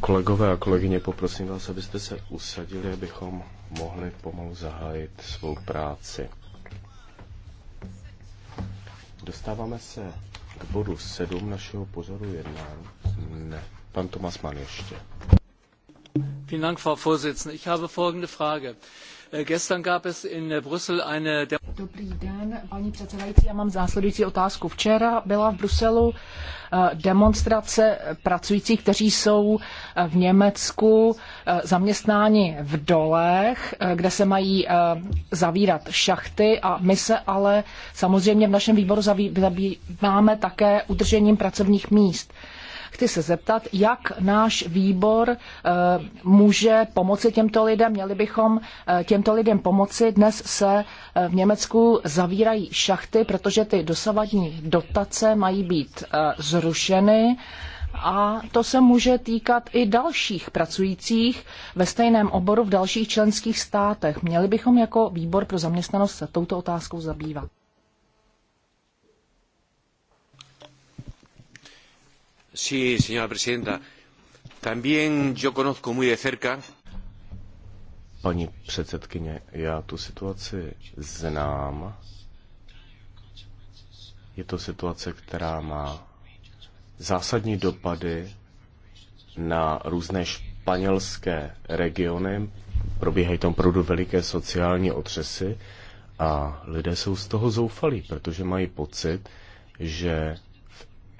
Kolegové a kolegyně, poprosím vás, abyste se usadili, abychom mohli pomalu zahájit svou práci. Dostáváme se k bodu 7 našeho pořadu jednání. Ne, pan Tomas Mann ještě. Vielen Dank, Frau Vorsitzende. Ich habe folgende Frage. Äh, gestern gab es in äh, Brüssel eine Dobrý den, paní předsedající, já mám následující otázku. Včera byla v Bruselu eh, demonstrace pracujících, kteří jsou eh, v Německu eh, zaměstnáni v dolech, kde se mají zavírat šachty a my se ale samozřejmě v našem výboru zabýváme také udržením pracovních míst. Chci se zeptat, jak náš výbor eh, může pomoci těmto lidem. Měli bychom eh, těmto lidem pomoci. Dnes se eh, v Německu zavírají šachty, protože ty dosavadní dotace mají být zrušeny. A to se může týkat i dalších pracujících ve stejném oboru v dalších členských státech. Měli bychom jako výbor pro zaměstnanost se touto otázkou zabývat. señora presidenta. También yo conozco muy de cerca. Paní předsedkyně, já tu situaci znám. Je to situace, která má zásadní dopady na různé španělské regiony. Probíhají tam opravdu veliké sociální otřesy a lidé jsou z toho zoufalí, protože mají pocit, že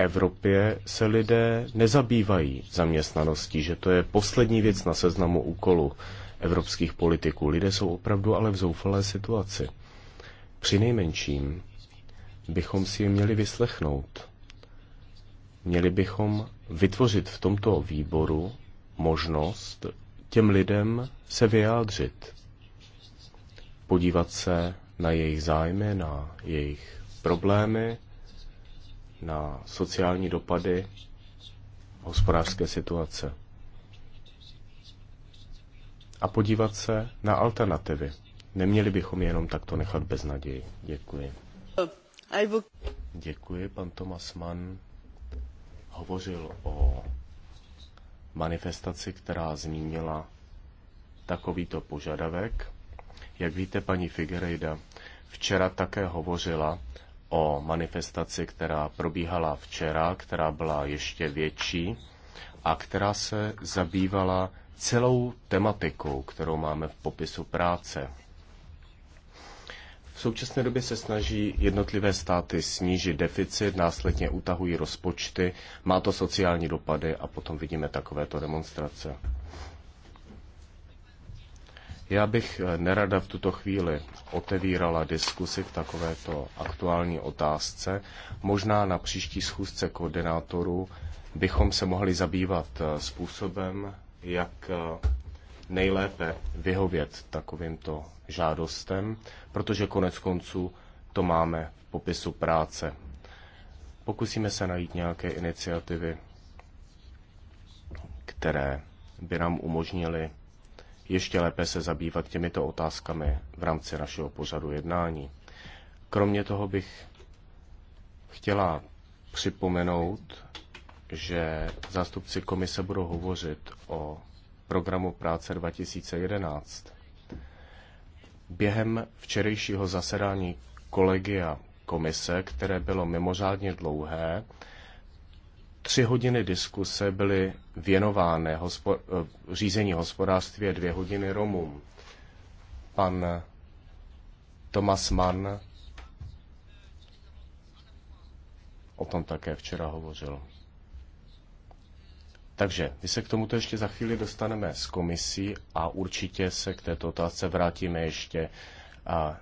Evropě se lidé nezabývají zaměstnaností, že to je poslední věc na seznamu úkolu evropských politiků. Lidé jsou opravdu ale v zoufalé situaci. Při nejmenším bychom si je měli vyslechnout. Měli bychom vytvořit v tomto výboru možnost těm lidem se vyjádřit, podívat se na jejich zájmy, na jejich problémy, na sociální dopady hospodářské situace. A podívat se na alternativy. Neměli bychom jenom takto nechat bez naději. Děkuji. Děkuji, pan Tomas Mann hovořil o manifestaci, která zmínila takovýto požadavek. Jak víte, paní Figueiredo včera také hovořila o manifestaci, která probíhala včera, která byla ještě větší a která se zabývala celou tematikou, kterou máme v popisu práce. V současné době se snaží jednotlivé státy snížit deficit, následně utahují rozpočty, má to sociální dopady a potom vidíme takovéto demonstrace. Já bych eh, nerada v tuto chvíli otevírala diskusi k takovéto aktuální otázce. Možná na příští schůzce koordinátorů bychom se mohli zabývat eh, způsobem, jak eh, nejlépe vyhovět takovýmto žádostem, protože konec konců to máme v popisu práce. Pokusíme se najít nějaké iniciativy, které by nám umožnily ještě lépe se zabývat těmito otázkami v rámci našeho pořadu jednání. Kromě toho bych chtěla připomenout, že zástupci komise budou hovořit o programu práce 2011. Během včerejšího zasedání kolegia komise, které bylo mimořádně dlouhé, tři hodiny diskuse byly věnovány hospo- eh, řízení hospodářství a dvě hodiny Romům. Pan Thomas Mann o tom také včera hovořil. Takže my se k tomuto ještě za chvíli dostaneme z komisí a určitě se k této otázce vrátíme ještě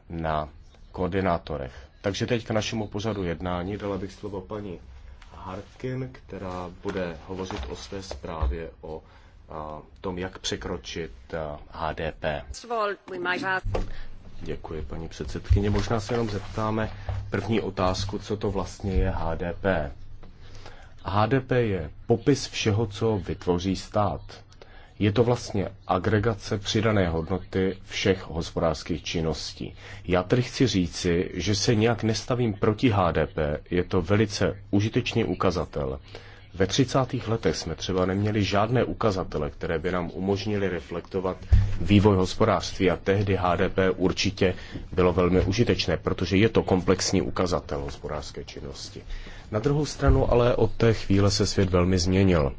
na koordinátorech. Takže teď k našemu pořadu jednání dala bych slovo paní Harkin, která bude hovořit o své zprávě o tom, jak překročit HDP. Děkuji, paní předsedkyně. Možná se jenom zeptáme první otázku, co to vlastně je HDP. HDP je popis všeho, co vytvoří stát. Je to vlastně agregace přidané hodnoty všech hospodářských činností. Já tedy chci říci, že se nějak nestavím proti HDP, je to velice užitečný ukazatel. Ve 30. letech jsme třeba neměli žádné ukazatele, které by nám umožnili reflektovat vývoj hospodářství a tehdy HDP určitě bylo velmi užitečné, protože je to komplexní ukazatel hospodářské činnosti. Na druhou stranu ale od té chvíle se svět velmi změnil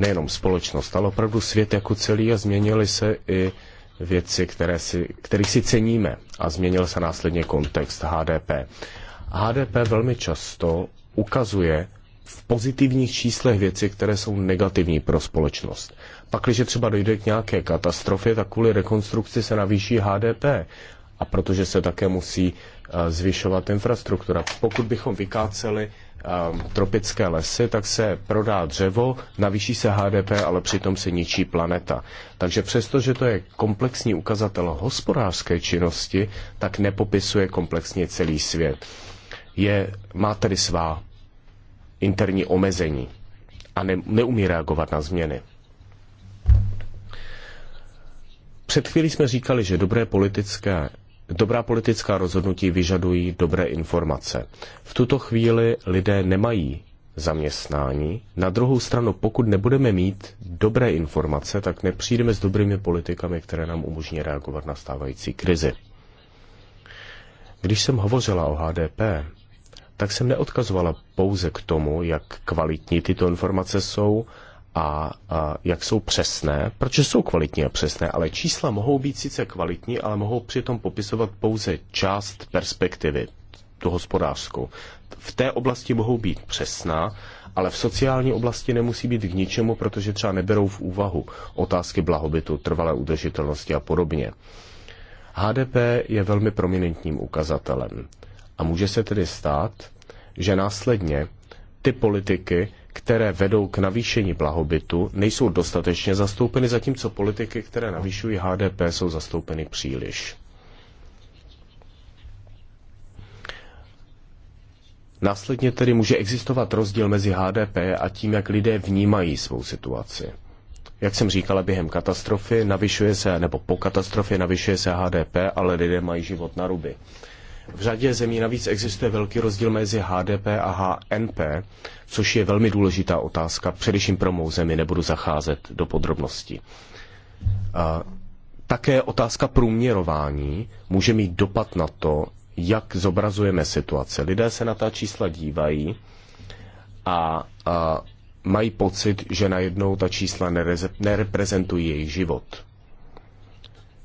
nejenom společnost, ale opravdu svět jako celý a změnily se i věci, které si, kterých si ceníme a změnil se následně kontext HDP. HDP velmi často ukazuje v pozitivních číslech věci, které jsou negativní pro společnost. Pak, když třeba dojde k nějaké katastrofě, tak kvůli rekonstrukci se navýší HDP a protože se také musí eh, zvyšovat infrastruktura. Pokud bychom vykáceli Um, tropické lesy, tak se prodá dřevo, navýší se HDP, ale přitom se ničí planeta. Takže přesto, že to je komplexní ukazatel hospodářské činnosti, tak nepopisuje komplexně celý svět. Je, má tedy svá interní omezení a ne, neumí reagovat na změny. Před chvílí jsme říkali, že dobré politické Dobrá politická rozhodnutí vyžadují dobré informace. V tuto chvíli lidé nemají zaměstnání. Na druhou stranu, pokud nebudeme mít dobré informace, tak nepřijdeme s dobrými politikami, které nám umožní reagovat na stávající krizi. Když jsem hovořila o HDP, tak jsem neodkazovala pouze k tomu, jak kvalitní tyto informace jsou, a, a jak jsou přesné, Proč jsou kvalitní a přesné, ale čísla mohou být sice kvalitní, ale mohou přitom popisovat pouze část perspektivy, tu hospodářskou. V té oblasti mohou být přesná, ale v sociální oblasti nemusí být k ničemu, protože třeba neberou v úvahu otázky blahobytu, trvalé udržitelnosti a podobně. HDP je velmi prominentním ukazatelem a může se tedy stát, že následně ty politiky, které vedou k navýšení blahobytu, nejsou dostatečně zastoupeny, zatímco politiky, které navýšují HDP, jsou zastoupeny příliš. Následně tedy může existovat rozdíl mezi HDP a tím, jak lidé vnímají svou situaci. Jak jsem říkala, během katastrofy navyšuje se, nebo po katastrofě navyšuje se HDP, ale lidé mají život na ruby. V řadě zemí navíc existuje velký rozdíl mezi HDP a HNP, což je velmi důležitá otázka, především pro mou zemi, nebudu zacházet do podrobností. Také otázka průměrování může mít dopad na to, jak zobrazujeme situace. Lidé se na ta čísla dívají a, a mají pocit, že najednou ta čísla nereprezentují jejich život.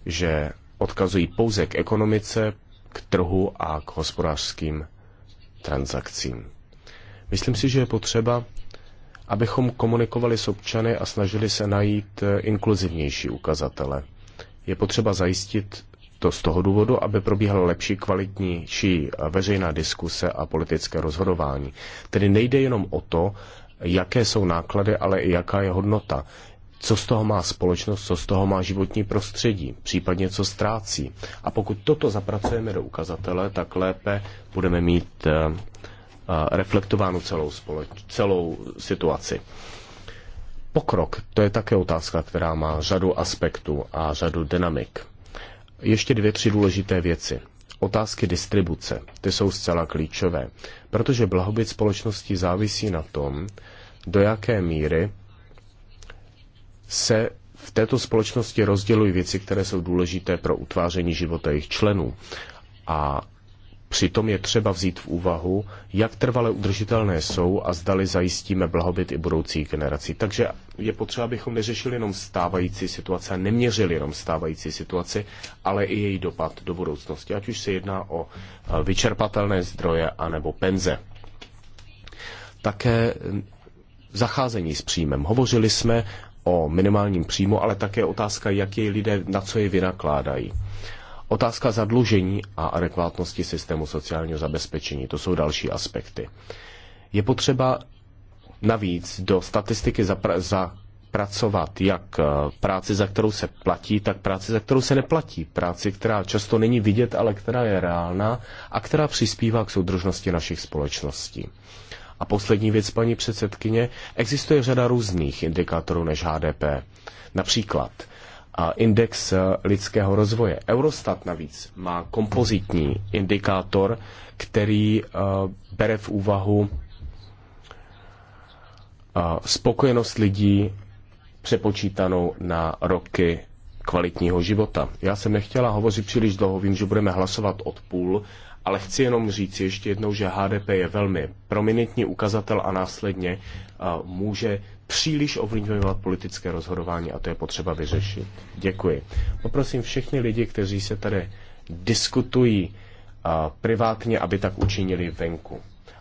Že odkazují pouze k ekonomice, k trhu a k hospodářským transakcím. Myslím si, že je potřeba, abychom komunikovali s občany a snažili se najít eh, inkluzivnější ukazatele. Je potřeba zajistit to z toho důvodu, aby probíhala lepší, kvalitnější eh, veřejná diskuse a politické rozhodování. Tedy nejde jenom o to, jaké jsou náklady, ale i jaká je hodnota co z toho má společnost, co z toho má životní prostředí, případně co ztrácí. A pokud toto zapracujeme do ukazatele, tak lépe budeme mít eh, eh, reflektovánu celou, společ, celou situaci. Pokrok, to je také otázka, která má řadu aspektů a řadu dynamik. Ještě dvě, tři důležité věci. Otázky distribuce, ty jsou zcela klíčové, protože blahobyt společnosti závisí na tom, do jaké míry se v této společnosti rozdělují věci, které jsou důležité pro utváření života jejich členů. A přitom je třeba vzít v úvahu, jak trvale udržitelné jsou a zdali zajistíme blahobyt i budoucí generaci. Takže je potřeba, abychom neřešili jenom stávající situace a neměřili jenom stávající situaci, ale i její dopad do budoucnosti, ať už se jedná o eh, vyčerpatelné zdroje anebo penze. Také hm, zacházení s příjmem. Hovořili jsme o minimálním příjmu, ale také otázka, jak je lidé na co je vynakládají. Otázka zadlužení a adekvátnosti systému sociálního zabezpečení, to jsou další aspekty. Je potřeba navíc do statistiky zapra- zapracovat jak eh, práci, za kterou se platí, tak práci, za kterou se neplatí. Práci, která často není vidět, ale která je reálná a která přispívá k soudržnosti našich společností. A poslední věc, paní předsedkyně, existuje řada různých indikátorů než HDP. Například a index lidského rozvoje. Eurostat navíc má kompozitní indikátor, který eh, bere v úvahu eh, spokojenost lidí přepočítanou na roky kvalitního života. Já jsem nechtěla hovořit příliš dlouho, vím, že budeme hlasovat od půl, ale chci jenom říct ještě jednou, že HDP je velmi prominentní ukazatel a následně eh, může příliš ovlivňovat politické rozhodování a to je potřeba vyřešit. Děkuji. Poprosím všechny lidi, kteří se tady diskutují eh, privátně, aby tak učinili venku.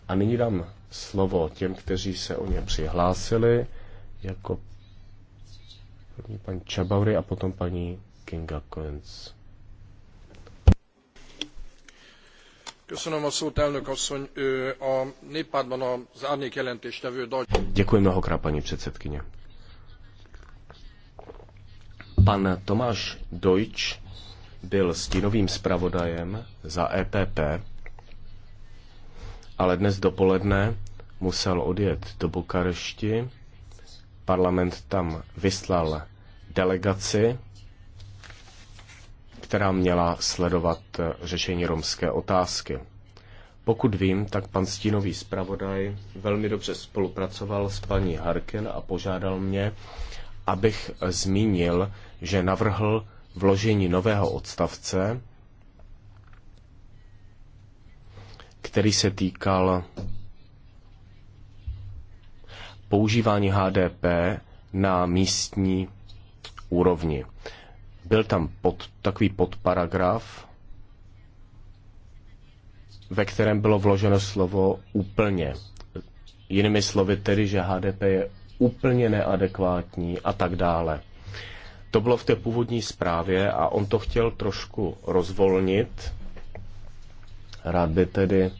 A nyní dám slovo těm, kteří se o ně přihlásili, jako první paní Čabaury a potom paní Kinga Collins. Děkuji mnohokrát, paní předsedkyně. Pan Tomáš Deutsch byl stínovým zpravodajem za EPP, ale dnes dopoledne musel odjet do Bukarešti. Parlament tam vyslal delegaci která měla sledovat eh, řešení romské otázky. Pokud vím, tak pan Stínový zpravodaj velmi dobře spolupracoval s paní Harkin a požádal mě, abych eh, zmínil, že navrhl vložení nového odstavce, který se týkal používání HDP na místní úrovni. Byl tam pod, takový podparagraf, ve kterém bylo vloženo slovo úplně. Jinými slovy tedy, že HDP je úplně neadekvátní a tak dále. To bylo v té původní zprávě a on to chtěl trošku rozvolnit. Rád by tedy,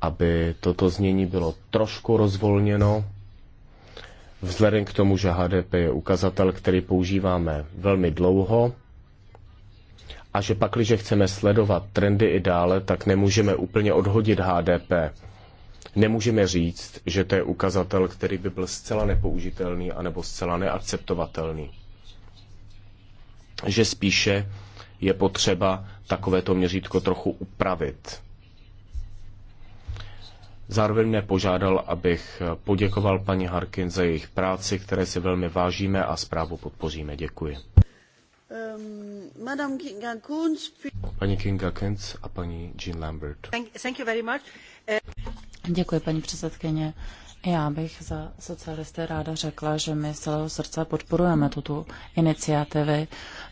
aby toto znění bylo trošku rozvolněno, Vzhledem k tomu, že HDP je ukazatel, který používáme velmi dlouho, a že pak, když chceme sledovat trendy i dále, tak nemůžeme úplně odhodit HDP. Nemůžeme říct, že to je ukazatel, který by byl zcela nepoužitelný anebo zcela neakceptovatelný. Že spíše je potřeba takovéto měřítko trochu upravit. Zároveň mě požádal, abych poděkoval paní Harkin za jejich práci, které si velmi vážíme a zprávu podpoříme. Děkuji. Um, Kinga Kunz, paní Kinga Kunz a paní Jean Lambert. Thank, you very much. Eh, Děkuji, paní předsedkyně. Já bych za socialisté ráda řekla, že my z celého srdce podporujeme tuto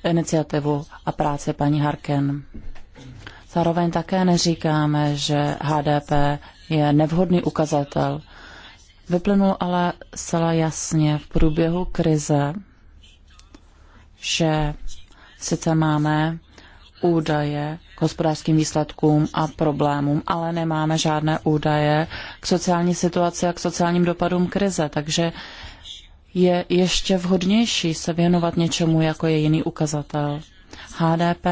iniciativu a práci paní Harken. Zároveň také neříkáme, že HDP je nevhodný ukazatel. Vyplynul ale zcela jasně v průběhu krize, že sice máme údaje k hospodářským výsledkům a problémům, ale nemáme žádné údaje k sociální situaci a k sociálním dopadům krize. Takže je ještě vhodnější se věnovat něčemu, jako je jiný ukazatel. HDP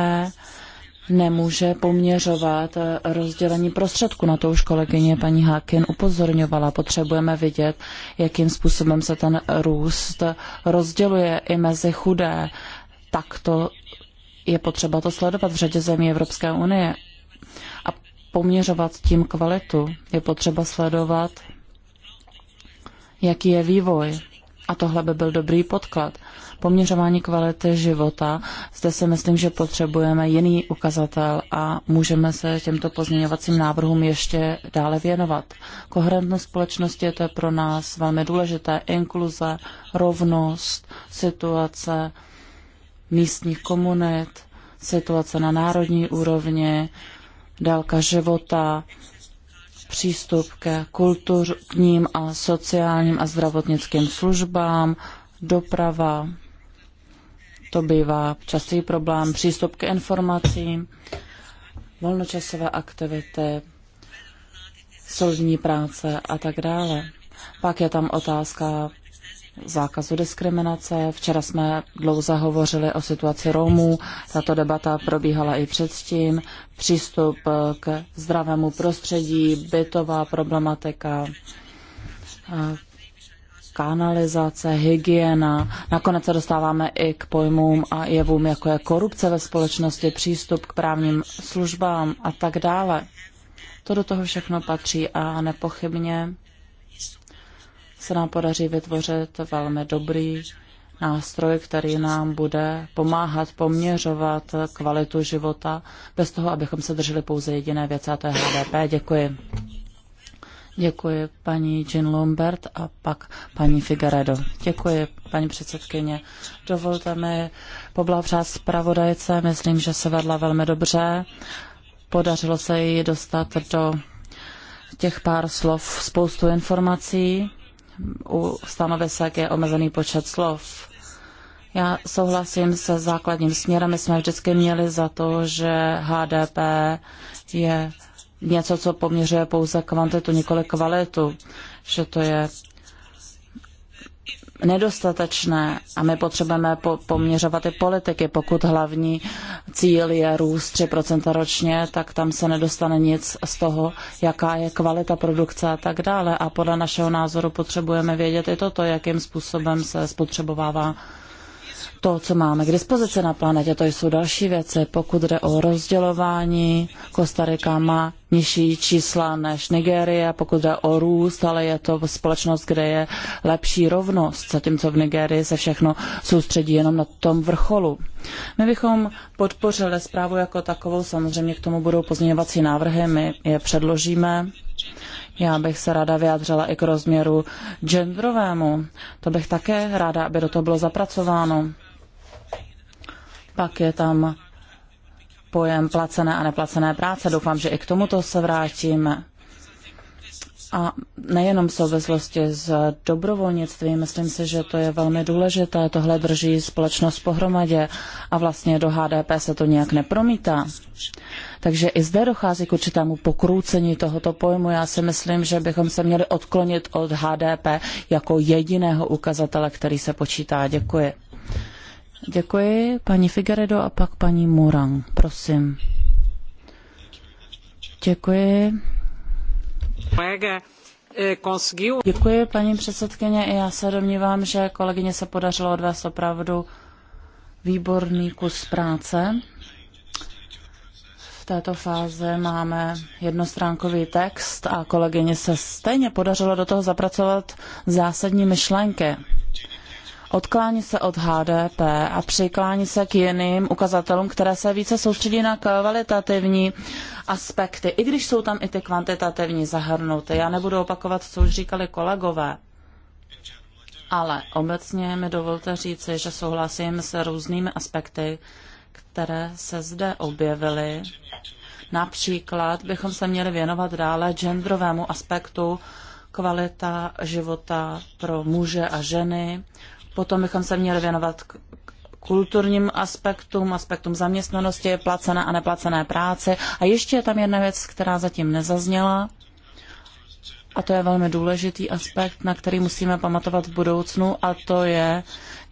nemůže poměřovat eh, rozdělení prostředku. Na to už kolegyně paní Hákin upozorňovala. Potřebujeme vidět, jakým způsobem se ten růst rozděluje i mezi chudé. Takto je potřeba to sledovat v řadě zemí Evropské unie a poměřovat tím kvalitu. Je potřeba sledovat, jaký je vývoj. A tohle by byl dobrý podklad poměřování kvality života. Zde si myslím, že potřebujeme jiný ukazatel a můžeme se těmto pozměňovacím návrhům ještě dále věnovat. Koherentnost společnosti to je pro nás velmi důležité. Inkluze, rovnost, situace místních komunit, situace na národní úrovni, délka života, přístup ke kulturním a sociálním a zdravotnickým službám, doprava, to bývá častý problém, přístup k informacím, volnočasové aktivity, soudní práce a tak dále. Pak je tam otázka zákazu diskriminace. Včera jsme dlouze hovořili o situaci Romů. Tato debata probíhala i předtím. Přístup k zdravému prostředí, bytová problematika, kanalizace, hygiena. Nakonec se dostáváme i k pojmům a jevům, jako je korupce ve společnosti, přístup k právním službám a tak dále. To do toho všechno patří a nepochybně se nám podaří vytvořit velmi dobrý nástroj, který nám bude pomáhat poměřovat kvalitu života bez toho, abychom se drželi pouze jediné věci, a to je HDP. Děkuji. Děkuji paní Jean Lombert a pak paní Figaredo. Děkuji paní předsedkyně. Dovolte mi poblahopřát zpravodajce. Myslím, že se vedla velmi dobře. Podařilo se jí dostat do těch pár slov spoustu informací. U stanovisek je omezený počet slov. Já souhlasím se základním směrem. My jsme vždycky měli za to, že HDP je něco, co poměřuje pouze kvantitu, nikoli kvalitu, že to je nedostatečné a my potřebujeme po- poměřovat i politiky. Pokud hlavní cíl je růst 3% ročně, tak tam se nedostane nic z toho, jaká je kvalita produkce a tak dále. A podle našeho názoru potřebujeme vědět i toto, jakým způsobem se spotřebovává to, co máme k dispozici na planetě, to jsou další věci. Pokud jde o rozdělování, Kostarika má nižší čísla než Nigérie, pokud jde o růst, ale je to společnost, kde je lepší rovnost, zatímco v Nigérii se všechno soustředí jenom na tom vrcholu. My bychom podpořili zprávu jako takovou, samozřejmě k tomu budou pozměňovací návrhy, my je předložíme. Já bych se ráda vyjádřila i k rozměru genderovému. To bych také ráda, aby do toho bylo zapracováno. Pak je tam pojem placené a neplacené práce. Doufám, že i k tomuto se vrátíme. A nejenom v souvislosti s dobrovolnictvím, myslím si, že to je velmi důležité. Tohle drží společnost pohromadě a vlastně do HDP se to nějak nepromítá. Takže i zde dochází k určitému pokroucení tohoto pojmu. Já si myslím, že bychom se měli odklonit od HDP jako jediného ukazatele, který se počítá. Děkuji. Děkuji. Paní Figueredo a pak paní Murang. Prosím. Děkuji. Eh, Děkuji, paní předsedkyně. Já se domnívám, že kolegyně se podařilo odvést opravdu výborný kus práce. V této fázi máme jednostránkový text a kolegyně se stejně podařilo do toho zapracovat zásadní myšlenky odklání se od HDP a přiklání se k jiným ukazatelům, které se více soustředí na kvalitativní aspekty, i když jsou tam i ty kvantitativní zahrnuty. Já nebudu opakovat, co už říkali kolegové. Ale obecně mi dovolte říci, že souhlasím s různými aspekty, které se zde objevily. Například bychom se měli věnovat dále genderovému aspektu kvalita života pro muže a ženy, Potom bychom se měli věnovat k kulturním aspektům, aspektům zaměstnanosti, placené a neplacené práce. A ještě je tam jedna věc, která zatím nezazněla, a to je velmi důležitý aspekt, na který musíme pamatovat v budoucnu, a to je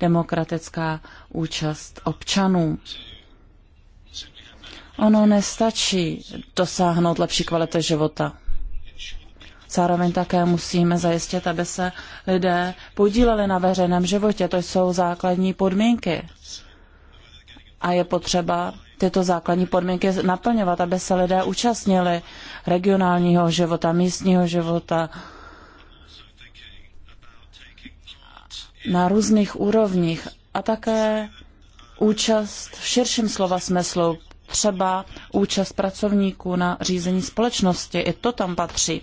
demokratická účast občanů. Ono nestačí dosáhnout lepší kvality života. Zároveň také musíme zajistit, aby se lidé podíleli na veřejném životě. To jsou základní podmínky. A je potřeba tyto základní podmínky naplňovat, aby se lidé účastnili regionálního života, místního života na různých úrovních a také účast v širším slova smyslu, třeba účast pracovníků na řízení společnosti, i to tam patří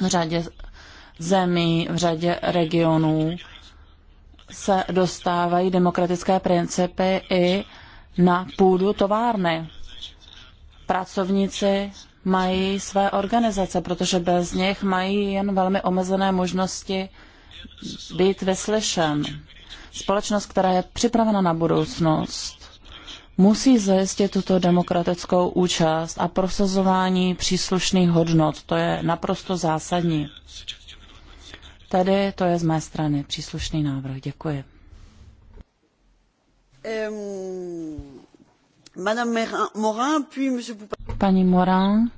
v řadě zemí, v řadě regionů se dostávají demokratické principy i na půdu továrny. Pracovníci mají své organizace, protože bez nich mají jen velmi omezené možnosti být vyslyšen. Společnost, která je připravena na budoucnost, musí zajistit tuto demokratickou účast a prosazování příslušných hodnot. To je naprosto zásadní. Tady to je z mé strany příslušný návrh. Děkuji. Paní Morin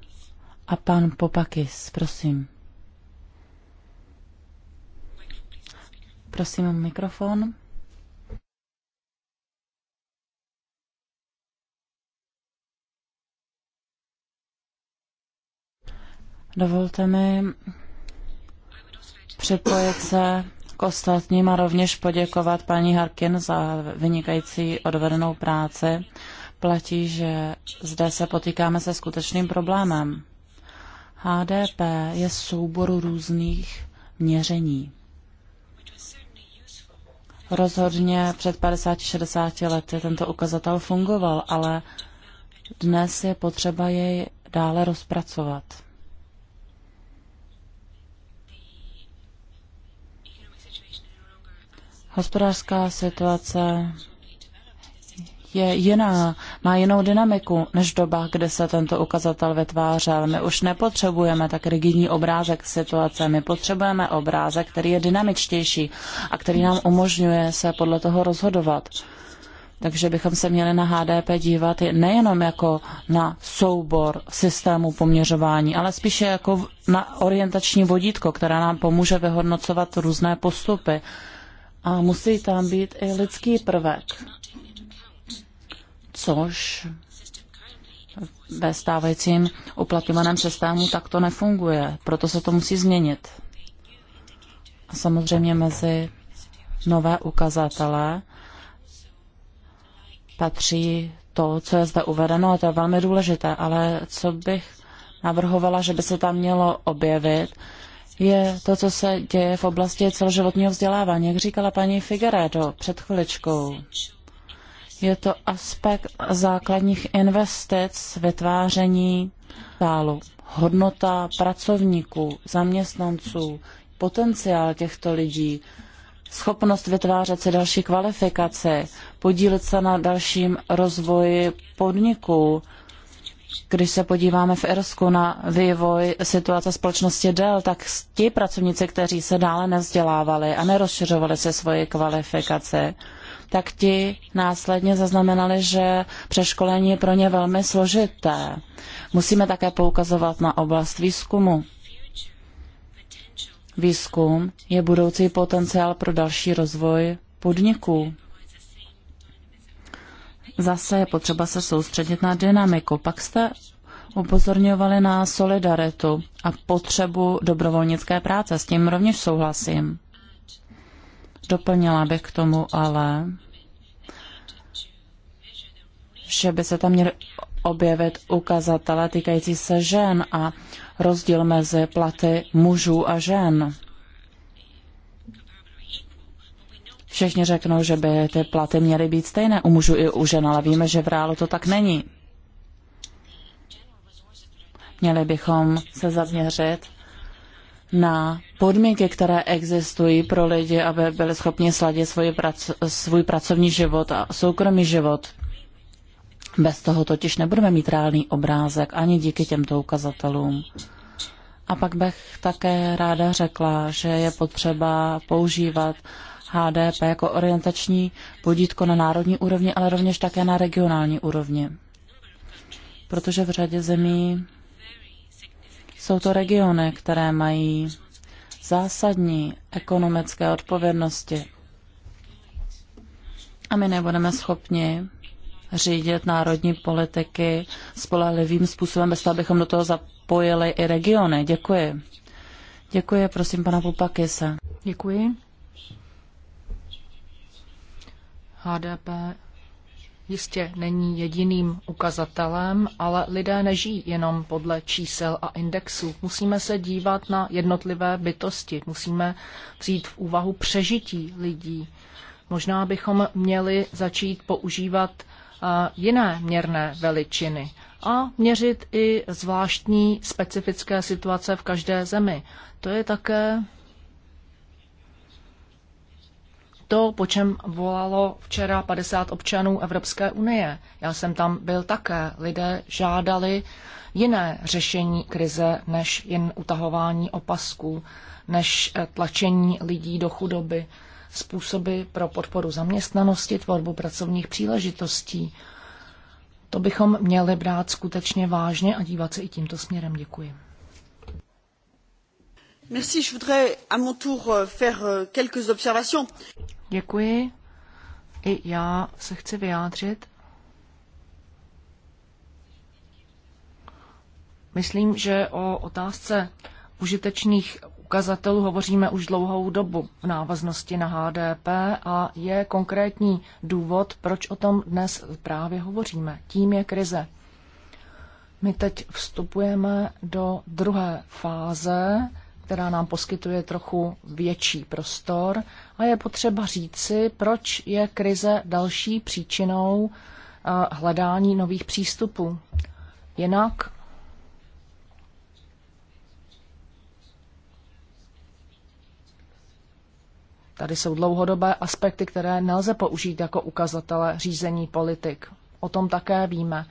a pan Popakis, prosím. Prosím mikrofon. Dovolte mi připojit se k ostatním a rovněž poděkovat paní Harkin za vynikající odvedenou práci. Platí, že zde se potýkáme se skutečným problémem. HDP je souboru různých měření. Rozhodně před 50-60 lety tento ukazatel fungoval, ale dnes je potřeba jej dále rozpracovat. hospodářská situace je jiná, má jinou dynamiku než doba, kdy se tento ukazatel vytvářel. My už nepotřebujeme tak rigidní obrázek situace, my potřebujeme obrázek, který je dynamičtější a který nám umožňuje se podle toho rozhodovat. Takže bychom se měli na HDP dívat nejenom jako na soubor systému poměřování, ale spíše jako na orientační vodítko, která nám pomůže vyhodnocovat různé postupy a musí tam být i lidský prvek, což ve stávajícím uplatňovaném systému takto nefunguje, proto se to musí změnit. A samozřejmě mezi nové ukazatele patří to, co je zde uvedeno, a to je velmi důležité, ale co bych navrhovala, že by se tam mělo objevit, je to, co se děje v oblasti celoživotního vzdělávání. Jak říkala paní Figueredo před chviličkou, je to aspekt základních investic vytváření stálu. Hodnota pracovníků, zaměstnanců, potenciál těchto lidí, schopnost vytvářet si další kvalifikace, podílet se na dalším rozvoji podniků, když se podíváme v Irsku na vývoj situace společnosti Dell, tak ti pracovníci, kteří se dále nevzdělávali a nerozšiřovali si svoji kvalifikaci, tak ti následně zaznamenali, že přeškolení je pro ně velmi složité. Musíme také poukazovat na oblast výzkumu. Výzkum je budoucí potenciál pro další rozvoj podniků zase je potřeba se soustředit na dynamiku. Pak jste upozorňovali na solidaritu a potřebu dobrovolnické práce. S tím rovněž souhlasím. Doplnila bych k tomu ale, že by se tam měly objevit ukazatele týkající se žen a rozdíl mezi platy mužů a žen. Všichni řeknou, že by ty platy měly být stejné u mužů i u žen, ale víme, že v reálu to tak není. Měli bychom se zaměřit na podmínky, které existují pro lidi, aby byli schopni sladit svůj, prac, svůj pracovní život a soukromý život. Bez toho totiž nebudeme mít reálný obrázek ani díky těmto ukazatelům. A pak bych také ráda řekla, že je potřeba používat HDP jako orientační vodítko na národní úrovni, ale rovněž také na regionální úrovni. Protože v řadě zemí jsou to regiony, které mají zásadní ekonomické odpovědnosti. A my nebudeme schopni řídit národní politiky spolehlivým způsobem, bez toho, abychom do toho zapojili i regiony. Děkuji. Děkuji, prosím pana Pupakise. Děkuji. HDP jistě není jediným ukazatelem, ale lidé nežijí jenom podle čísel a indexů. Musíme se dívat na jednotlivé bytosti, musíme vzít v úvahu přežití lidí. Možná bychom měli začít používat eh, jiné měrné veličiny a měřit i zvláštní specifické situace v každé zemi. To je také to, po čem volalo včera 50 občanů Evropské unie. Já jsem tam byl také. Lidé žádali jiné řešení krize, než jen utahování opasků, než eh, tlačení lidí do chudoby, způsoby pro podporu zaměstnanosti, tvorbu pracovních příležitostí. To bychom měli brát skutečně vážně a dívat se i tímto směrem. Děkuji. Merci, je voudrais à mon tour euh, faire euh, quelques observations. Děkuji. I já se chci vyjádřit. Myslím, že o otázce užitečných ukazatelů hovoříme už dlouhou dobu v návaznosti na HDP a je konkrétní důvod, proč o tom dnes právě hovoříme. Tím je krize. My teď vstupujeme do druhé fáze která nám poskytuje trochu větší prostor a je potřeba říci, proč je krize další příčinou eh, hledání nových přístupů. Jinak Tady jsou dlouhodobé aspekty, které nelze použít jako ukazatele řízení politik. O tom také víme.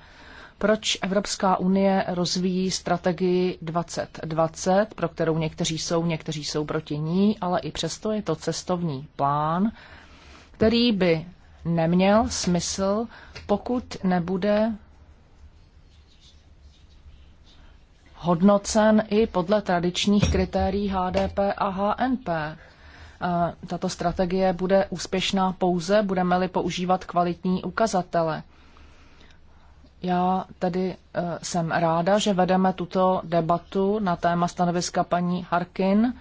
Proč Evropská unie rozvíjí strategii 2020, pro kterou někteří jsou, někteří jsou proti ní, ale i přesto je to cestovní plán, který by neměl smysl, pokud nebude hodnocen i podle tradičních kritérií HDP a HNP. Tato strategie bude úspěšná pouze, budeme-li používat kvalitní ukazatele. Já tedy eh, jsem ráda, že vedeme tuto debatu na téma stanoviska paní Harkin,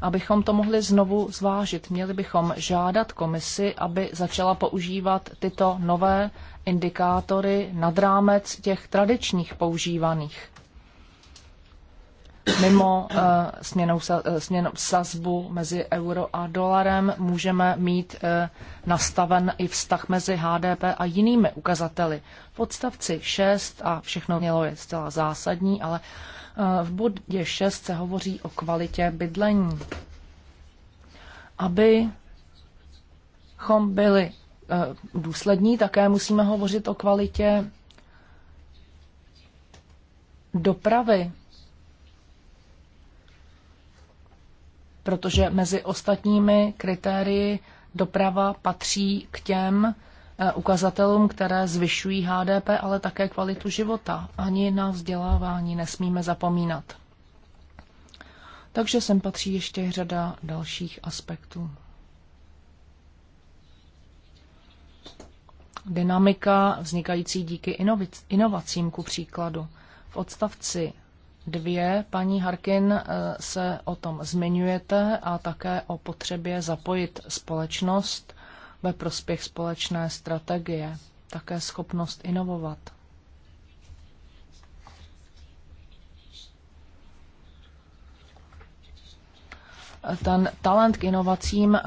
abychom to mohli znovu zvážit. Měli bychom žádat komisi, aby začala používat tyto nové indikátory nad rámec těch tradičních používaných mimo uh, směnou, sa, eh, směnou sazbu mezi euro a dolarem můžeme mít uh, nastaven i vztah mezi HDP a jinými ukazateli. V odstavci 6 a všechno mělo je zcela zásadní, ale uh, v bodě 6 se hovoří o kvalitě bydlení. chom byli uh, důslední, také musíme hovořit o kvalitě dopravy protože mezi ostatními kritérii doprava patří k těm eh, ukazatelům, které zvyšují HDP, ale také kvalitu života. Ani na vzdělávání nesmíme zapomínat. Takže sem patří ještě řada dalších aspektů. Dynamika vznikající díky inovacím ku příkladu. V odstavci 2. Paní Harkin eh, se o tom zmiňujete a také o potřebě zapojit společnost ve prospěch společné strategie, také schopnost inovovat. Ten talent k inovacím, eh,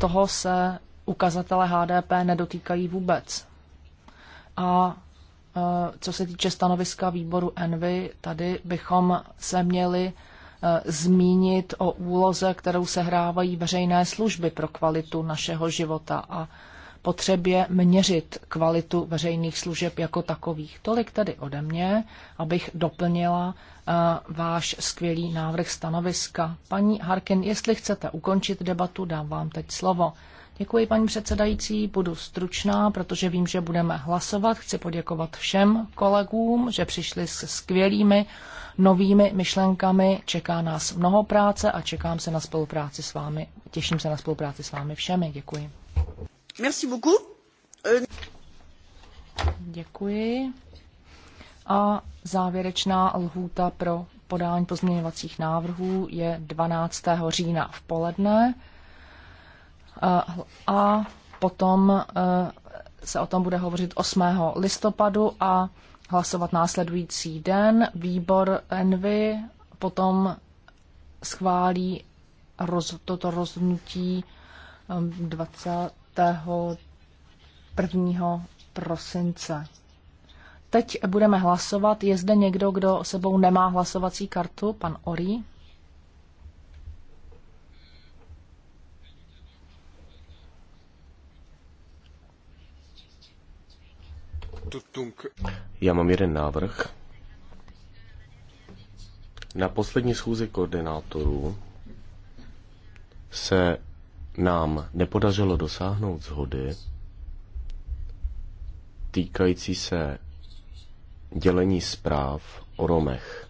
toho se ukazatele HDP nedotýkají vůbec. A Eh, co se týče stanoviska výboru Envy, tady bychom se měli eh, zmínit o úloze, kterou sehrávají veřejné služby pro kvalitu našeho života a potřebě měřit kvalitu veřejných služeb jako takových. Tolik tedy ode mě, abych doplnila eh, váš skvělý návrh stanoviska. Paní Harkin, jestli chcete ukončit debatu, dám vám teď slovo. Děkuji, paní předsedající. Budu stručná, protože vím, že budeme hlasovat. Chci poděkovat všem kolegům, že přišli s skvělými novými myšlenkami. Čeká nás mnoho práce a čekám se na spolupráci s vámi. Těším se na spolupráci s vámi všemi. Děkuji. Merci beaucoup. Euh, Děkuji. A závěrečná lhůta pro podání pozměňovacích návrhů je 12. října v poledne a potom eh, se o tom bude hovořit 8. listopadu a hlasovat následující den. Výbor Envy potom schválí roz, toto rozhodnutí 21. Eh, prosince. Teď budeme hlasovat. Je zde někdo, kdo sebou nemá hlasovací kartu? Pan Ori. Já mám jeden návrh. Na poslední schůzi koordinátorů se nám nepodařilo dosáhnout zhody týkající se dělení zpráv o Romech.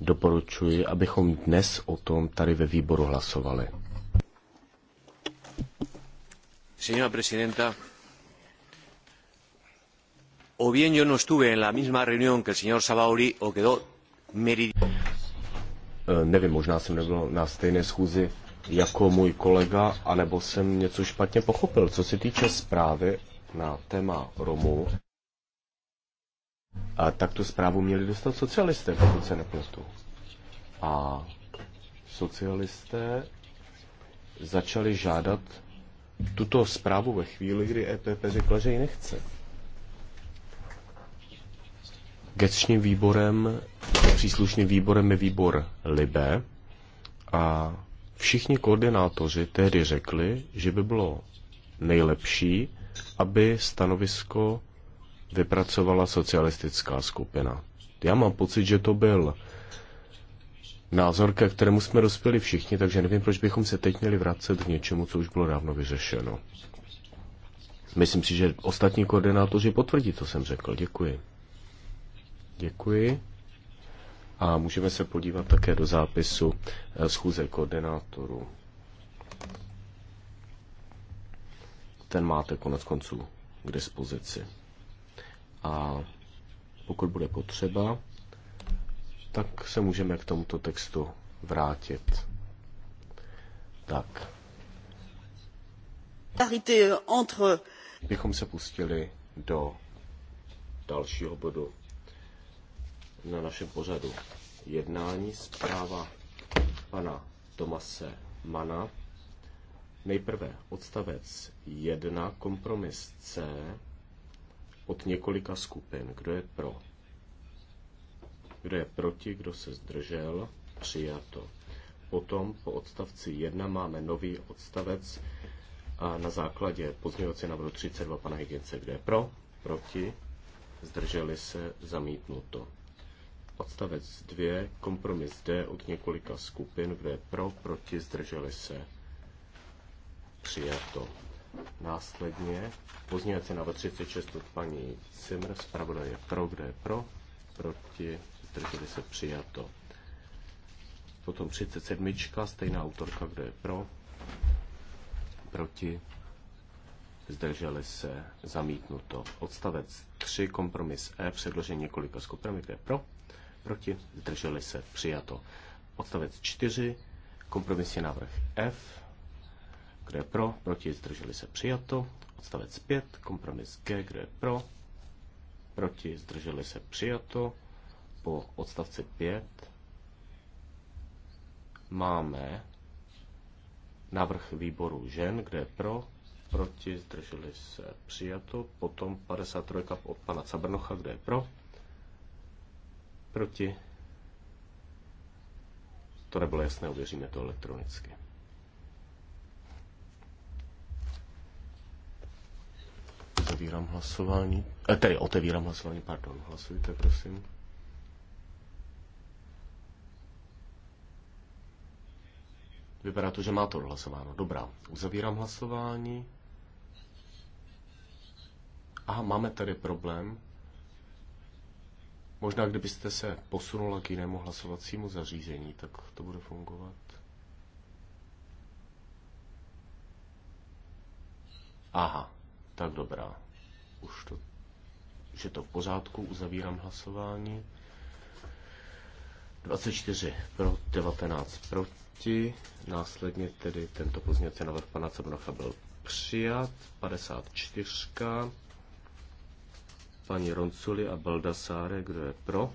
Doporučuji, abychom dnes o tom tady ve výboru hlasovali. Señora presidenta, o bien yo no estuve en la misma reunión que el señor Sabauri o quedó eh, Nevím, možná jsem nebyl na stejné schůzi jako můj kolega, anebo jsem něco špatně pochopil. Co se týče zprávy na téma Romů, a eh, tak tu zprávu měli dostat socialisté, pokud se nepletu. A socialisté začali žádat tuto zprávu ve chvíli, kdy EPP řekla, že ji nechce. Gestčním výborem, příslušným výborem je výbor Libe a všichni koordinátoři tehdy řekli, že by bylo nejlepší, aby stanovisko vypracovala socialistická skupina. Já mám pocit, že to byl názor, ke kterému jsme dospěli všichni, takže nevím, proč bychom se teď měli vracet k něčemu, co už bylo dávno vyřešeno. Myslím si, že ostatní koordinátoři potvrdí, co jsem řekl. Děkuji. Děkuji. A můžeme se podívat také do zápisu eh, schůze koordinátorů. Ten máte konec konců k dispozici. A pokud bude potřeba, tak se můžeme k tomuto textu vrátit. Tak. Bychom se pustili do dalšího bodu na našem pořadu jednání zpráva pana Tomase Mana. Nejprve odstavec 1, kompromis C od několika skupin. Kdo je pro? Kdo je proti? Kdo se zdržel? Přijato. Potom po odstavci 1 máme nový odstavec a na základě pozměňovací návrhu 32 pana Higince, kdo je pro, proti, zdrželi se, zamítnuto. Odstavec 2, kompromis D od několika skupin, kde pro, proti, zdrželi se. Přijato. Následně pozměňovací návrh 36 od paní Simr, zpravodaj je pro, kde je pro, proti, zdrželi se přijato. Potom 37, stejná autorka, kde je pro, proti, zdrželi se, zamítnuto. Odstavec 3, kompromis E, předložení několika skupin, kde je pro, proti, zdrželi se, přijato. Odstavec 4, kompromisní návrh F, kdo je pro, proti, zdrželi se, přijato. Odstavec 5, kompromis G, kdo je pro, proti, zdrželi se, přijato. Po odstavci 5 máme návrh výboru žen, kde je pro, proti, zdrželi se, přijato. Potom 53 od pana Cabrnocha, kde je pro, Proti? To nebylo jasné, uvěříme to elektronicky. Zavírám hlasování. E, tedy otevírám hlasování, pardon. Hlasujte, prosím. Vypadá to, že má to odhlasováno. Dobrá, uzavírám hlasování. Aha, máme tady problém. Možná kdybyste se posunula k jinému hlasovacímu zařízení, tak to bude fungovat. Aha, tak dobrá. Už to, že to v pořádku, uzavírám hlasování. 24 pro, 19 proti. Následně tedy tento pozměňovací návrh pana Cabrnocha byl přijat. 54 paní Ronculi a Baldasáre, kdo je pro,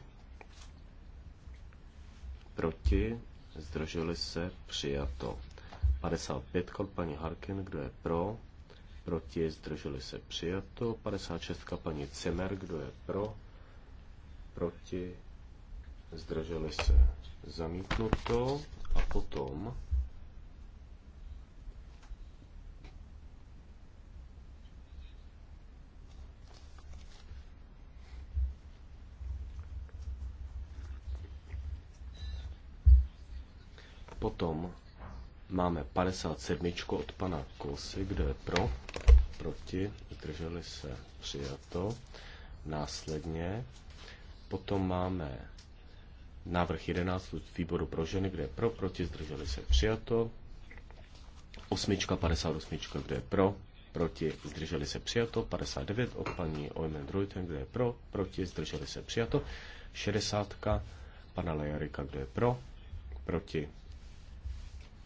proti, zdrželi se, přijato. 55 paní Harkin, kdo je pro, proti, zdrželi se, přijato. 56 paní Cimer, kdo je pro, proti, zdrželi se, zamítnuto. A potom Potom máme 57 od pana Kosy, kde je pro, proti, zdrželi se, přijato. Následně potom máme návrh 11 výboru pro ženy, kde je pro, proti, zdrželi se, přijato. Osmička, 58, kde je pro, proti, zdrželi se, přijato. 59 od paní Ojmen Druiten, kde je pro, proti, zdrželi se, přijato. 60 pana Lejarika, kde je pro, proti,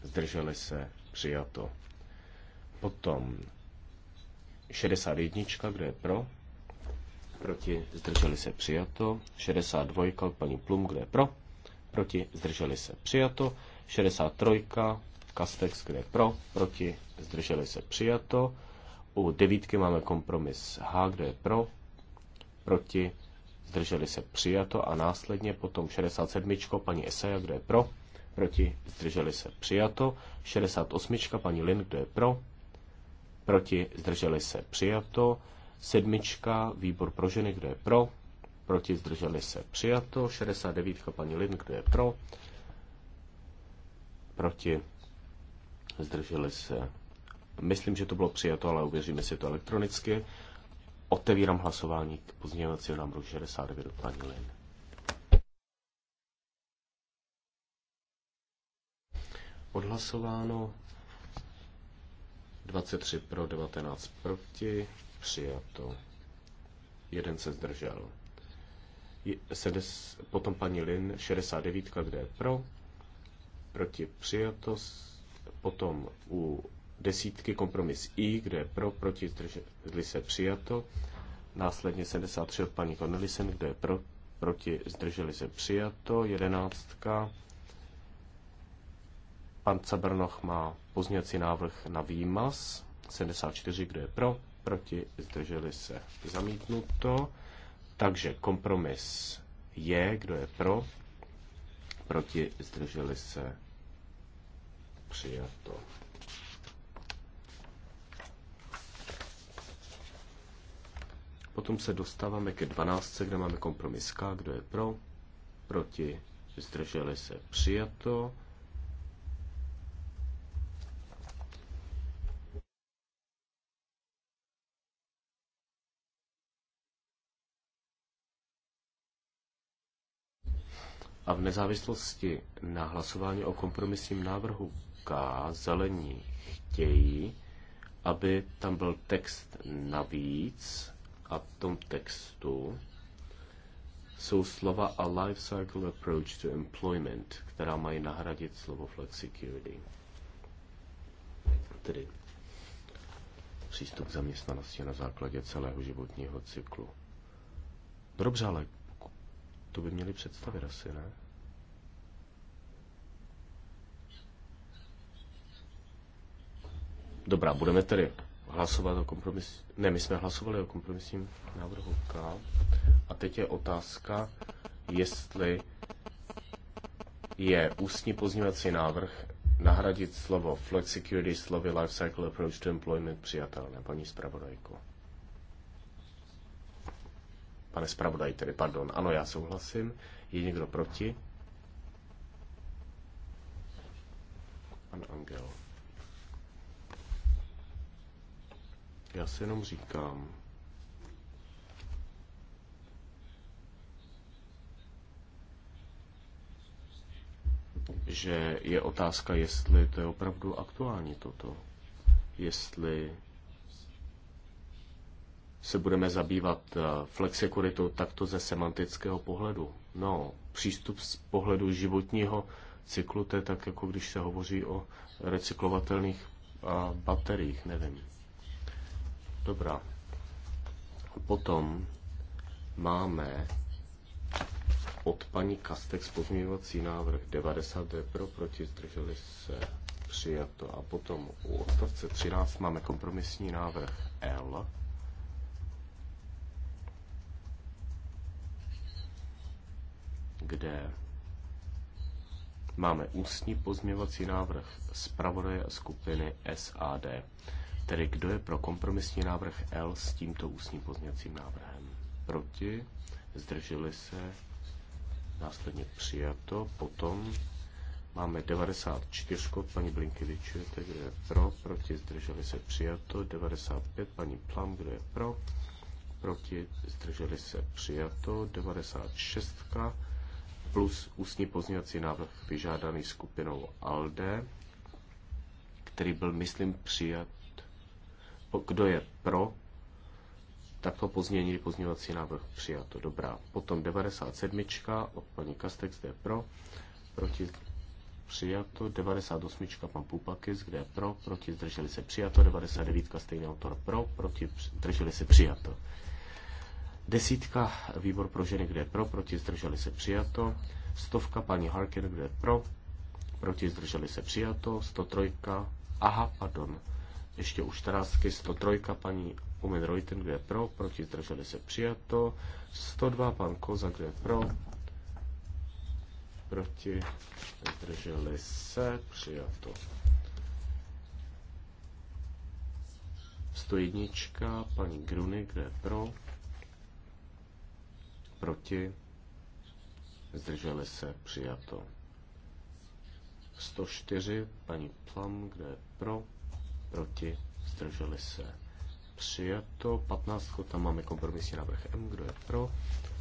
zdrželi se, přijato. Potom 61, kdo je pro, proti, zdrželi se, přijato. 62, paní Plum, kdo je pro, proti, zdrželi se, přijato. 63, Kastex, kde je pro, proti, zdrželi se, přijato. U devítky máme kompromis H, kde je pro, proti, zdrželi se, přijato. A následně potom 67, paní Esaja, kde je pro, proti, zdrželi se, přijato. 68. paní Lin, kdo je pro, proti, zdrželi se, přijato. Sedmička, výbor pro ženy, kdo je pro, proti, zdrželi se, přijato. 69. paní Lin, kdo je pro, proti, zdrželi se. Myslím, že to bylo přijato, ale uvěříme si to elektronicky. Otevírám hlasování k pozměňovacího návrhu 69 paní Lin. Odhlasováno. 23 pro, 19 proti. Přijato. Jeden se zdržel. potom paní Lin 69, kde je pro, proti přijato, potom u desítky kompromis I, kde je pro, proti zdrželi se přijato, následně 73 od paní Cornelisen, kde je pro, proti zdrželi se přijato, jedenáctka Pan Cabernoch má pozněcí návrh na výmaz 74, kdo je pro, proti, zdrželi se zamítnuto. Takže kompromis je, kdo je pro, proti, zdrželi se přijato. Potom se dostáváme ke 12, kde máme kompromis K, kdo je pro, proti, zdrželi se přijato. A v nezávislosti na hlasování o kompromisním návrhu K zelení chtějí, aby tam byl text navíc a v tom textu jsou slova a life cycle approach to employment, která mají nahradit slovo flexicurity. Tedy přístup k zaměstnanosti na základě celého životního cyklu. Dobře, ale to by měli představit asi, ne? Dobrá, budeme tedy hlasovat o kompromis... Ne, my jsme hlasovali o kompromisním návrhu K. A teď je otázka, jestli je ústní pozměňovací návrh nahradit slovo Flex Security slovy cycle Approach to Employment přijatelné, paní zpravodajko. Pane zpravodaj, tedy pardon. Ano, já souhlasím. Je někdo proti? Pan Angel. Já si jenom říkám, že je otázka, jestli to je opravdu aktuální toto. Jestli se budeme zabývat eh, flexikuritou takto ze semantického pohledu. No, přístup z pohledu životního cyklu, to je tak, jako když se hovoří o recyklovatelných bateriích, nevím. Dobrá. Potom máme od paní Kastex pozměňovací návrh 90 pro, proti zdrželi se přijato. A potom u odstavce 13 máme kompromisní návrh L kde máme ústní pozměvací návrh zpravodaje skupiny SAD. Tedy kdo je pro kompromisní návrh L s tímto ústním pozměvacím návrhem? Proti? Zdrželi se? Následně přijato. Potom máme 94 paní Blinkevičové kdo je pro, proti, zdrželi se přijato. 95 paní Plam, kdo je pro, proti, zdrželi se přijato. 96 plus ústní pozměňovací návrh vyžádaný skupinou ALDE, který byl, myslím, přijat. Kdo je pro, tak to pozměnili pozměňovací návrh přijato. Dobrá. Potom 97. od paní Kastex, kde je pro, proti přijato, 98. pan Pupakis, kde je pro, proti zdrželi se přijato, 99. stejný autor pro, proti zdrželi se přijato. Desítka výbor pro ženy, kde je pro, proti zdrželi se přijato. Stovka paní Harkin, kde je pro, proti zdrželi se přijato. 103. Aha, pardon. Ještě u sto 103. paní Umin Reuten, kde je pro, proti zdrželi se přijato. 102. pan Koza, kde je pro, proti zdrželi se přijato. 101. paní Gruny, kde je pro, Proti? Zdrželi se přijato. 104, paní Plam, kde je pro? Proti? Zdrželi se přijato. 15, tam máme kompromisní návrh M, kdo je pro?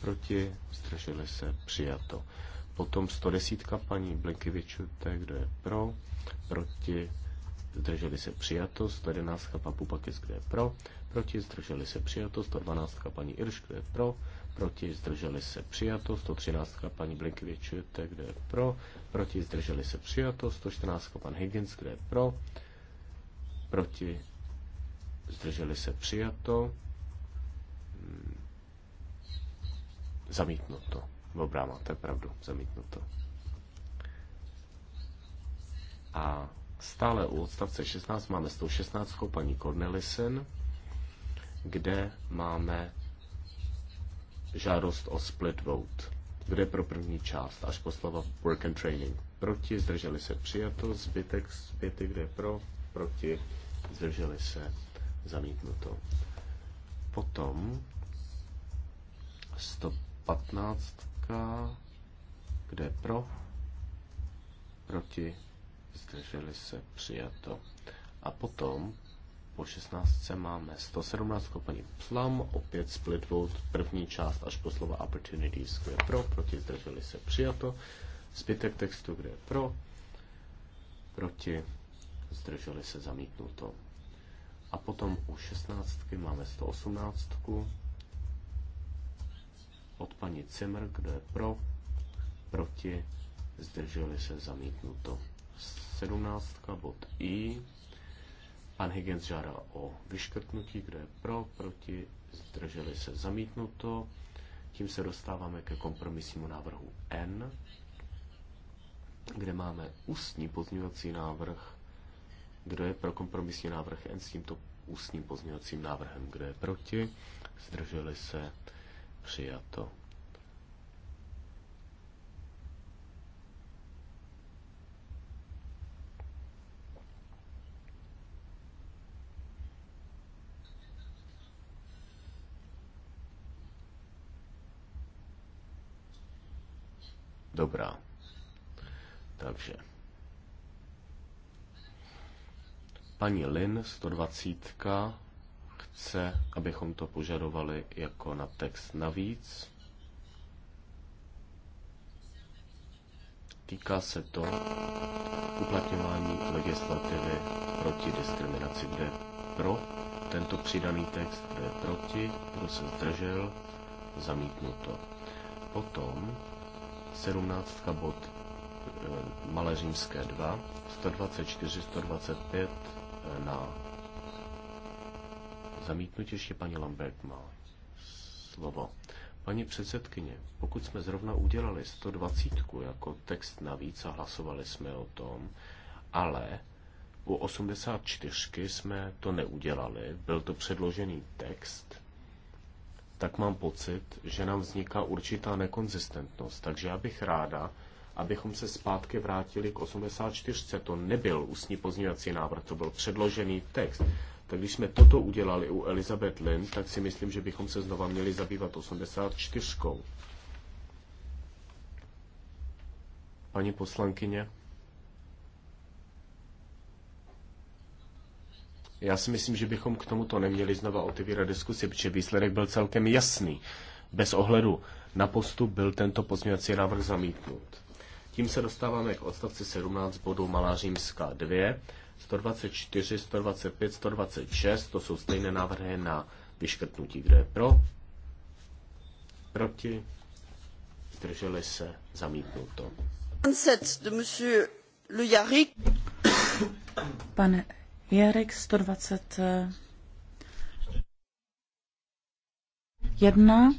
Proti? Zdrželi se přijato. Potom 110, paní Blinkevičute, kdo je pro? Proti? zdrželi se přijato, 111 Pan Pupakis, kde je pro, proti zdrželi se přijato, 112 paní Irš, kde je pro, proti, zdrželi se přijato, 113 paní Blinkevičujete, kde je pro, proti, zdrželi se přijato, 114 pan Higgins, kde je pro, proti, zdrželi se přijato, hmm. zamítnuto. Dobrá, máte pravdu, zamítnuto. A stále u odstavce 16 máme 116 paní Cornelisen, kde máme žádost o split vote. Kde pro první část, až po slova work and training. Proti, zdrželi se přijato, zbytek zpěty, kde pro, proti, zdrželi se zamítnuto. Potom 115, kde pro, proti, zdrželi se přijato. A potom po 16 máme 117 paní Plum, opět split vote, první část až po slova opportunities, kde je pro, proti zdrželi se přijato, zbytek textu, kde je pro, proti zdrželi se zamítnuto. A potom u 16 máme 118 od paní Cimr, kde je pro, proti, zdrželi se zamítnuto. 17 bod I, Pan Higgins žádal o vyškrtnutí, kdo je pro, proti, zdrželi se zamítnuto. Tím se dostáváme ke kompromisnímu návrhu N, kde máme ústní pozměňovací návrh. Kdo je pro kompromisní návrh N s tímto ústním pozměňovacím návrhem? Kdo je proti? Zdrželi se přijato. Dobrá. Takže. Paní Lin 120 chce, abychom to požadovali jako na text navíc. Týká se to uplatňování legislativy proti diskriminaci, kde pro tento přidaný text, kde proti, kdo se zdržel, zamítnuto. Potom 17 bod eh, malé římské 2, 124, 125 na zamítnutí ještě paní Lambert má slovo. Paní předsedkyně, pokud jsme zrovna udělali 120 jako text navíc a hlasovali jsme o tom, ale u 84 jsme to neudělali, byl to předložený text tak mám pocit, že nám vzniká určitá nekonzistentnost. Takže já bych ráda, abychom se zpátky vrátili k 84. To nebyl ústní pozměňovací návrh, to byl předložený text. Tak když jsme toto udělali u Elizabeth Lynn, tak si myslím, že bychom se znova měli zabývat 84. Paní poslankyně? Já si myslím, že bychom k tomuto neměli znova otevírat diskusi, protože výsledek byl celkem jasný. Bez ohledu na postup byl tento pozměňovací návrh zamítnut. Tím se dostáváme k odstavci 17 bodu římská 2. 124, 125, 126, to jsou stejné návrhy na vyškrtnutí. Kdo je pro? Proti? Zdrželi se? Zamítnuto. Pane Jarek 121,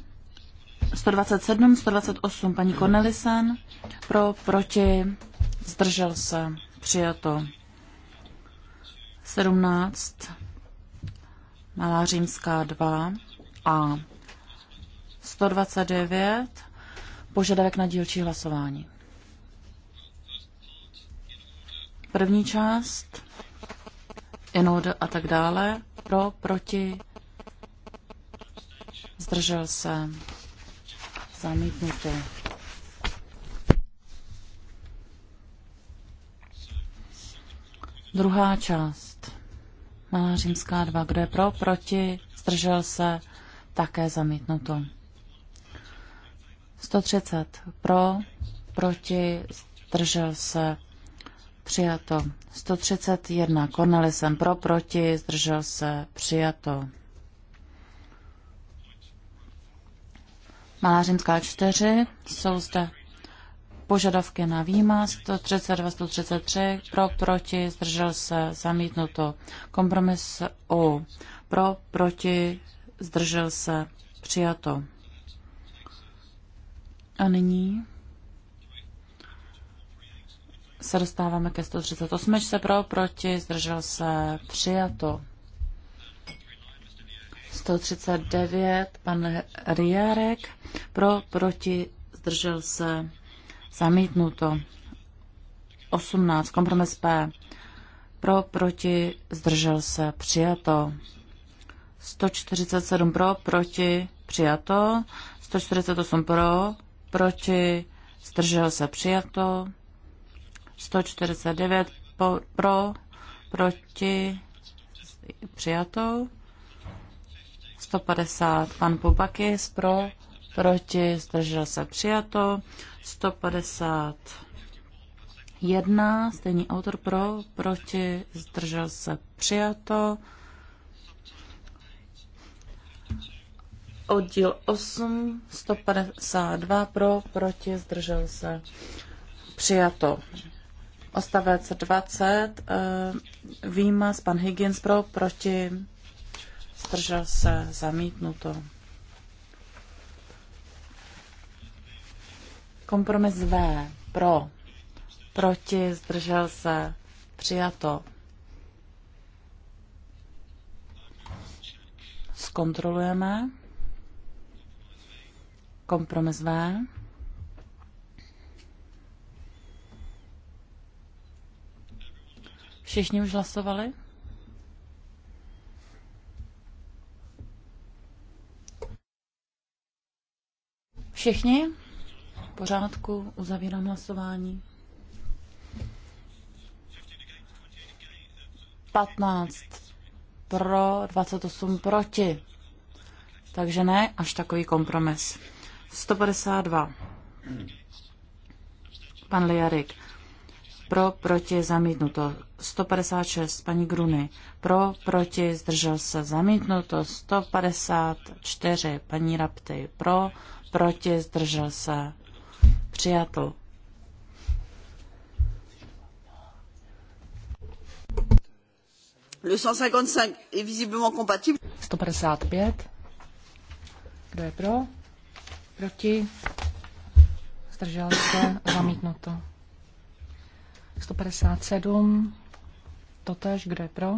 127, 128, paní Cornelisen, pro, proti, zdržel se, přijato. 17, malá římská 2 a 129, požadavek na dílčí hlasování. První část order a tak dále. Pro, proti, zdržel se, zamítnutý. Druhá část. Malá římská dva, Kdo je pro, proti, zdržel se, také zamítnuto. 130. Pro, proti, zdržel se, Přijato. 131. jsem pro, proti, zdržel se. Přijato. Malá římská 4. Jsou zde požadavky na výma 132, 133, pro, proti, zdržel se, zamítnuto. Kompromis O, pro, proti, zdržel se, přijato. A nyní se dostáváme ke 138. Se pro, proti, zdržel se, přijato. 139, pan Riarek, pro, proti, zdržel se, zamítnuto. 18, kompromis P, pro, proti, zdržel se, přijato. 147 pro, proti, přijato. 148 pro, proti, zdržel se, přijato. 149 po, pro, proti, přijato. 150 pan Pubakis pro, proti, zdržel se přijato. 151 stejný autor pro, proti, zdržel se přijato. Oddíl 8, 152 pro, proti, zdržel se přijato. Ostavec 20. Eh, s pan Higgins pro, proti. Zdržel se zamítnuto. Kompromis V. Pro. Proti. Zdržel se. Přijato. Zkontrolujeme. Kompromis V. Všichni už hlasovali? Všichni? V pořádku, uzavírám hlasování. 15 pro, 28 proti. Takže ne, až takový kompromis. 152. Pan Liarik pro, proti, zamítnuto. 156, paní Gruny, pro, proti, zdržel se, zamítnuto. 154, paní Rapty, pro, proti, zdržel se, přijato. Le 155 est visiblement compatible. 155. Kdo je pro? Proti? Zdržel se? Zamítnuto. 157. Totež, kdo je pro?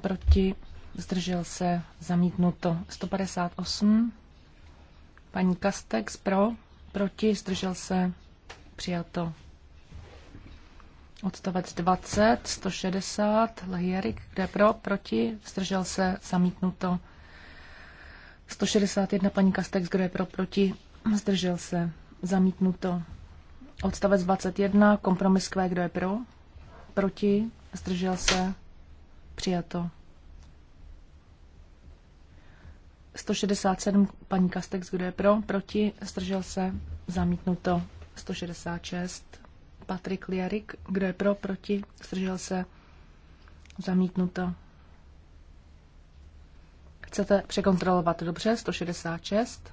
Proti? Zdržel se zamítnuto. 158. Paní Kastex pro? Proti? Zdržel se přijato. Odstavec 20, 160, Lehierik, kde pro, proti, zdržel se, zamítnuto. 161, paní Kastex, kde pro, proti, zdržel se, zamítnuto. Odstavec 21, kompromis kvé, kdo je pro? Proti? Zdržel se? Přijato. 167, paní Kastex, kdo je pro? Proti? Zdržel se? Zamítnuto. 166, Patrik Liarik, kdo je pro? Proti? Zdržel se? Zamítnuto. Chcete překontrolovat dobře? 166.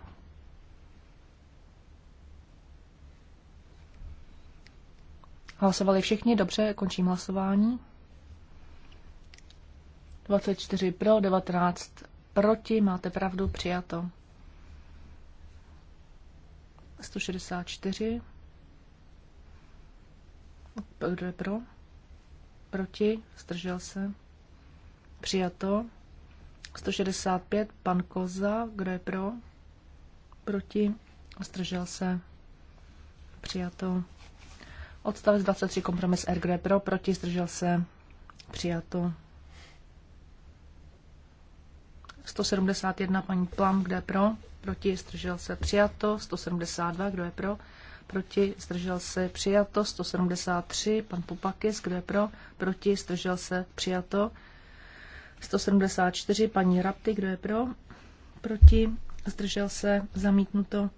Hlasovali všichni, dobře, končím hlasování. 24 pro, 19 proti, máte pravdu, přijato. 164. Kdo je pro? Proti? Zdržel se? Přijato. 165. Pan Koza. Kdo je pro? Proti? Zdržel se? Přijato. Odstavec 23 kompromis R, pro, proti, zdržel se, přijato. 171 paní Plam, kde je pro, proti, zdržel se, přijato. 172, kdo je pro, proti, zdržel se, přijato. 173, pan Pupakis, kdo je pro, proti, zdržel se, přijato. 174, paní Rapty, kdo je pro, proti, zdržel se, zamítnuto.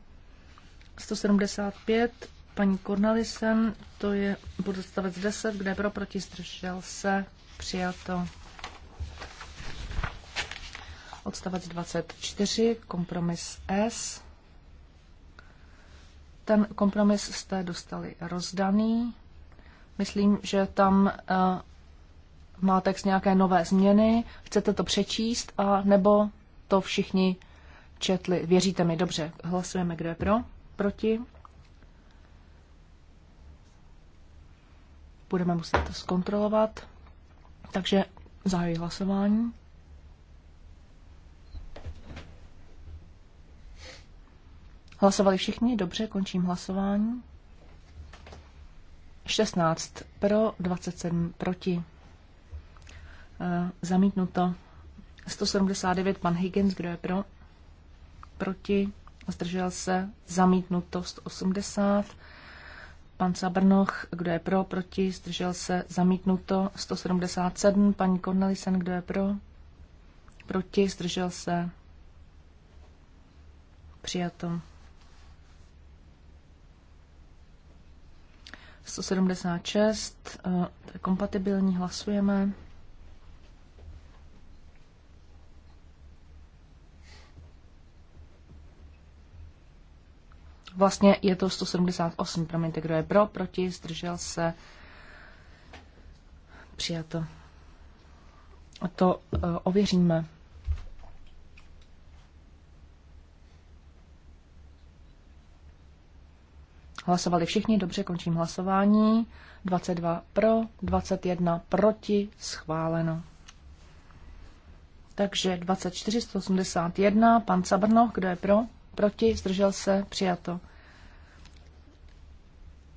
175, paní Cornelisen, to je bod odstavec 10, kde pro proti zdržel se, přijato. Odstavec 24, kompromis S. Ten kompromis jste dostali rozdaný. Myslím, že tam uh, má text nějaké nové změny. Chcete to přečíst, a nebo to všichni četli. Věříte mi, dobře, hlasujeme, kdo je pro, proti budeme muset zkontrolovat. Takže zahajuji hlasování. Hlasovali všichni? Dobře, končím hlasování. 16 pro, 27 proti. E, zamítnuto. 179 pan Higgins, kdo je pro? Proti. Zdržel se. Zamítnuto 180. Pan Sabrnoch, kdo je pro, proti, zdržel se, zamítnuto. 177, paní Cornelisen, kdo je pro, proti, zdržel se, přijato. 176, eh, to je kompatibilní, hlasujeme. Vlastně je to 178, promiňte, kdo je pro, proti, zdržel se, přijato. A to uh, ověříme. Hlasovali všichni, dobře, končím hlasování. 22 pro, 21 proti, schváleno. Takže 24, 181, pan Sabrnoch, kdo je pro? proti, zdržel se, přijato.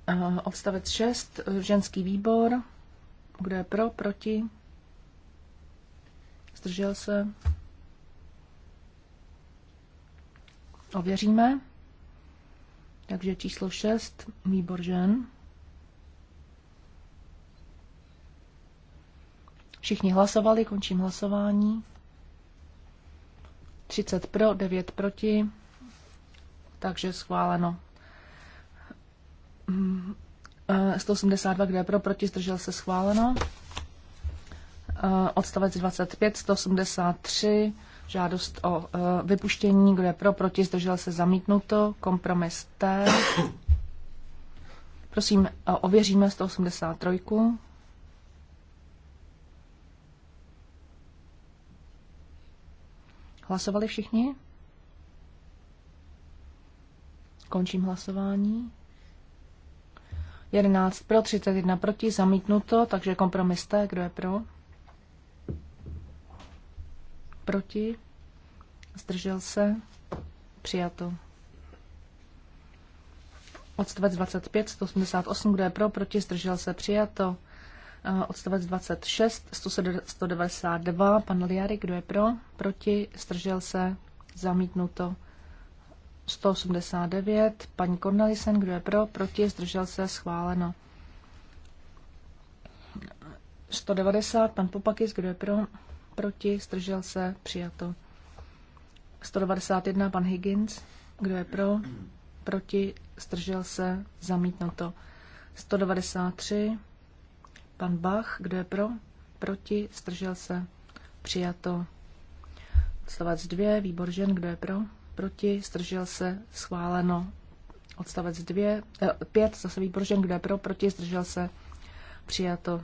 Eh, odstavec 6, ženský výbor, kdo je pro, proti, zdržel se. Ověříme. Takže číslo 6, výbor žen. Všichni hlasovali, končím hlasování. 30 pro, 9 proti takže schváleno. 182, mm, eh, kde je pro, proti, zdržel se schváleno. Eh, odstavec 25, 183, žádost o eh, vypuštění, kde je pro, proti, zdržel se zamítnuto. Kompromis T. Prosím, ověříme 183. Hlasovali všichni? Končím hlasování. 11 pro, 31 proti, zamítnuto, takže kompromis T, kdo je pro? Proti? Zdržel se? Přijato. Odstavec 25, 188, kdo je pro, proti, zdržel se, přijato. Eh, odstavec 26, 192, pan Liary, kdo je pro, proti, zdržel se, zamítnuto. 189. Paní Cornelisen, kdo je pro? Proti? Zdržel se? Schváleno. 190. Pan Popakis, kdo je pro? Proti? Zdržel se? Přijato. 191. Pan Higgins, kdo je pro? Proti? Zdržel se? Zamítnuto. 193. Pan Bach, kdo je pro? Proti? Zdržel se? Přijato. Slovac 2. Výbor žen, kdo je pro? proti, zdržel se, schváleno. Odstavec 5, eh, zase kdo je pro, proti, zdržel se, přijato.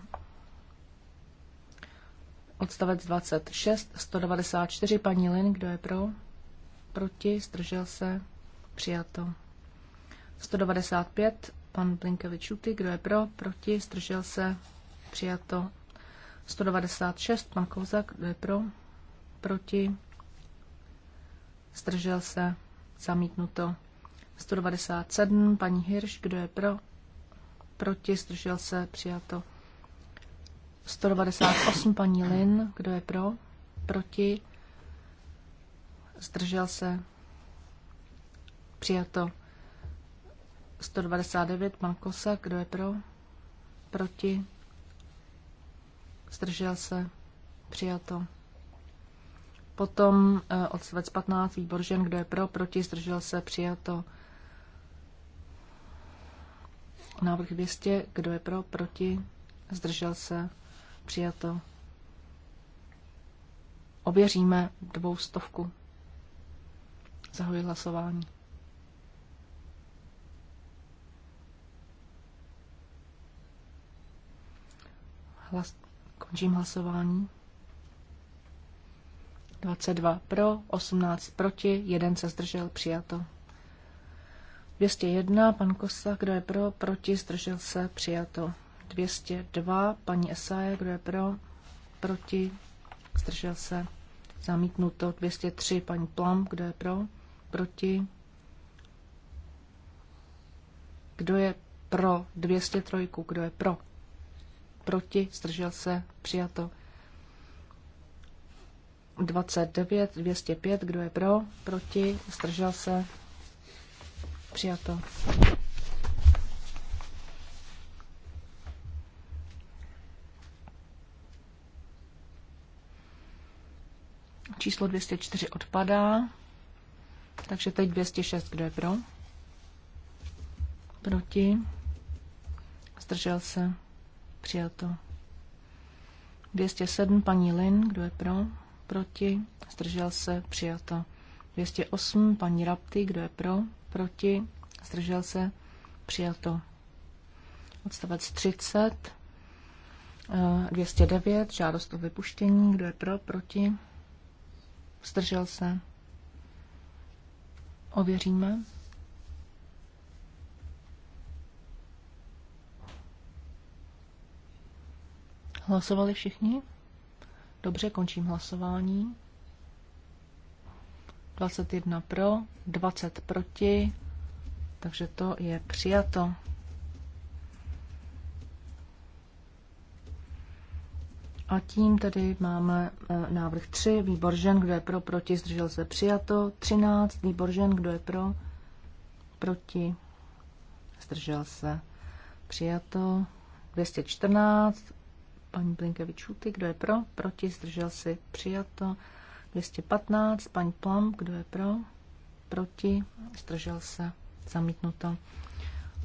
Odstavec 26, 194, paní Lin, kdo je pro, proti, zdržel se, přijato. 195, pan Uty, kdo je pro, proti, zdržel se, přijato. 196, pan Kouzak, kdo je pro, proti, Zdržel se? Zamítnuto. 197. Paní Hirš, kdo je pro? Proti? Zdržel se? Přijato. 198. Paní Lin, kdo je pro? Proti? Zdržel se? Přijato. 199. Pan Kosa, kdo je pro? Proti? Zdržel se? Přijato. Potom eh, odstavec 15, výbor žen, kdo je pro, proti, zdržel se, přijato. Návrh 200, kdo je pro, proti, zdržel se, přijato. Ověříme dvou stovku. Zahoji hlasování. Hlas... Končím hlasování. 22 pro, 18 proti, 1 se zdržel, přijato. 201, pan Kosa, kdo je pro, proti, zdržel se, přijato. 202, paní Esaje, kdo je pro, proti, zdržel se, zamítnuto. 203, paní Plam, kdo je pro, proti. Kdo je pro 203, kdo je pro, proti, zdržel se, přijato. 29, 205, kdo je pro, proti, zdržel se, přijato. Číslo 204 odpadá, takže teď 206, kdo je pro, proti, zdržel se, přijato. 207, paní Lin, kdo je pro, proti, zdržel se, přijato. 208, paní Rapty, kdo je pro, proti, zdržel se, přijato. Odstavec 30, 209, eh, žádost o vypuštění, kdo je pro, proti, zdržel se. Ověříme. Hlasovali všichni? Dobře, končím hlasování. 21 pro, 20 proti, takže to je přijato. A tím tedy máme e, návrh 3, výbor žen, kdo je pro, proti, zdržel se přijato. 13, výbor žen, kdo je pro, proti, zdržel se přijato. 214, paní Blinkevičuty, kdo je pro, proti, zdržel se, přijato. 215, paní Plam, kdo je pro, proti, zdržel se, zamítnuto.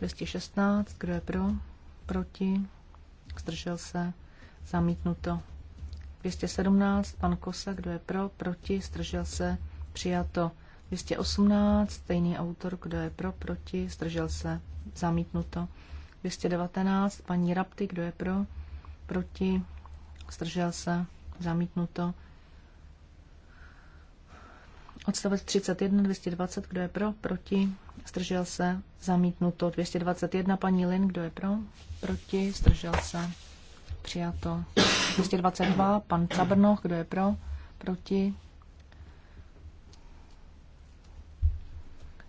216, kdo je pro, proti, zdržel se, zamítnuto. 217, pan Kosa, kdo je pro, proti, zdržel se, přijato. 218, stejný autor, kdo je pro, proti, zdržel se, zamítnuto. 219, paní Rapty, kdo je pro, proti, zdržel se, zamítnuto. Odstavec 31, 220, kdo je pro, proti, zdržel se, zamítnuto. 221, paní Lin, kdo je pro, proti, zdržel se, přijato. 222, pan Cabrnoch, kdo je pro, proti.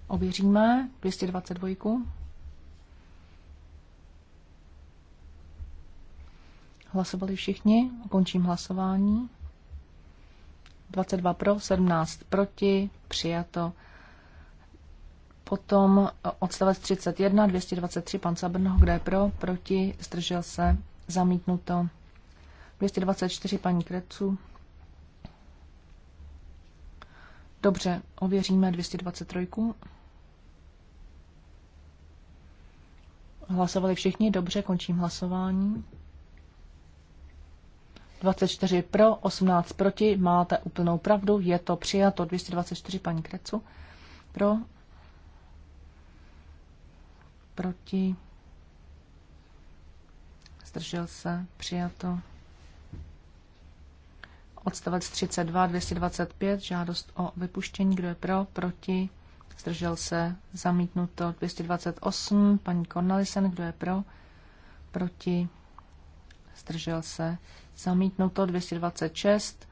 Ověříme 222. Hlasovali všichni? Končím hlasování. 22 pro, 17 proti, přijato. Potom odstavec 31, 223, pan Sabrnoch, kde je pro, proti, zdržel se, zamítnuto. 224, paní Krecu. Dobře, ověříme 223. Hlasovali všichni, dobře, končím hlasování. 24 pro, 18 proti. Máte úplnou pravdu, je to přijato. 224 paní Krecu. Pro. Proti. Zdržel se. Přijato. Odstavec 32, 225, žádost o vypuštění. Kdo je pro? Proti. Zdržel se. Zamítnuto. 228, paní Cornelisen. Kdo je pro? Proti zdržel se, zamítnuto 226,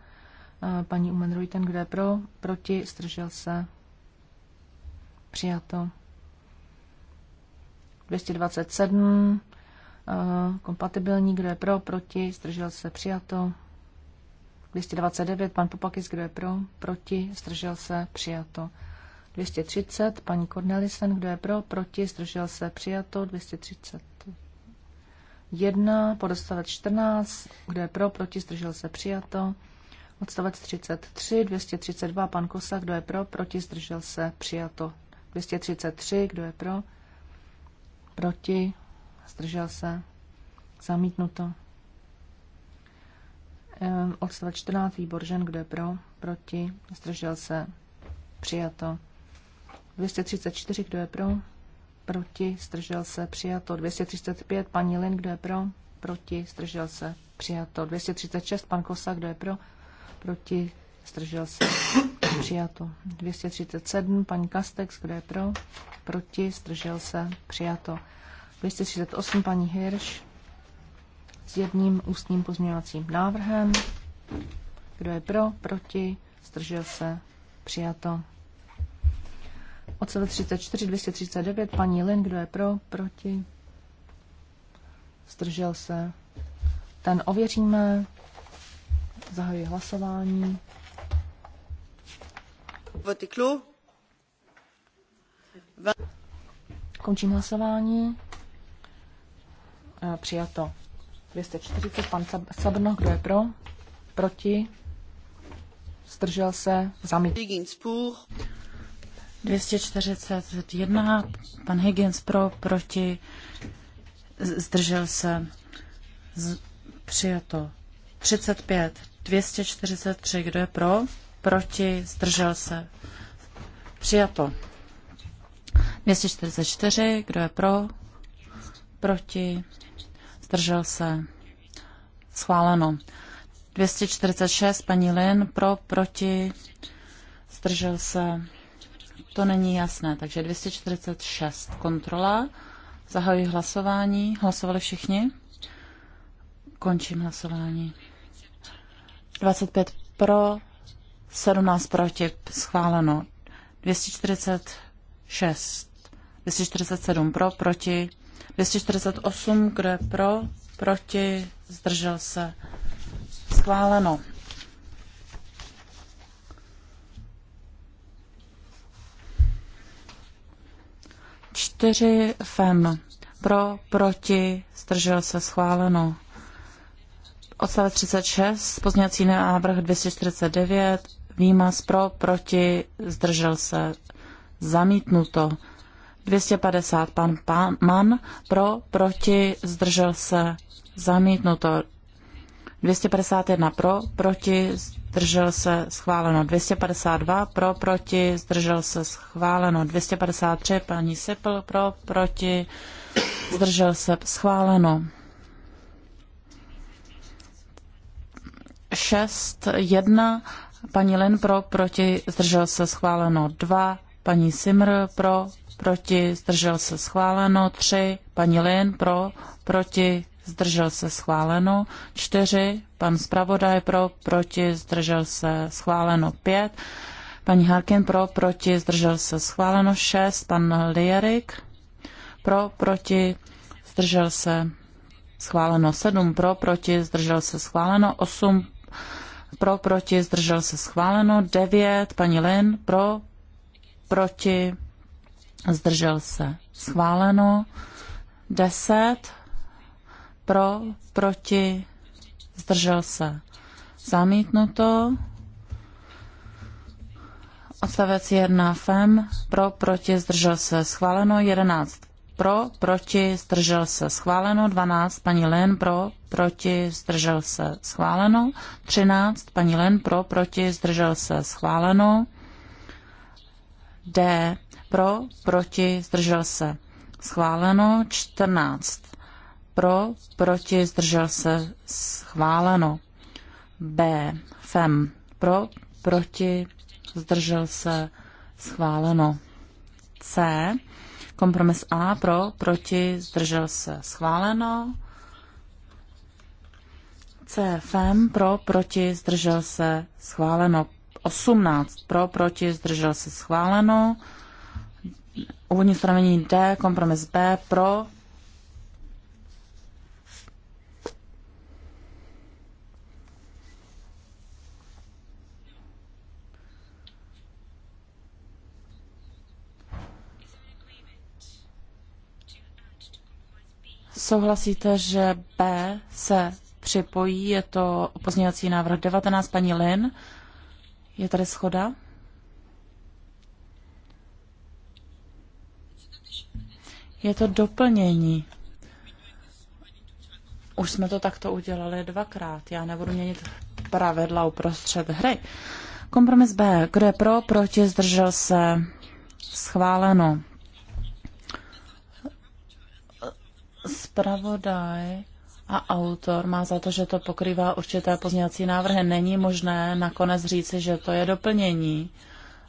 paní Umenruj, ten kde je pro, proti, zdržel se, přijato 227, kompatibilní, kdo je pro, proti, zdržel se, přijato 229, pan Popakis, kdo je pro, proti, zdržel se, přijato 230, paní Cornelisen, kdo je pro, proti, zdržel se, přijato 230. 1, podostavec 14, kde je pro, proti, zdržel se přijato. Odstavec 33, 232, pan Kosa, kdo je pro, proti, zdržel se přijato. 233, kdo je pro, proti, zdržel se, zamítnuto. Ehm, odstavec 14, výbor žen, kdo je pro, proti, zdržel se, přijato. 234, kdo je pro, proti, zdržel se, přijato 235, paní Lin, kdo je pro, proti, zdržel se, přijato 236, pan Kosa, kdo je pro, proti, zdržel se, přijato 237, paní Kastex, kdo je pro, proti, zdržel se, přijato 238, paní Hirsch, s jedním ústním pozměňovacím návrhem, kdo je pro, proti, zdržel se, přijato Odsel 34, 239, paní Lin, kdo je pro, proti, zdržel se. Ten ověříme, zahajuji hlasování. Votiklu. Končím hlasování. Eh, přijato. 240, pan Sabrno, kdo je pro? Proti? Zdržel se? Zamítl. 241, pan Higgins pro, proti, zdržel se, z, přijato. 35, 243, kdo je pro, proti, zdržel se, přijato. 244, kdo je pro, proti, zdržel se, schváleno. 246, paní Lin, pro, proti, zdržel se, to není jasné, takže 246 kontrola. Zahajuji hlasování. Hlasovali všichni? Končím hlasování. 25 pro, 17 proti, schváleno. 246, 247 pro, proti, 248, kdo je pro, proti, zdržel se. Schváleno. Čtyři FEM. Pro, proti, zdržel se, schváleno. Odstavec 36, pozměňovací návrh 249, výmaz pro, proti, zdržel se, zamítnuto. 250 pan, pan man, pro, proti, zdržel se, zamítnuto. 251 pro, proti, zdržel se, schváleno 252, pro, proti, zdržel se, schváleno 253, paní Sipl, pro, proti, zdržel se, schváleno. 6, 1, paní Lin pro, proti, zdržel se, schváleno 2, paní Simr pro, proti, zdržel se, schváleno 3, paní Lin pro, proti, zdržel se schváleno, 4, pan zpravodaj pro, proti, zdržel se schváleno, 5, paní Harkin pro, proti, zdržel se schváleno, 6, pan Lierik pro, proti, zdržel se schváleno, 7 pro, proti, zdržel se schváleno, 8 pro, proti, zdržel se schváleno, 9, paní Lin pro, proti, zdržel se schváleno, 10, pro, proti, zdržel se. Zamítnuto. Odstavec 1 FEM, pro, proti, zdržel se. Schváleno 11 pro, proti, zdržel se. Schváleno 12 paní Len, pro, proti, zdržel se. Schváleno 13 paní Len, pro, proti, zdržel se. Schváleno D pro, proti, zdržel se. Schváleno 14 pro, proti, zdržel se, schváleno. B. FEM pro, proti, zdržel se, schváleno. C. Kompromis A pro, proti, zdržel se, schváleno. C. FEM pro, proti, zdržel se, schváleno. 18 pro, proti, zdržel se, schváleno. Úvodní stanovení D, kompromis B pro, souhlasíte, že B se připojí, je to pozměňovací návrh 19, paní Lin. Je tady schoda? Je to doplnění. Už jsme to takto udělali dvakrát. Já nebudu měnit pravidla uprostřed hry. Kompromis B. Kdo je pro, proti, zdržel se? Schváleno. Spravodaj a autor má za to, že to pokrývá určité pozměňovací návrhy. Není možné nakonec říci, že to je doplnění.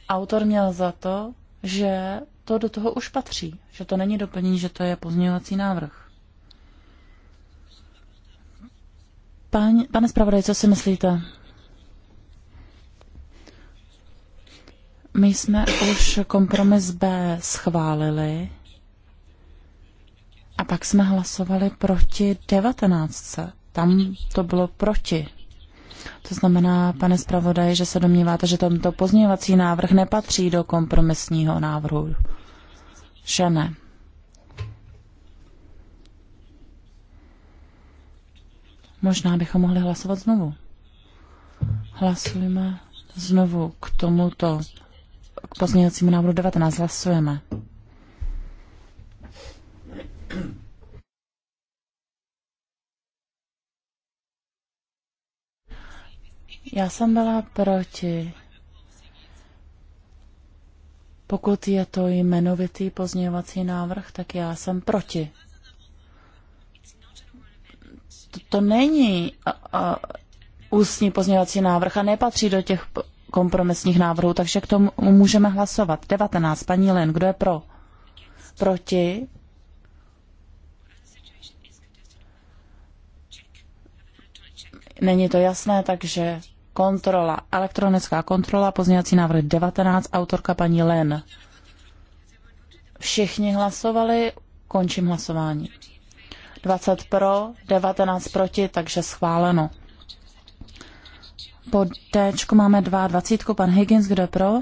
Autor měl za to, že to do toho už patří, že to není doplnění, že to je pozměňovací návrh. Pán, pane zpravodaj, co si myslíte? My jsme už kompromis B schválili. A pak jsme hlasovali proti 19. Tam to bylo proti. To znamená, pane zpravodaj, že se domníváte, že tento pozměňovací návrh nepatří do kompromisního návrhu. Že ne. Možná bychom mohli hlasovat znovu. Hlasujeme znovu k tomuto, k pozměňovacímu návrhu 19. Hlasujeme. Já jsem byla proti. Pokud je to jmenovitý pozměňovací návrh, tak já jsem proti. To, to není a, a, ústní pozměňovací návrh a nepatří do těch kompromisních návrhů, takže k tomu můžeme hlasovat. 19. Paní Len, kdo je pro? Proti? Není to jasné, takže kontrola, elektronická kontrola, pozněvací návrh 19, autorka paní Len. Všichni hlasovali, končím hlasování. 20 pro, 19 proti, takže schváleno. Po D máme 22, pan Higgins, kdo pro?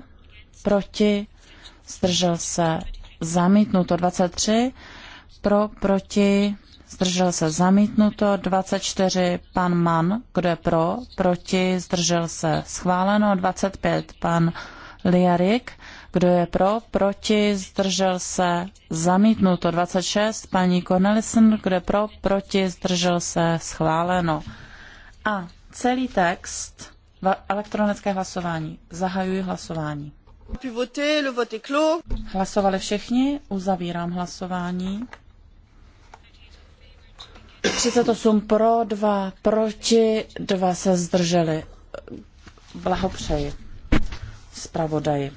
Proti, zdržel se, zamítnuto 23, pro, proti, zdržel se zamítnuto, 24 pan Mann, kdo je pro, proti, zdržel se schváleno, 25 pan Liarik, kdo je pro, proti, zdržel se zamítnuto, 26 paní Cornelison, kdo je pro, proti, zdržel se schváleno. A celý text elektronické hlasování. Zahajuji hlasování. Hlasovali všichni, uzavírám hlasování. 38 pro, 2 proti, 2 se zdrželi. Blahopřeji zpravodaji.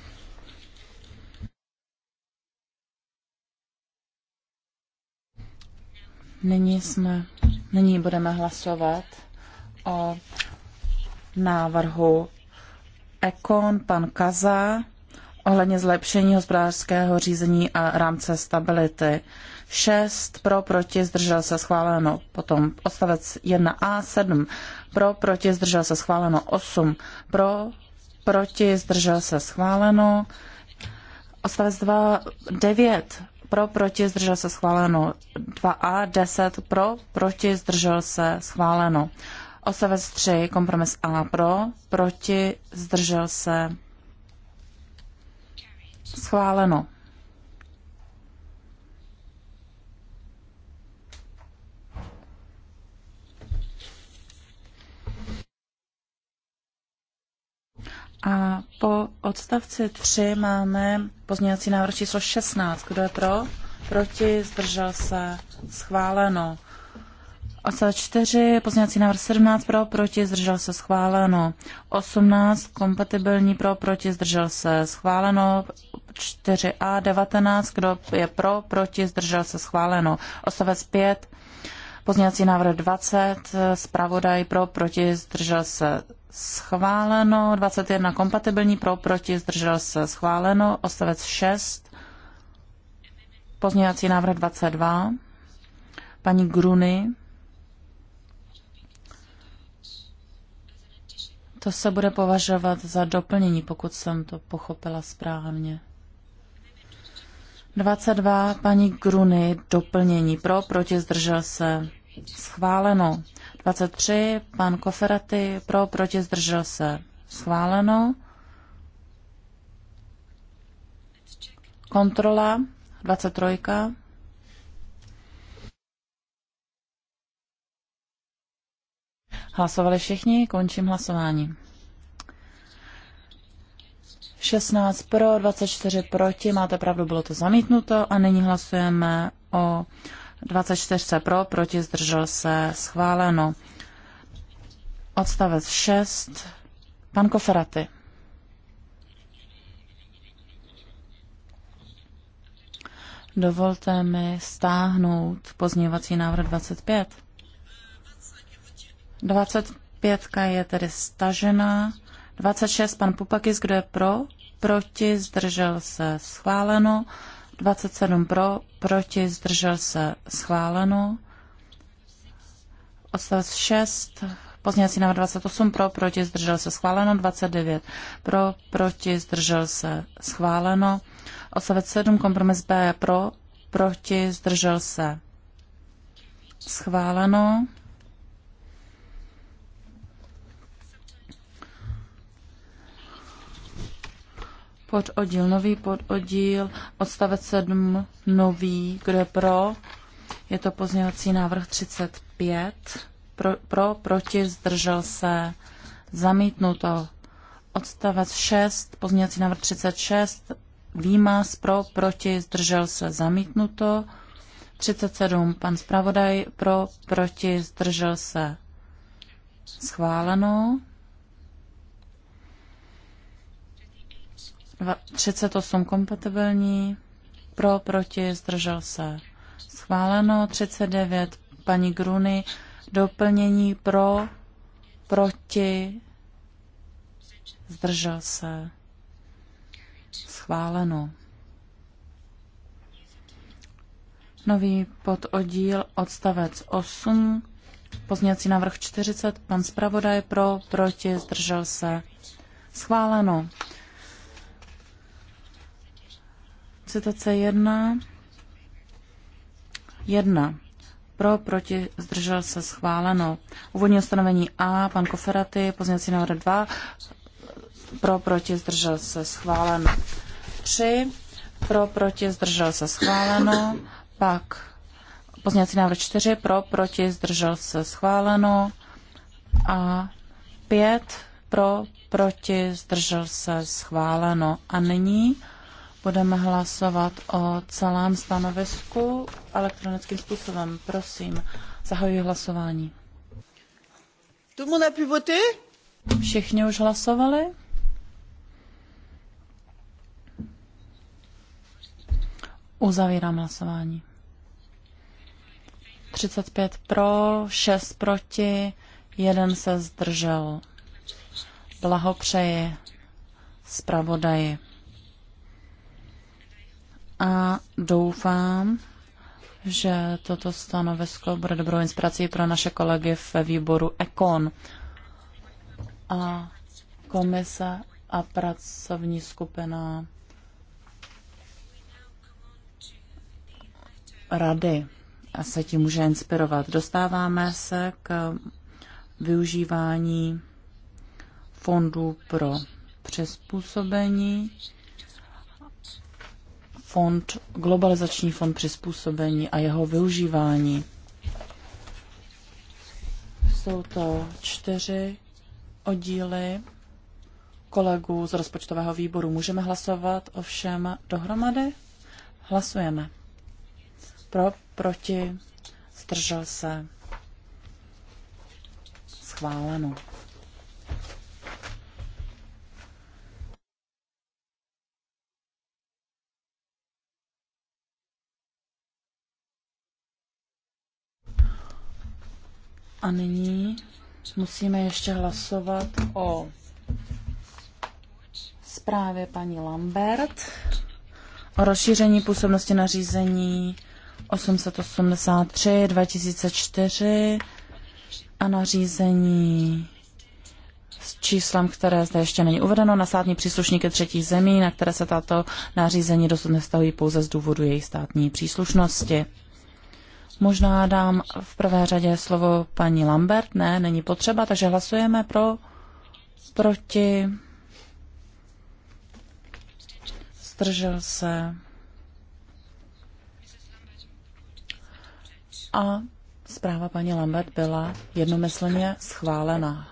Nyní jsme, nyní budeme hlasovat o návrhu Ekon, pan Kaza, ohledně zlepšení hospodářského řízení a rámce stability. 6 pro, proti, zdržel se schváleno. Potom odstavec 1a, 7 pro, proti, zdržel se schváleno. 8 pro, proti, zdržel se schváleno. Odstavec 2, 9 pro, proti, zdržel se schváleno. 2a, 10 pro, proti, zdržel se schváleno. Odstavec 3, kompromis A pro, proti, zdržel se schváleno. A po odstavci 3 máme pozměňovací návrh číslo 16. Kdo je pro? Proti? Zdržel se? Schváleno. Odstavec 4, pozměňovací návrh 17 pro, proti, zdržel se schváleno. 18, kompatibilní pro, proti, zdržel se schváleno. 4a, 19, kdo je pro, proti, zdržel se schváleno. Odstavec 5, pozměňovací návrh 20, zpravodaj pro, proti, zdržel se schváleno, 21 kompatibilní pro, proti, zdržel se schváleno, odstavec 6, pozměňovací návrh 22, paní Gruny, To se bude považovat za doplnění, pokud jsem to pochopila správně. 22. Paní Gruny, doplnění pro, proti, zdržel se. Schváleno. 23, pan Koferaty pro, proti, zdržel se. Schváleno. Kontrola 23. Hlasovali všichni, končím hlasování. 16 pro, 24 proti, máte pravdu, bylo to zamítnuto a nyní hlasujeme o 24 pro, proti zdržel se schváleno. Odstavec 6. Pan Koferaty. Dovolte mi stáhnout pozměňovací návrh 25. 25 je tedy stažená. 26 pan Pupakis, kdo je pro? Proti, zdržel se, schváleno. 27 pro, proti, zdržel se schváleno. Odstavec 6, pozměňovací návrh 28 pro, proti, zdržel se schváleno. 29 pro, proti, zdržel se schváleno. Odstavec 7, kompromis B pro, proti, zdržel se schváleno. Pododdíl, nový pododdíl, odstavec 7, nový, kdo je pro? Je to pozměňovací návrh 35. Pro, pro proti, zdržel se, zamítnuto. Odstavec 6, pozměňovací návrh 36, výmaz pro, proti, zdržel se, zamítnuto. 37, pan zpravodaj, pro, proti, zdržel se, schváleno. 38 kompatibilní, pro, proti, zdržel se. Schváleno 39 paní Gruny, doplnění pro, proti, zdržel se. Schváleno. Nový pododíl, odstavec 8, pozněcí návrh 40, pan zpravodaj pro, proti, zdržel se. Schváleno. Citace jedna. Jedna. Pro, proti, zdržel se schváleno. Úvodní ustanovení A, pan Koferaty, pozměnací návrh 2. Pro, proti, zdržel se schváleno. 3. Pro, proti, zdržel se schváleno. Pak pozměnací návrh 4. Pro, proti, zdržel se schváleno. A 5. Pro, proti, zdržel se schváleno. A nyní budeme hlasovat o celém stanovisku elektronickým způsobem. Prosím, zahajuji hlasování. Všichni už hlasovali? Uzavírám hlasování. 35 pro, 6 proti, jeden se zdržel. Blahopřeji zpravodaji a doufám, že toto stanovisko bude dobrou inspirací pro naše kolegy ve výboru ECON a komise a pracovní skupina rady a se tím může inspirovat. Dostáváme se k využívání fondů pro přizpůsobení fond, globalizační fond přizpůsobení a jeho využívání. Jsou to čtyři oddíly kolegů z rozpočtového výboru. Můžeme hlasovat ovšem dohromady? Hlasujeme. Pro, proti, zdržel se. Schváleno. A nyní musíme ještě hlasovat o zprávě paní Lambert o rozšíření působnosti nařízení 883 2004 a nařízení s číslem, které zde ještě není uvedeno, na státní příslušníky třetí zemí, na které se tato nařízení dosud nestahují pouze z důvodu jejich státní příslušnosti. Možná dám v prvé řadě slovo paní Lambert. Ne, není potřeba, takže hlasujeme pro, proti, zdržel se. A zpráva paní Lambert byla jednomyslně schválena.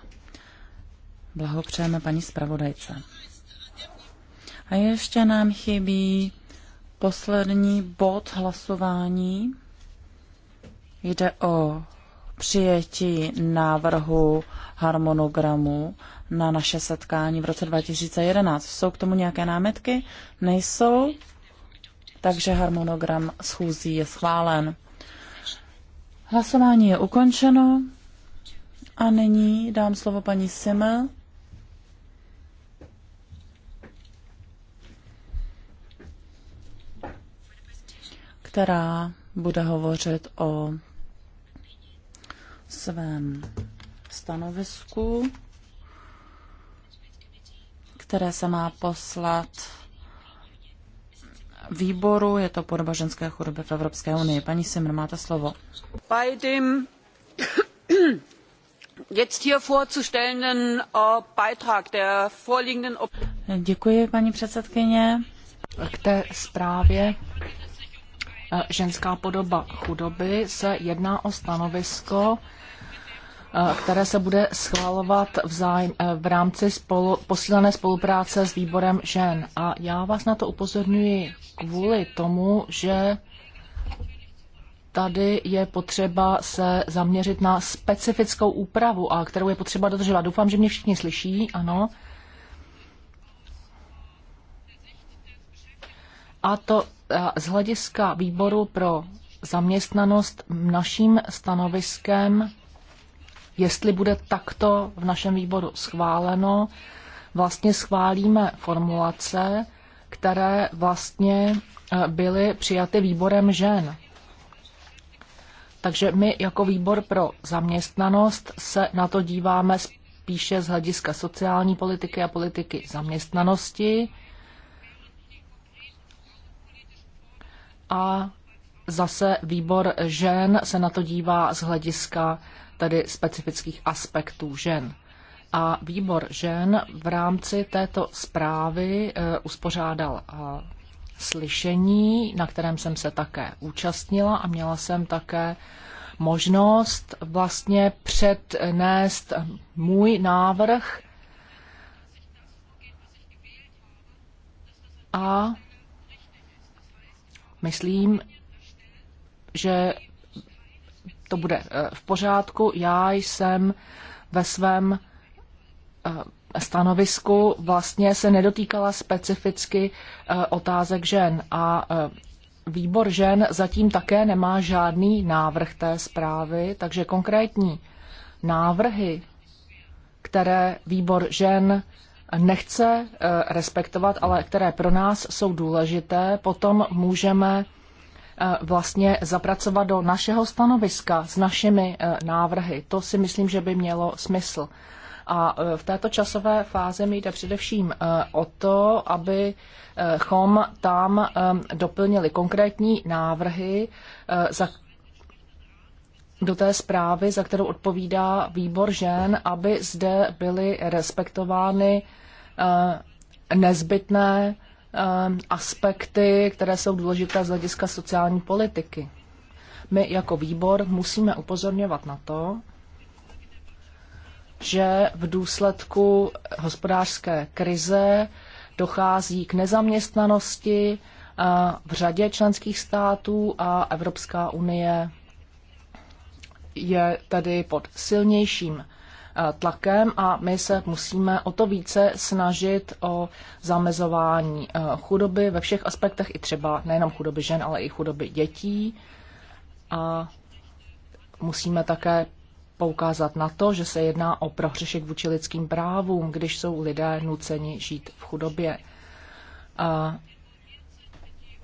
Blahopřejeme paní zpravodajce. A ještě nám chybí poslední bod hlasování. Jde o přijetí návrhu harmonogramu na naše setkání v roce 2011. Jsou k tomu nějaké námitky? Nejsou, takže harmonogram schůzí je schválen. Hlasování je ukončeno a nyní dám slovo paní Simmel. která bude hovořit o svém stanovisku, které se má poslat výboru, je to podoba ženské chudoby v Evropské unii. Paní Simr, máte slovo. Bei dem jetzt hier vorzustellenden äh, Beitrag der vorliegenden Děkuji, paní předsedkyně. K té zprávě äh, ženská podoba chudoby se jedná o stanovisko, Eh, které se bude schvalovat v, zájem, eh, v rámci spolu, posílené spolupráce s výborem žen. A já vás na to upozorňuji kvůli tomu, že tady je potřeba se zaměřit na specifickou úpravu, a kterou je potřeba dodržovat. Doufám, že mě všichni slyší, ano. A to eh, z hlediska výboru pro zaměstnanost naším stanoviskem jestli bude takto v našem výboru schváleno, vlastně schválíme formulace, které vlastně eh, byly přijaty výborem žen. Takže my jako výbor pro zaměstnanost se na to díváme spíše z hlediska sociální politiky a politiky zaměstnanosti. A zase výbor žen se na to dívá z hlediska tedy specifických aspektů žen. A výbor žen v rámci této zprávy eh, uspořádal eh, slyšení, na kterém jsem se také účastnila a měla jsem také možnost vlastně přednést můj návrh a myslím, že to bude eh, v pořádku. Já jsem ve svém eh, stanovisku vlastně se nedotýkala specificky eh, otázek žen a výbor žen zatím také nemá žádný návrh té zprávy, takže konkrétní návrhy, které výbor žen nechce respektovat, ale které pro nás jsou důležité, potom můžeme Eh, vlastně zapracovat do našeho stanoviska s našimi eh, návrhy. To si myslím, že by mělo smysl. A eh, v této časové fázi mi jde především o to, abychom tam doplnili konkrétní návrhy za do té zprávy, za kterou odpovídá výbor žen, aby zde byly respektovány nezbytné Ehm, aspekty, které jsou důležité z hlediska sociální politiky. My jako výbor musíme upozorňovat na to, že v důsledku hospodářské krize dochází k nezaměstnanosti eh, v řadě členských států a Evropská unie je tedy pod silnějším tlakem a my se musíme o to více snažit o zamezování eh, chudoby ve všech aspektech, i třeba nejenom chudoby žen, ale i chudoby dětí. A musíme také poukázat na to, že se jedná o prohřešek vůči lidským právům, když jsou lidé nuceni žít v chudobě. A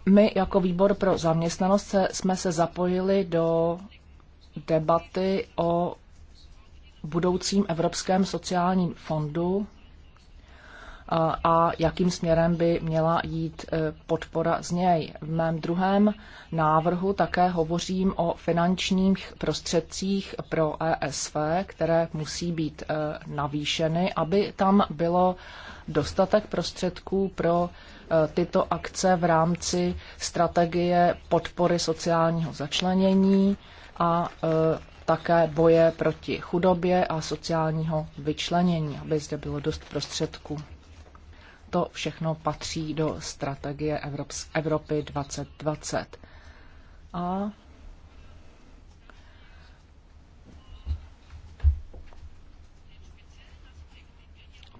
my jako výbor pro zaměstnanost se, jsme se zapojili do debaty o budoucím Evropském sociálním fondu a jakým směrem by měla jít e, podpora z něj. V mém druhém návrhu také hovořím o finančních prostředcích pro ESV, které musí být e, navýšeny, aby tam bylo dostatek prostředků pro e, tyto akce v rámci strategie podpory sociálního začlenění a také boje proti chudobě a sociálního vyčlenění, aby zde bylo dost prostředků. To všechno patří do strategie Evropy 2020. A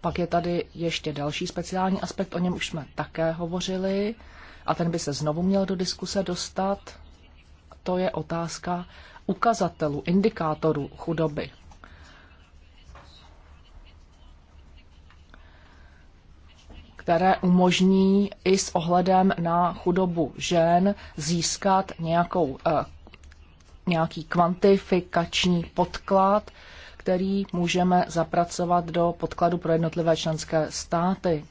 Pak je tady ještě další speciální aspekt, o něm už jsme také hovořili, a ten by se znovu měl do diskuse dostat. To je otázka ukazatelů, indikátorů chudoby. které umožní i s ohledem na chudobu žen získat nějakou, eh, nějaký kvantifikační podklad, který můžeme zapracovat do podkladu pro jednotlivé členské státy.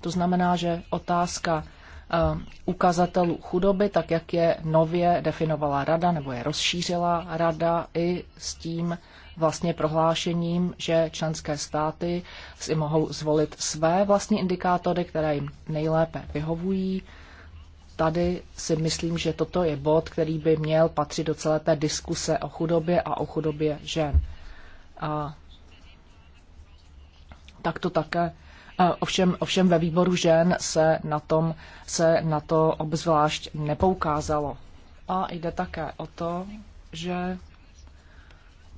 To znamená, že otázka Eh, ukazatelů chudoby, tak jak je nově definovala rada nebo je rozšířila rada i s tím vlastně prohlášením, že členské státy si mohou zvolit své vlastní indikátory, které jim nejlépe vyhovují. Tady si myslím, že toto je bod, který by měl patřit do celé té diskuse o chudobě a o chudobě žen. A tak to také Eh, ovšem, ovšem ve výboru žen se na, tom, se na to obzvlášť nepoukázalo. A jde také o to, že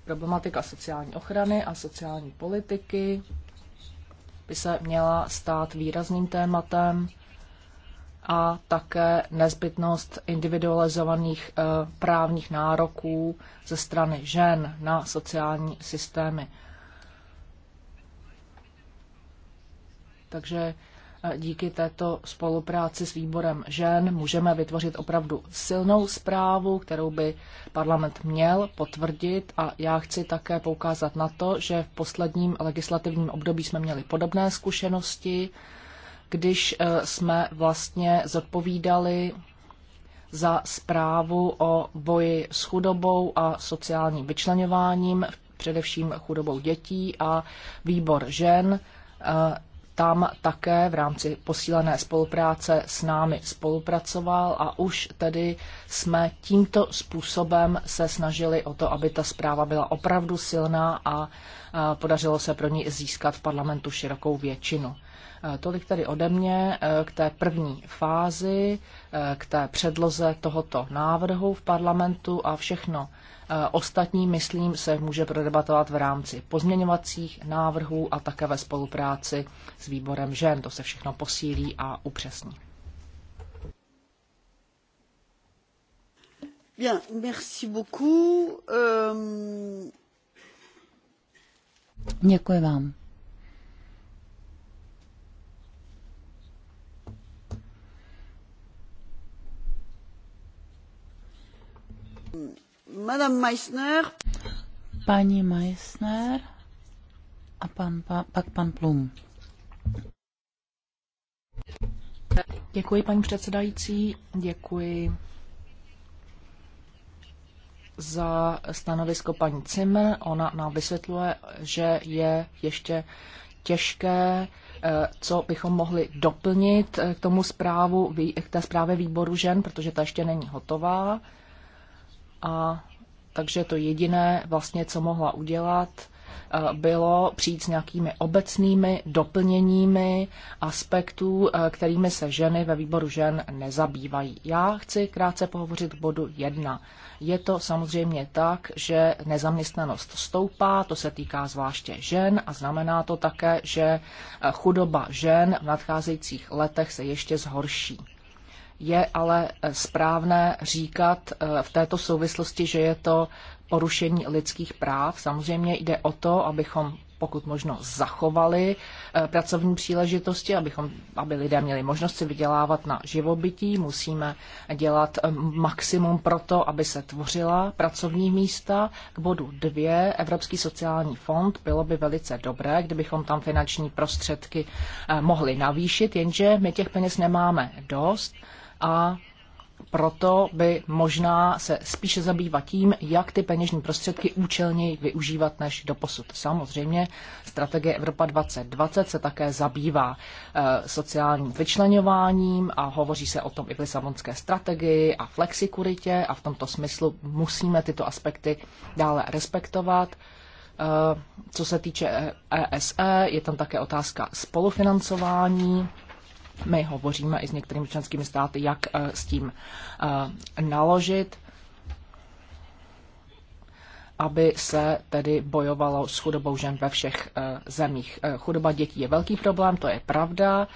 problematika sociální ochrany a sociální politiky by se měla stát výrazným tématem a také nezbytnost individualizovaných eh, právních nároků ze strany žen na sociální systémy. Takže eh, díky této spolupráci s výborem žen můžeme vytvořit opravdu silnou zprávu, kterou by parlament měl potvrdit a já chci také poukázat na to, že v posledním legislativním období jsme měli podobné zkušenosti, když eh, jsme vlastně zodpovídali za zprávu o boji s chudobou a sociálním vyčlenováním, především chudobou dětí a výbor žen eh, tam také v rámci posílené spolupráce s námi spolupracoval a už tedy jsme tímto způsobem se snažili o to, aby ta zpráva byla opravdu silná a podařilo se pro ní získat v parlamentu širokou většinu. E, tolik tedy ode mě e, k té první fázi, e, k té předloze tohoto návrhu v parlamentu a všechno Eh, ostatní, myslím, se může prodebatovat v rámci pozměňovacích návrhů a také ve spolupráci s výborem žen. To se všechno posílí a upřesní. Bien, merci beaucoup. Um... Děkuji vám. Mm Madame Meissner. Paní Meissner a pan, pa, pak pan Plum. Děkuji, paní předsedající. Děkuji za stanovisko paní Cimr. Ona nám vysvětluje, že je ještě těžké, eh, co bychom mohli doplnit eh, k tomu zprávu, k té zprávě výboru žen, protože ta ještě není hotová a takže to jediné vlastně, co mohla udělat, eh, bylo přijít s nějakými obecnými doplněními aspektů, eh, kterými se ženy ve výboru žen nezabývají. Já chci krátce pohovořit k bodu jedna. Je to samozřejmě tak, že nezaměstnanost stoupá, to se týká zvláště žen a znamená to také, že eh, chudoba žen v nadcházejících letech se ještě zhorší. Je ale eh, správné říkat eh, v této souvislosti, že je to porušení lidských práv. Samozřejmě jde o to, abychom pokud možno zachovali eh, pracovní příležitosti, abychom, aby lidé měli možnost si vydělávat na živobytí. Musíme dělat maximum pro to, aby se tvořila pracovní místa. K bodu dvě, Evropský sociální fond, bylo by velice dobré, kdybychom tam finanční prostředky mohli navýšit, jenže my těch peněz nemáme dost a proto by možná se spíše zabývat tím, jak ty peněžní prostředky účelněji využívat než doposud. Samozřejmě strategie Evropa 2020 se také zabývá eh, sociálním vyčlenováním a hovoří se o tom i v Lisabonské strategii a flexikuritě a v tomto smyslu musíme tyto aspekty dále respektovat. Eh, co se týče ESE, e, je tam také otázka spolufinancování my hovoříme i s některými členskými státy, jak eh, s tím eh, naložit, aby se tedy bojovalo s chudobou žen ve všech eh, zemích. Chudoba dětí je velký problém, to je pravda.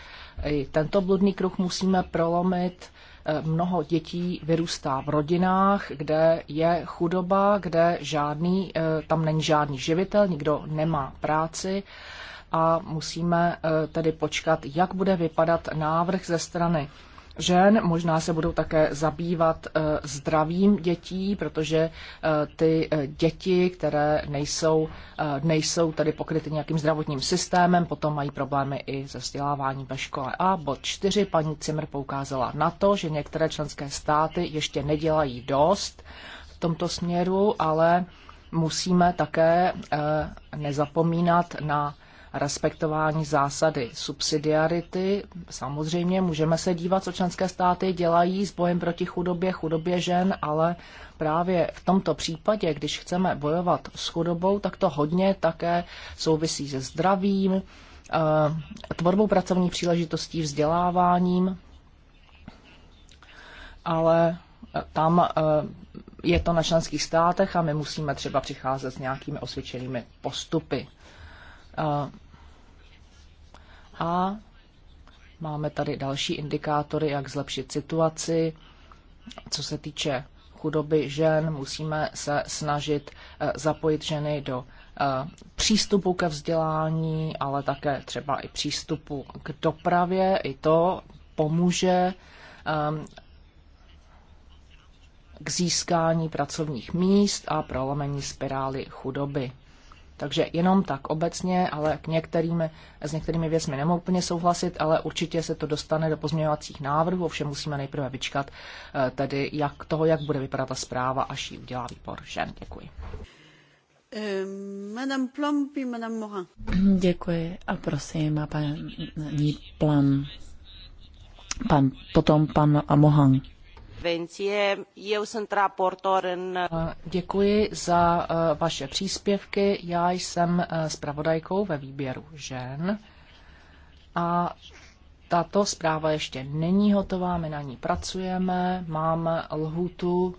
I tento bludný kruh musíme prolomit mnoho dětí vyrůstá v rodinách, kde je chudoba, kde žádný, tam není žádný živitel, nikdo nemá práci a musíme eh, tedy počkat, jak bude vypadat návrh ze strany žen. Možná se budou také zabývat eh, zdravím dětí, protože eh, ty děti, které nejsou, nejsou tedy pokryty nějakým zdravotním systémem, potom mají problémy i se vzděláváním ve škole. A bod čtyři paní Cimr poukázala na to, že některé členské státy ještě nedělají dost v tomto směru, ale musíme také nezapomínat na respektování zásady subsidiarity. Samozřejmě můžeme se dívat, co členské státy dělají s bojem proti chudobě, chudobě žen, ale právě v tomto případě, když chceme bojovat s chudobou, tak to hodně také souvisí se zdravím, eh, tvorbou pracovních příležitostí, vzděláváním, ale eh, tam eh, je to na členských státech a my musíme třeba přicházet s nějakými osvědčenými postupy. A máme tady další indikátory, jak zlepšit situaci. Co se týče chudoby žen, musíme se snažit e, zapojit ženy do e, přístupu ke vzdělání, ale také třeba i přístupu k dopravě. I to pomůže e, k získání pracovních míst a prolomení spirály chudoby. Takže jenom tak obecně, ale k některými, s některými věcmi nemohu úplně souhlasit, ale určitě se to dostane do pozměňovacích návrhů, ovšem musíme nejprve vyčkat eh, tedy jak toho, jak bude vypadat ta zpráva, až ji udělá výbor žen. Děkuji. Eh, Madame Plum, puis Madame Morin. Děkuji a prosím, a paní Plum, pan, potom pan Mohan. Eu sunt raportor în... Děkuji za vaše příspěvky. Já jsem zpravodajkou ve výběru žen a tato zpráva ještě není hotová, my na ní pracujeme, máme lhutu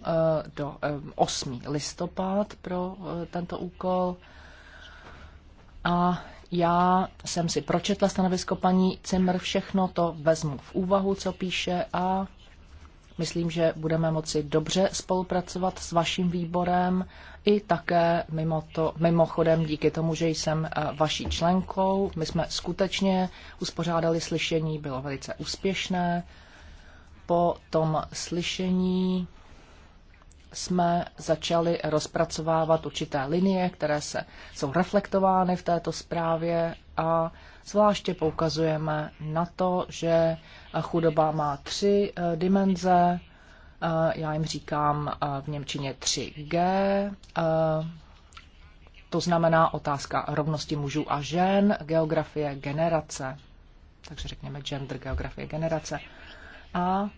do 8. listopad pro tento úkol a já jsem si pročetla stanovisko paní Cimr, všechno to vezmu v úvahu, co píše a Myslím, že budeme moci dobře spolupracovat s vaším výborem i také mimo to, mimochodem díky tomu, že jsem eh, vaší členkou. My jsme skutečně uspořádali slyšení, bylo velice úspěšné. Po tom slyšení jsme začali rozpracovávat určité linie, které se, jsou reflektovány v této zprávě a zvláště poukazujeme na to, že Chudoba má tři eh, dimenze, eh, já jim říkám eh, v Němčině 3G, to znamená otázka rovnosti mužů a žen, geografie generace, takže řekněme gender, geografie generace. A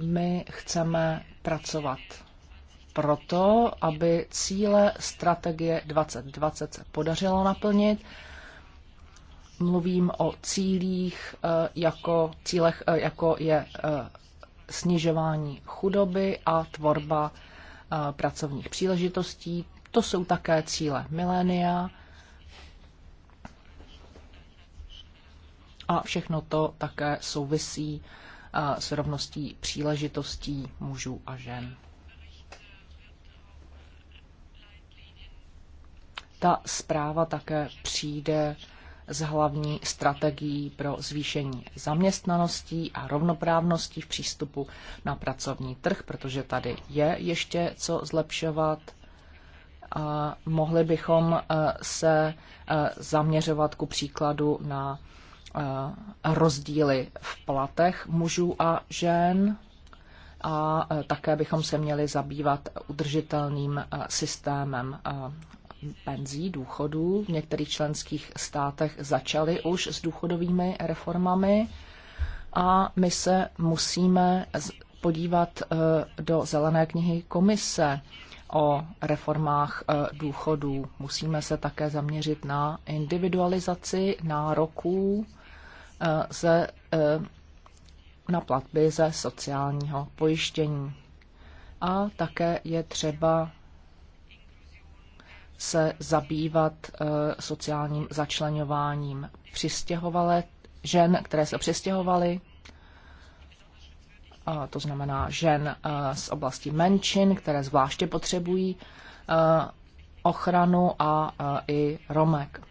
my chceme pracovat proto, aby cíle strategie 2020 se podařilo naplnit mluvím o cílích eh, jako, cílech, eh, jako je eh, snižování chudoby a tvorba pracovních příležitostí. To jsou také cíle milénia. A všechno to také souvisí s rovností příležitostí mužů a žen. Ta zpráva také přijde s hlavní strategií pro zvýšení zaměstnanosti a rovnoprávnosti v přístupu na pracovní trh, protože tady je ještě co zlepšovat. A mohli bychom e, se e, zaměřovat ku příkladu na e, rozdíly v platech mužů a žen a také bychom se měli zabývat udržitelným systémem penzí, důchodů. V některých členských státech začaly už s důchodovými reformami a my se musíme podívat eh, do zelené knihy komise o reformách eh, důchodů. Musíme se také zaměřit na individualizaci nároků eh, ze, na platby ze sociálního pojištění. A také je třeba se zabývat eh, sociálním začlenováním přistěhovalé žen, které se přistěhovaly, to znamená žen eh, z oblasti menšin, které zvláště potřebují eh, ochranu a i Romek.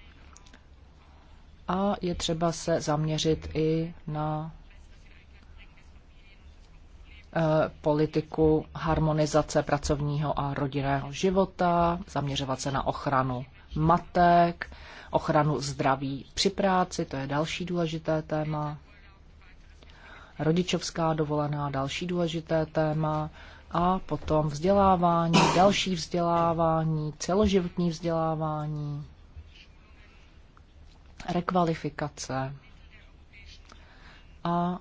A je třeba se zaměřit i na Eh, politiku harmonizace pracovního a rodinného života, zaměřovat se na ochranu matek, ochranu zdraví při práci, to je další důležité téma, rodičovská dovolená, další důležité téma, a potom vzdělávání, další vzdělávání, celoživotní vzdělávání, rekvalifikace a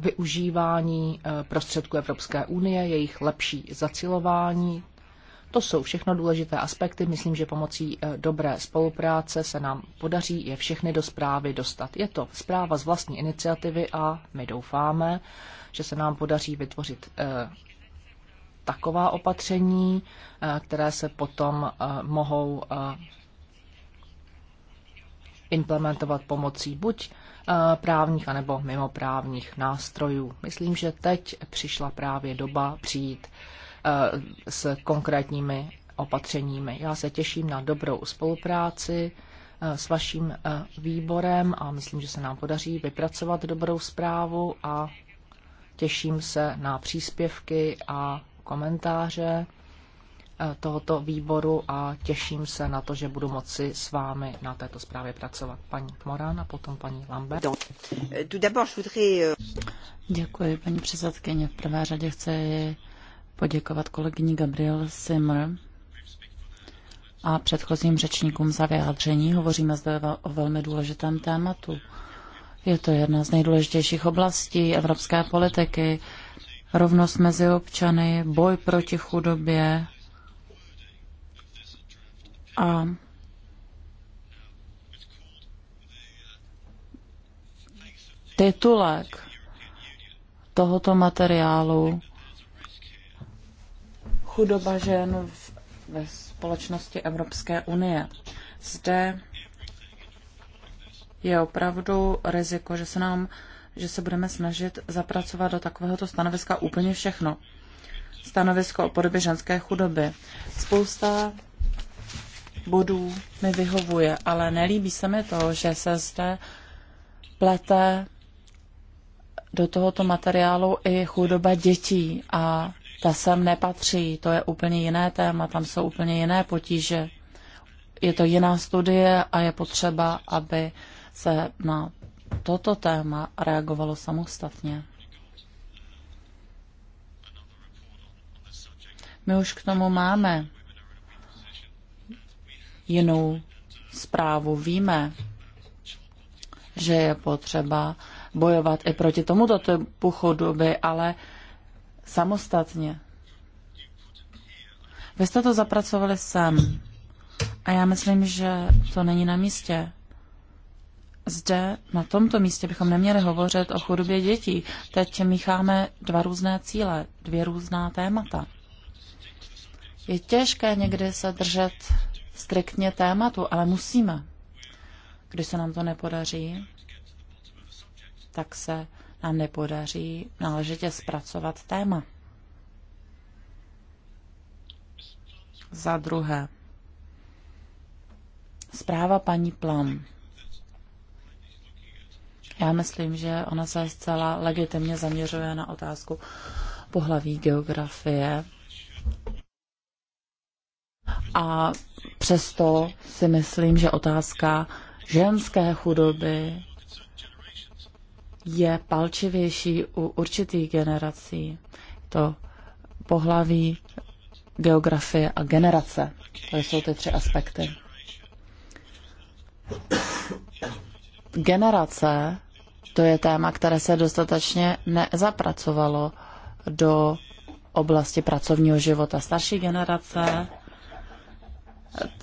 využívání eh, prostředků Evropské unie, jejich lepší zacilování. To jsou všechno důležité aspekty. Myslím, že pomocí eh, dobré spolupráce se nám podaří je všechny do zprávy dostat. Je to zpráva z vlastní iniciativy a my doufáme, že se nám podaří vytvořit eh, taková opatření, které se potom mohou implementovat pomocí buď Eh, právních anebo mimoprávních nástrojů. Myslím, že teď přišla právě doba přijít eh, s konkrétními opatřeními. Já se těším na dobrou spolupráci eh, s vaším výborem a myslím, že se nám podaří vypracovat dobrou zprávu a těším se na příspěvky a komentáře Eh, tohoto výboru a těším se na to, že budu moci s vámi na této zprávě pracovat. Paní Morán a potom paní Lambert. Eh, eh, Děkuji, paní předsedkyně. V prvé řadě chci poděkovat kolegyni Gabriel Simr a předchozím řečníkům za vyjádření. Hovoříme zde o velmi důležitém tématu. Je to jedna z nejdůležitějších oblastí evropské politiky. Rovnost mezi občany, boj proti chudobě, a titulek tohoto materiálu Chudoba žen v, ve společnosti Evropské unie. Zde je opravdu riziko, že se nám, že se budeme snažit zapracovat do takovéhoto stanoviska úplně všechno. Stanovisko o podobě ženské chudoby. Spousta bodů mi vyhovuje, ale nelíbí se mi to, že se zde plete do tohoto materiálu i chudoba dětí a ta sem nepatří, to je úplně jiné téma, tam jsou úplně jiné potíže. Je to jiná studie a je potřeba, aby se na toto téma reagovalo samostatně. My už k tomu máme jinou zprávu. Víme, že je potřeba bojovat i proti tomuto typu chudoby, ale samostatně. Vy jste to zapracovali sem a já myslím, že to není na místě. Zde, na tomto místě, bychom neměli hovořit o chudobě dětí. Teď mícháme dva různé cíle, dvě různá témata. Je těžké někdy se držet striktně tématu, ale musíme. Když se nám to nepodaří, tak se nám nepodaří náležitě zpracovat téma. Za druhé, zpráva paní Plam. Já myslím, že ona se zcela legitimně zaměřuje na otázku pohlaví geografie a přesto si myslím, že otázka ženské chudoby je palčivější u určitých generací. To pohlaví, geografie a generace. To jsou ty tři aspekty. Generace, to je téma, které se dostatečně nezapracovalo do oblasti pracovního života. Starší generace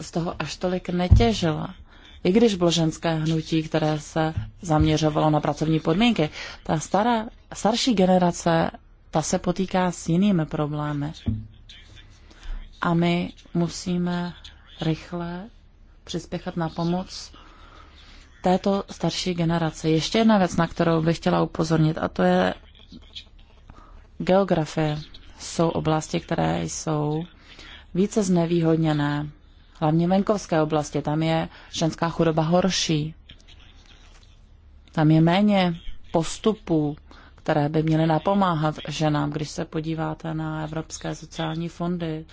z toho až tolik netěžila. I když bylo ženské hnutí, které se zaměřovalo na pracovní podmínky, ta stará, starší generace, ta se potýká s jinými problémy. A my musíme rychle přispěchat na pomoc této starší generaci. Ještě jedna věc, na kterou bych chtěla upozornit, a to je geografie. Jsou oblasti, které jsou více znevýhodněné hlavně venkovské oblasti. Tam je ženská chudoba horší. Tam je méně postupů, které by měly napomáhat ženám. Když se podíváte na evropské sociální fondy,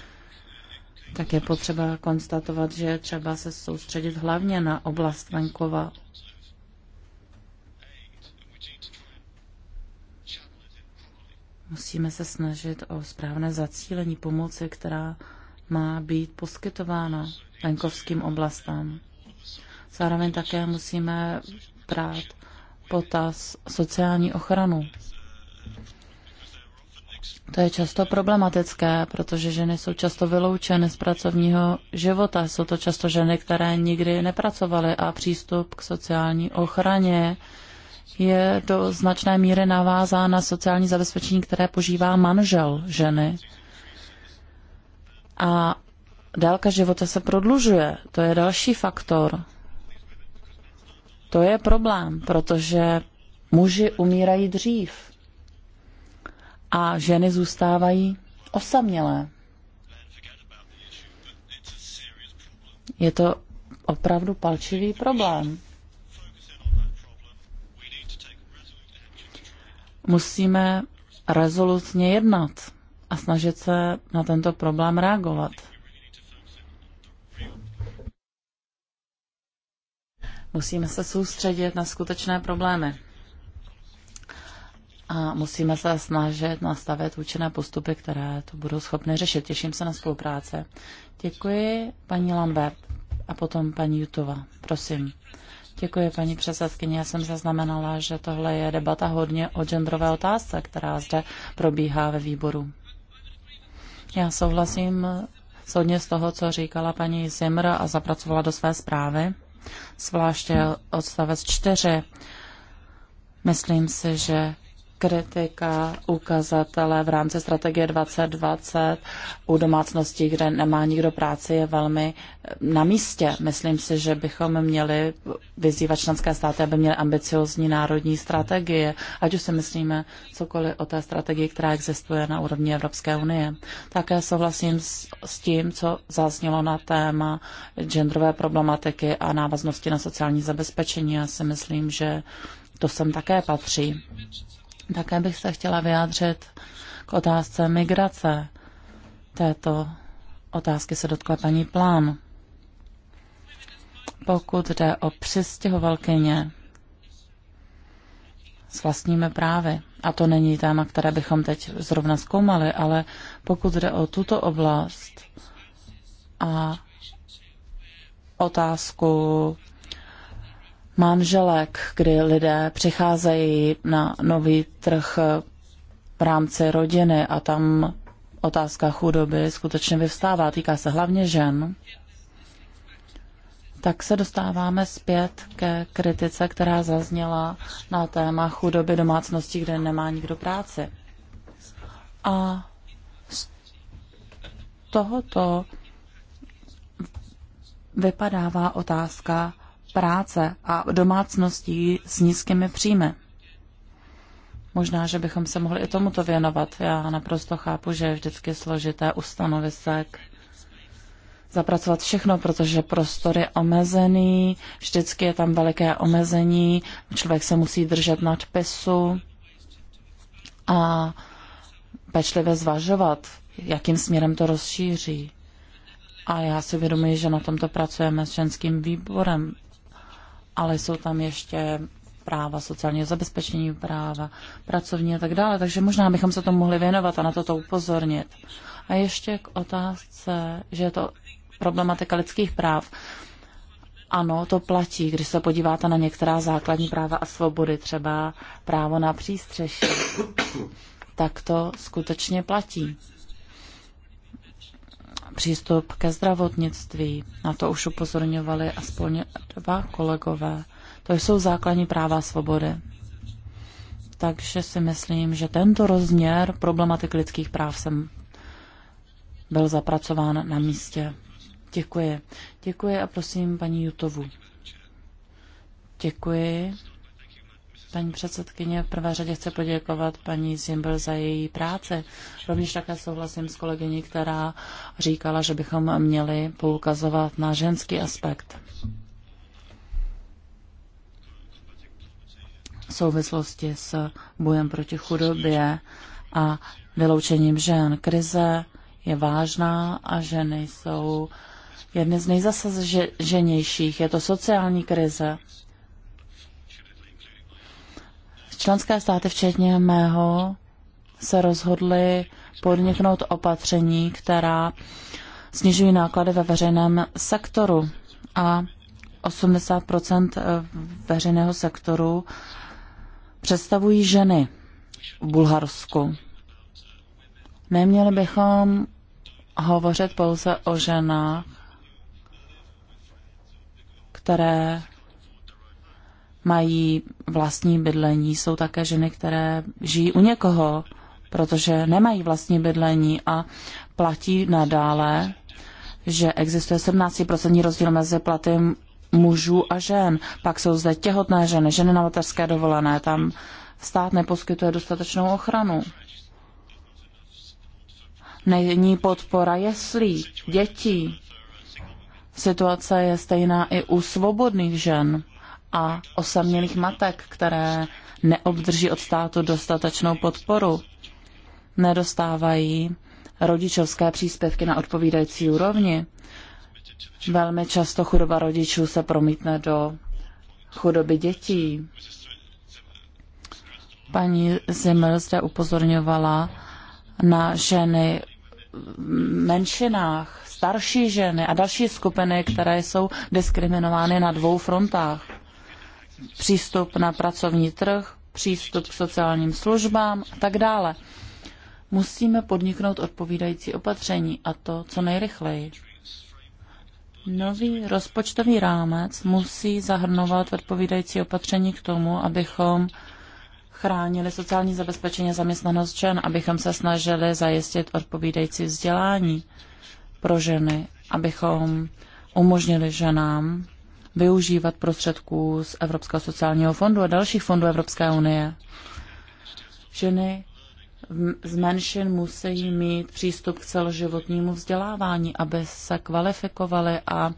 tak je potřeba konstatovat, že je třeba se soustředit hlavně na oblast venkova. Musíme se snažit o správné zacílení pomoci, která má být poskytována venkovským oblastem. Zároveň také musíme brát potaz sociální ochranu. To je často problematické, protože ženy jsou často vyloučeny z pracovního života. Jsou to často ženy, které nikdy nepracovaly a přístup k sociální ochraně je do značné míry navázán na sociální zabezpečení, které požívá manžel ženy. A délka života se prodlužuje. To je další faktor. To je problém, protože muži umírají dřív a ženy zůstávají osamělé. Je to opravdu palčivý problém. Musíme rezolutně jednat a snažit se na tento problém reagovat. Musíme se soustředit na skutečné problémy a musíme se snažit nastavit účinné postupy, které to budou schopné řešit. Těším se na spolupráce. Děkuji paní Lambert a potom paní Jutova. Prosím. Děkuji, paní předsedkyně. Já jsem zaznamenala, že tohle je debata hodně o genderové otázce, která zde probíhá ve výboru. Já souhlasím soudně z toho, co říkala paní Zimr a zapracovala do své zprávy, zvláště odstavec čtyři. Myslím si, že kritika ukazatele v rámci strategie 2020 u domácností, kde nemá nikdo práci, je velmi eh, na místě. Myslím si, že bychom měli vyzývat členské státy, aby měly ambiciozní národní strategie, ať už si myslíme cokoliv o té strategii, která existuje na úrovni Evropské unie. Také souhlasím s, s tím, co zaznělo na téma genderové problematiky a návaznosti na sociální zabezpečení. Já si myslím, že to sem také patří. Také bych se chtěla vyjádřit k otázce migrace. Této otázky se dotkla paní Plán. Pokud jde o přistěhovalkyně s vlastními právy, a to není téma, které bychom teď zrovna zkoumali, ale pokud jde o tuto oblast a otázku manželek, kdy lidé přicházejí na nový trh eh, v rámci rodiny a tam otázka chudoby skutečně vyvstává. Týká se hlavně žen. Tak se dostáváme zpět ke kritice, která zazněla na téma chudoby domácností, kde nemá nikdo práci. A z tohoto vypadává otázka, práce a domácností s nízkými příjmy. Možná, že bychom se mohli i tomuto věnovat. Já naprosto chápu, že je vždycky složité u stanovisek zapracovat všechno, protože prostor je omezený, vždycky je tam veliké omezení, člověk se musí držet nadpisu a pečlivě zvažovat, jakým směrem to rozšíří. A já si vědomuji, že na tomto pracujeme s ženským výborem ale jsou tam ještě práva sociálního zabezpečení, práva pracovní a tak dále. Takže možná bychom se tomu mohli věnovat a na toto upozornit. A ještě k otázce, že je to problematika lidských práv. Ano, to platí, když se podíváte na některá základní práva a svobody, třeba právo na přístřeší. Tak to skutečně platí přístup ke zdravotnictví. Na to už upozorňovali aspoň dva kolegové. To jsou základní práva svobody. Takže si myslím, že tento rozměr problematik lidských práv jsem byl zapracován na místě. Děkuji. Děkuji a prosím paní Jutovu. Děkuji. Paní předsedkyně, v prvé řadě chci poděkovat paní Zimbel za její práci. Rovněž také souhlasím s kolegyní, která říkala, že bychom měli poukazovat na ženský aspekt. V souvislosti s bojem proti chudobě a vyloučením žen. Krize je vážná a ženy jsou jedny z nejzasaženějších. Je to sociální krize, Členské státy, včetně mého, se rozhodly podniknout opatření, která snižují náklady ve veřejném sektoru a 80 veřejného sektoru představují ženy v Bulharsku. Neměli bychom hovořit pouze o ženách, které mají vlastní bydlení. Jsou také ženy, které žijí u někoho, protože nemají vlastní bydlení a platí nadále, že existuje 17% rozdíl mezi platy mužů a žen. Pak jsou zde těhotné ženy, ženy na materské dovolené, tam stát neposkytuje dostatečnou ochranu. Není podpora jeslí, dětí. Situace je stejná i u svobodných žen a osamělých matek, které neobdrží od státu dostatečnou podporu. Nedostávají rodičovské příspěvky na odpovídající úrovni. Velmi často chudoba rodičů se promítne do chudoby dětí. Paní Zimmel zde upozorňovala na ženy v menšinách, starší ženy a další skupiny, které jsou diskriminovány na dvou frontách přístup na pracovní trh, přístup k sociálním službám a tak dále. Musíme podniknout odpovídající opatření a to co nejrychleji. Nový rozpočtový rámec musí zahrnovat odpovídající opatření k tomu, abychom chránili sociální zabezpečení zaměstnanost žen, abychom se snažili zajistit odpovídající vzdělání pro ženy, abychom umožnili ženám využívat prostředků z Evropského sociálního fondu a dalších fondů Evropské unie. Ženy z menšin musí mít přístup k celoživotnímu vzdělávání, aby se kvalifikovaly a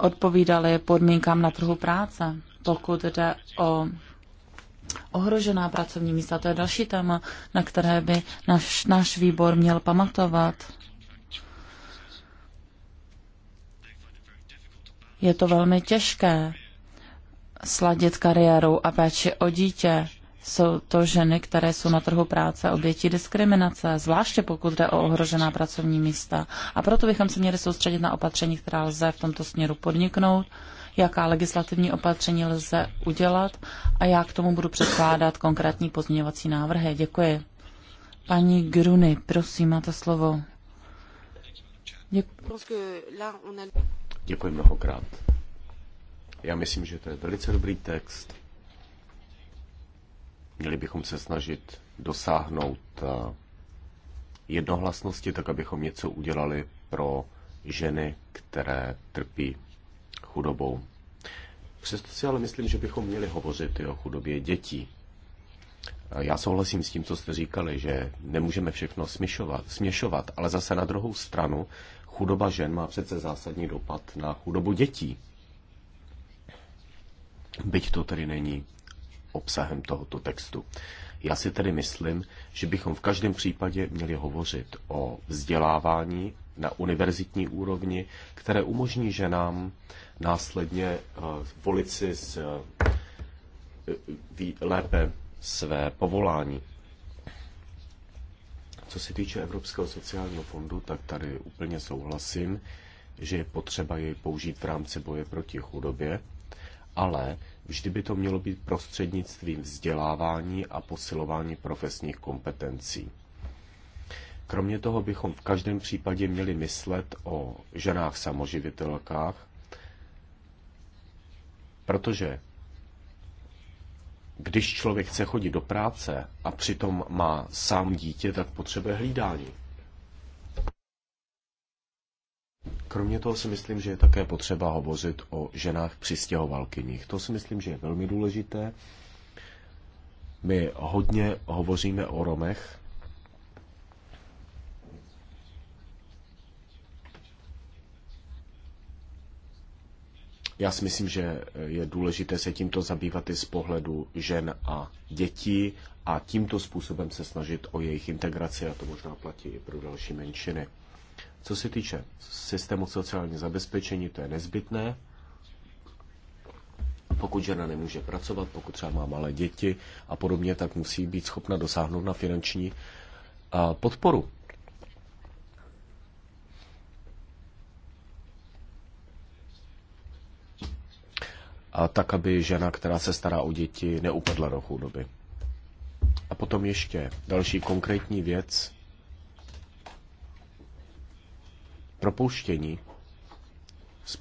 odpovídaly podmínkám na trhu práce. Pokud jde o ohrožená pracovní místa, to je další téma, na které by náš, náš výbor měl pamatovat. Je to velmi těžké sladit kariéru a péči o dítě. Jsou to ženy, které jsou na trhu práce obětí diskriminace, zvláště pokud jde o ohrožená pracovní místa. A proto bychom se měli soustředit na opatření, která lze v tomto směru podniknout, jaká legislativní opatření lze udělat a já k tomu budu předkládat konkrétní pozměňovací návrhy. Děkuji. Paní Gruny, prosím, máte slovo. Děkuji. Děkuji mnohokrát. Já myslím, že to je velice dobrý text. Měli bychom se snažit dosáhnout eh, jednohlasnosti, tak abychom něco udělali pro ženy, které trpí chudobou. Přesto si ale myslím, že bychom měli hovořit i o chudobě dětí. Já souhlasím s tím, co jste říkali, že nemůžeme všechno směšovat, směšovat, ale zase na druhou stranu Chudoba žen má přece zásadní dopad na chudobu dětí. Byť to tedy není obsahem tohoto textu. Já si tedy myslím, že bychom v každém případě měli hovořit o vzdělávání na univerzitní úrovni, které umožní ženám následně eh, volit si z, eh, lépe své povolání. Co se týče Evropského sociálního fondu, tak tady úplně souhlasím, že je potřeba jej použít v rámci boje proti chudobě, ale vždy by to mělo být prostřednictvím vzdělávání a posilování profesních kompetencí. Kromě toho bychom v každém případě měli myslet o ženách samoživitelkách, protože když člověk chce chodit do práce a přitom má sám dítě, tak potřebuje hlídání. Kromě toho si myslím, že je také potřeba hovořit o ženách přistěhovalkyních. To si myslím, že je velmi důležité. My hodně hovoříme o Romech, Já si myslím, že eh, je důležité se tímto zabývat i z pohledu žen a dětí a tímto způsobem se snažit o jejich integraci a to možná platí i pro další menšiny. Co se týče systému sociální zabezpečení, to je nezbytné. Pokud žena nemůže pracovat, pokud třeba má malé děti a podobně, tak musí být schopna dosáhnout na finanční eh, podporu. a tak, aby žena, která se stará o děti, neupadla do chudoby. A potom ještě další konkrétní věc. Propouštění z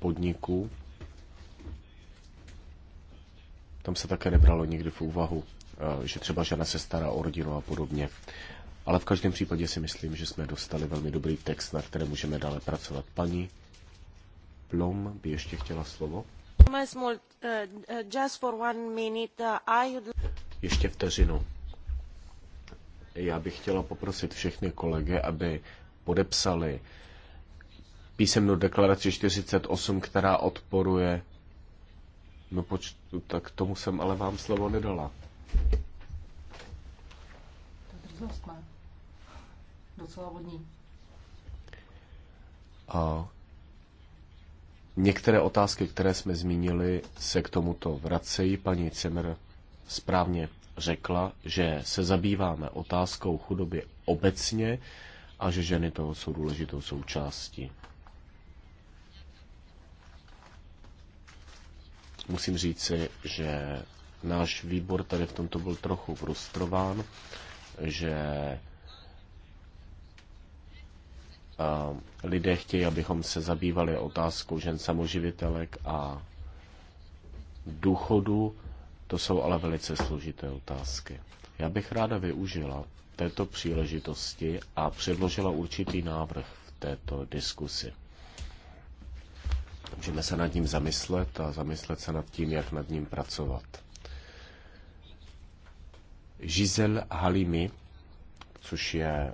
Tam se také nebralo nikdy v úvahu, eh, že třeba žena se stará o rodinu a podobně. Ale v každém případě si myslím, že jsme dostali velmi dobrý text, na kterém můžeme dále pracovat. Paní Plom by ještě chtěla slovo. Eh, eh, eh, Ještě vteřinu. Já bych chtěla poprosit všechny kolegy, aby podepsali písemnou deklaraci 48, která odporuje. No počtu, tak tomu jsem ale vám slovo nedala. To Docela vodní. A Některé otázky, které jsme zmínili, se k tomuto vracejí. Paní Cemer správně řekla, že se zabýváme otázkou chudoby obecně a že ženy toho jsou důležitou součástí. Musím říci, že náš výbor tady v tomto byl trochu frustrován, že lidé chtějí, abychom se zabývali otázkou žen samoživitelek a důchodu. To jsou ale velice složité otázky. Já bych ráda využila této příležitosti a předložila určitý návrh v této diskusi. Můžeme se nad ním zamyslet a zamyslet se nad tím, jak nad ním pracovat. Giselle Halimi což je eh,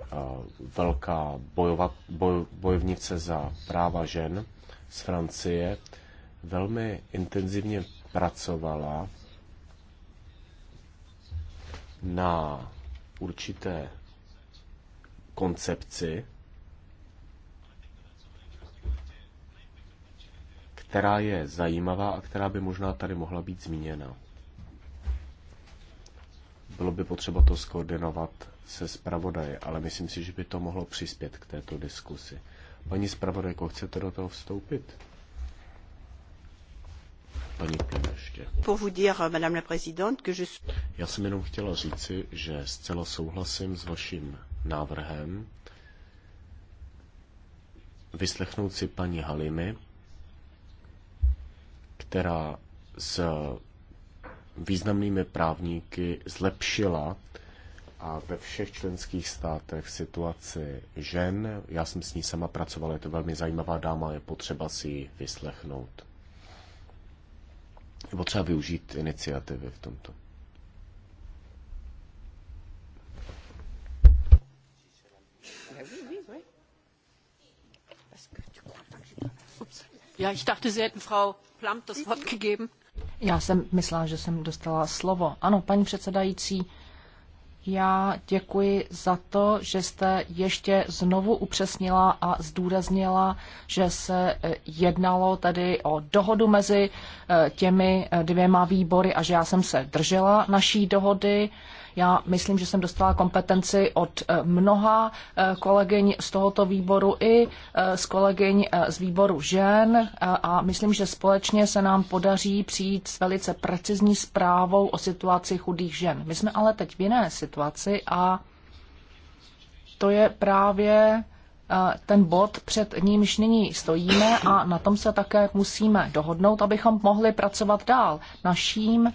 velká bojova, boj, bojovnice za práva žen z Francie, velmi intenzivně pracovala na určité koncepci, která je zajímavá a která by možná tady mohla být zmíněna. Bylo by potřeba to skoordinovat se zpravodaje, ale myslím si, že by to mohlo přispět k této diskusi. Paní zpravodajko, chcete do toho vstoupit? Paní Kleneště. Já jsem jenom chtěla říci, že zcela souhlasím s vaším návrhem vyslechnout si paní Halimy, která s významnými právníky zlepšila a ve všech členských státech situaci žen. Já jsem s ní sama pracovala, je to velmi zajímavá dáma, je potřeba si ji vyslechnout. Je potřeba využít iniciativy v tomto. Já, ich dachte, Sie hätten Frau Plamp das Wort gegeben. Já jsem myslela, že jsem dostala slovo. Ano, paní předsedající, já děkuji za to, že jste ještě znovu upřesnila a zdůraznila, že se eh, jednalo tedy o dohodu mezi eh, těmi eh, dvěma výbory a že já jsem se držela naší dohody já myslím, že jsem dostala kompetenci od eh, mnoha eh, kolegyň z tohoto výboru i eh, z kolegyň z výboru žen a myslím, že společně se nám podaří přijít s velice precizní zprávou o situaci chudých žen. My jsme ale teď v jiné situaci a to je právě ten bod, před nímž nyní stojíme a na tom se také musíme dohodnout, abychom mohli pracovat dál. Naším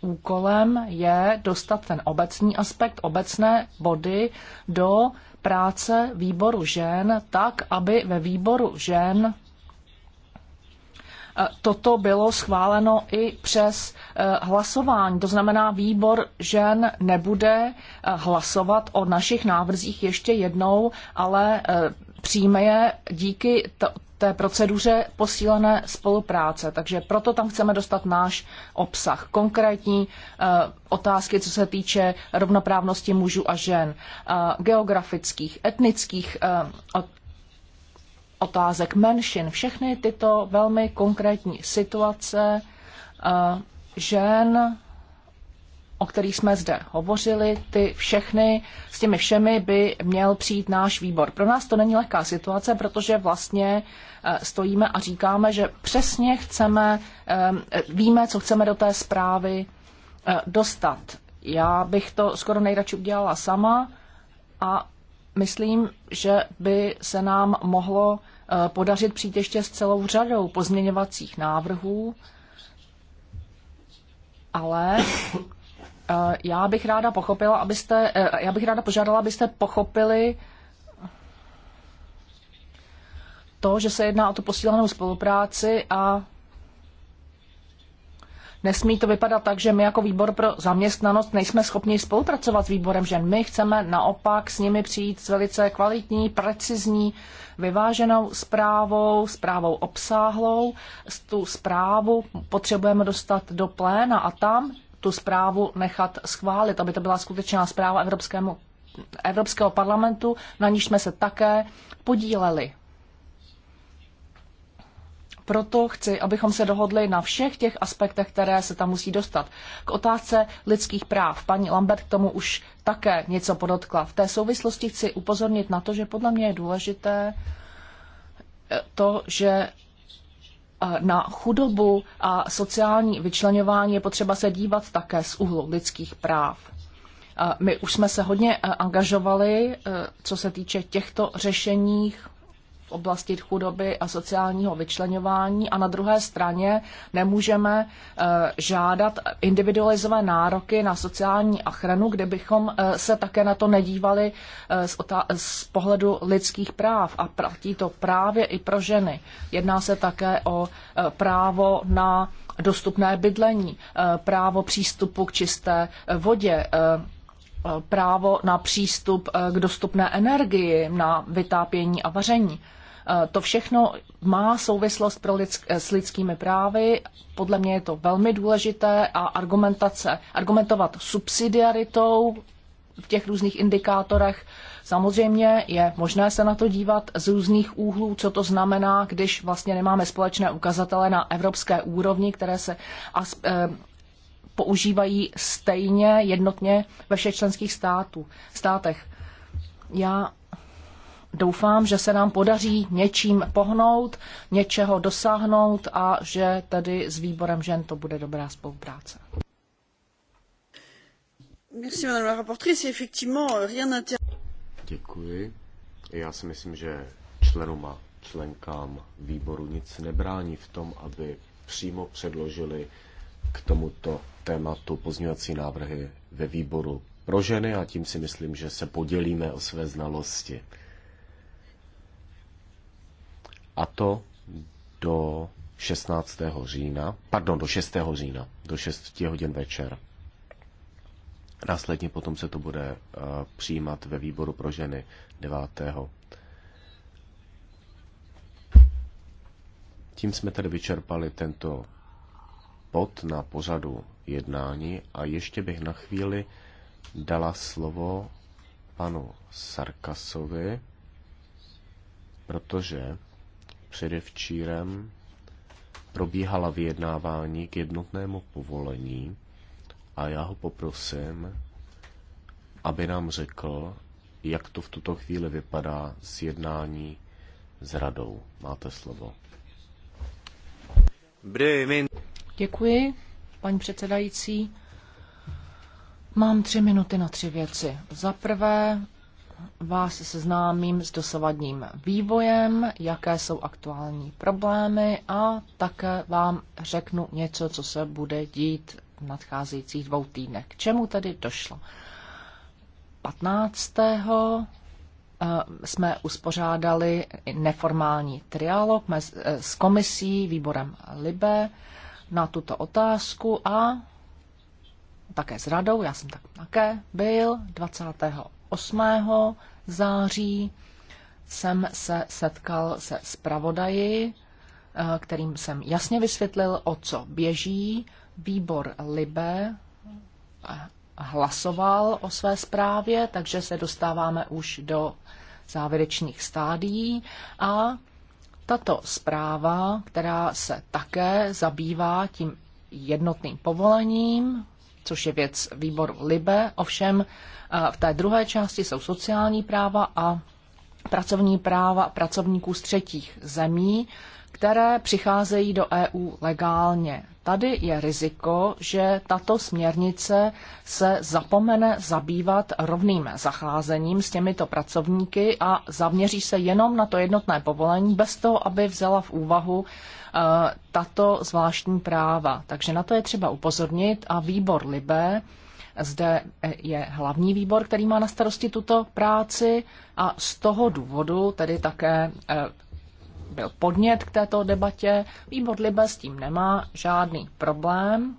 úkolem je dostat ten obecný aspekt, obecné body do práce výboru žen, tak, aby ve výboru žen eh, toto bylo schváleno i přes eh, hlasování. To znamená, výbor žen nebude eh, hlasovat o našich návrzích ještě jednou, ale přijme je díky té proceduře posílené spolupráce. Takže proto tam chceme dostat náš obsah. Konkrétní eh, otázky, co se týče rovnoprávnosti mužů a žen, eh, geografických, etnických eh, otázek, menšin, všechny tyto velmi konkrétní situace žen o kterých jsme zde hovořili, ty všechny, s těmi všemi by měl přijít náš výbor. Pro nás to není lehká situace, protože vlastně eh, stojíme a říkáme, že přesně chceme, eh, víme, co chceme do té zprávy eh, dostat. Já bych to skoro nejradši udělala sama a myslím, že by se nám mohlo podařit přijít ještě s celou řadou pozměňovacích návrhů, ale Eh, já bych ráda pochopila, abyste, eh, já bych ráda požádala, abyste pochopili to, že se jedná o tu posílenou spolupráci a Nesmí to vypadat tak, že my jako výbor pro zaměstnanost nejsme schopni spolupracovat s výborem žen. My chceme naopak s nimi přijít s velice kvalitní, precizní, vyváženou zprávou, zprávou obsáhlou. Tu zprávu potřebujeme dostat do pléna a tam tu zprávu nechat schválit, aby to byla skutečná zpráva Evropskému, Evropského parlamentu, na níž jsme se také podíleli. Proto chci, abychom se dohodli na všech těch aspektech, které se tam musí dostat. K otázce lidských práv. Paní Lambert k tomu už také něco podotkla. V té souvislosti chci upozornit na to, že podle mě je důležité to, že na chudobu a sociální vyčlenování je potřeba se dívat také z úhlu lidských práv. My už jsme se hodně e, angažovali, e, co se týče těchto řešeních v oblasti chudoby a sociálního vyčlenování a na druhé straně nemůžeme eh, žádat individualizované nároky na sociální ochranu, kde bychom eh, se také na to nedívali eh, z pohledu lidských práv a platí to právě i pro ženy. Jedná se také o právo na dostupné bydlení, právo přístupu k čisté vodě, právo na přístup k dostupné energii, na vytápění a vaření. Eh, to všechno má souvislost pro lidsk- eh, s lidskými právy. Podle mě je to velmi důležité a argumentace, argumentovat subsidiaritou v těch různých indikátorech. Samozřejmě je možné se na to dívat z různých úhlů, co to znamená, když vlastně nemáme společné ukazatele na evropské úrovni, které se eh, používají stejně jednotně ve všech členských států, státech. Já doufám, že se nám podaří něčím pohnout, něčeho dosáhnout a že tedy s výborem žen to bude dobrá spolupráce. Děkuji. Já si myslím, že členům a členkám výboru nic nebrání v tom, aby přímo předložili k tomuto tématu pozměňovací návrhy ve výboru pro ženy a tím si myslím, že se podělíme o své znalosti a to do 16. října, pardon, do 6. října, do 6 hodin večer. Následně potom se to bude eh, přijímat ve výboru pro ženy 9. Tím jsme tedy vyčerpali tento pod na pořadu jednání a ještě bych na chvíli dala slovo panu Sarkasovi, protože Předevčírem probíhala vyjednávání k jednotnému povolení a já ho poprosím, aby nám řekl, jak to v tuto chvíli vypadá s jednání s radou. Máte slovo. Děkuji, paní předsedající. Mám tři minuty na tři věci. Za prvé, vás seznámím s dosavadním vývojem, jaké jsou aktuální problémy a také vám řeknu něco, co se bude dít v nadcházejících dvou týdnech. K čemu tedy došlo? 15. Eh, jsme uspořádali neformální trialog eh, s komisí, výborem Libe na tuto otázku a také s radou, já jsem tak také byl, 20. 8. září jsem se setkal se zpravodaji, eh, kterým jsem jasně vysvětlil, o co běží. Výbor Libe eh, hlasoval o své zprávě, takže se dostáváme už do závěrečných stádií a tato zpráva, která se také zabývá tím jednotným povolením, což je věc výboru Libe. Ovšem eh, v té druhé části jsou sociální práva a pracovní práva pracovníků z třetích zemí, které přicházejí do EU legálně. Tady je riziko, že tato směrnice se zapomene zabývat rovným zacházením s těmito pracovníky a zaměří se jenom na to jednotné povolení bez toho, aby vzala v úvahu Eh, tato zvláštní práva. Takže na to je třeba upozornit a výbor Libe zde je hlavní výbor, který má na starosti tuto práci a z toho důvodu tedy také eh, byl podnět k této debatě. Výbor Libe s tím nemá žádný problém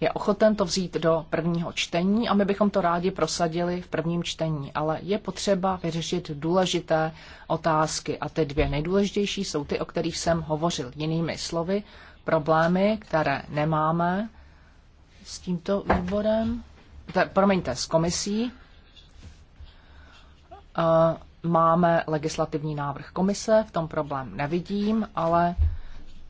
je ochoten to vzít do prvního čtení a my bychom to rádi prosadili v prvním čtení, ale je potřeba vyřešit důležité otázky a ty dvě nejdůležitější jsou ty, o kterých jsem hovořil. Jinými slovy, problémy, které nemáme s tímto výborem, te, promiňte, s komisí, eh, máme legislativní návrh komise, v tom problém nevidím, ale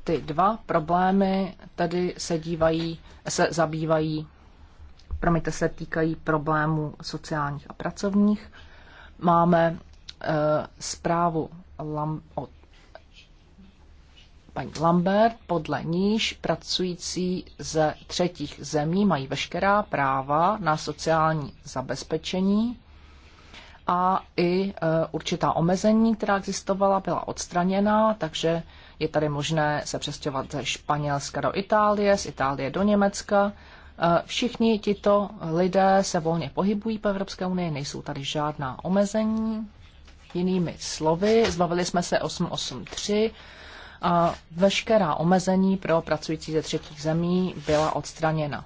ty dva problémy tedy se dívají, se zabývají, promiňte, se týkají problémů sociálních a pracovních. Máme e, zprávu Lam, od paní Lambert, podle níž pracující ze třetích zemí mají veškerá práva na sociální zabezpečení a i e, určitá omezení, která existovala, byla odstraněna, takže je tady možné se přestěhovat ze Španělska do Itálie, z Itálie do Německa. E, všichni tito lidé se volně pohybují po Evropské unii, nejsou tady žádná omezení. Jinými slovy, zbavili jsme se 883 a veškerá omezení pro pracující ze třetích zemí byla odstraněna.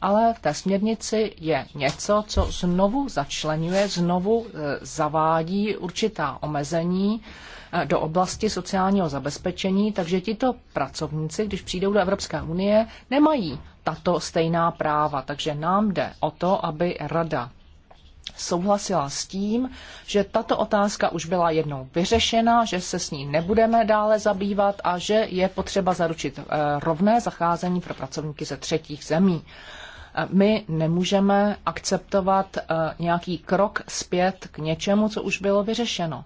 Ale v té směrnici je něco, co znovu začlenuje, znovu e, zavádí určitá omezení, do oblasti sociálního zabezpečení, takže tito pracovníci, když přijdou do Evropské unie, nemají tato stejná práva. Takže nám jde o to, aby Rada souhlasila s tím, že tato otázka už byla jednou vyřešena, že se s ní nebudeme dále zabývat a že je potřeba zaručit eh, rovné zacházení pro pracovníky ze třetích zemí. Eh, my nemůžeme akceptovat eh, nějaký krok zpět k něčemu, co už bylo vyřešeno.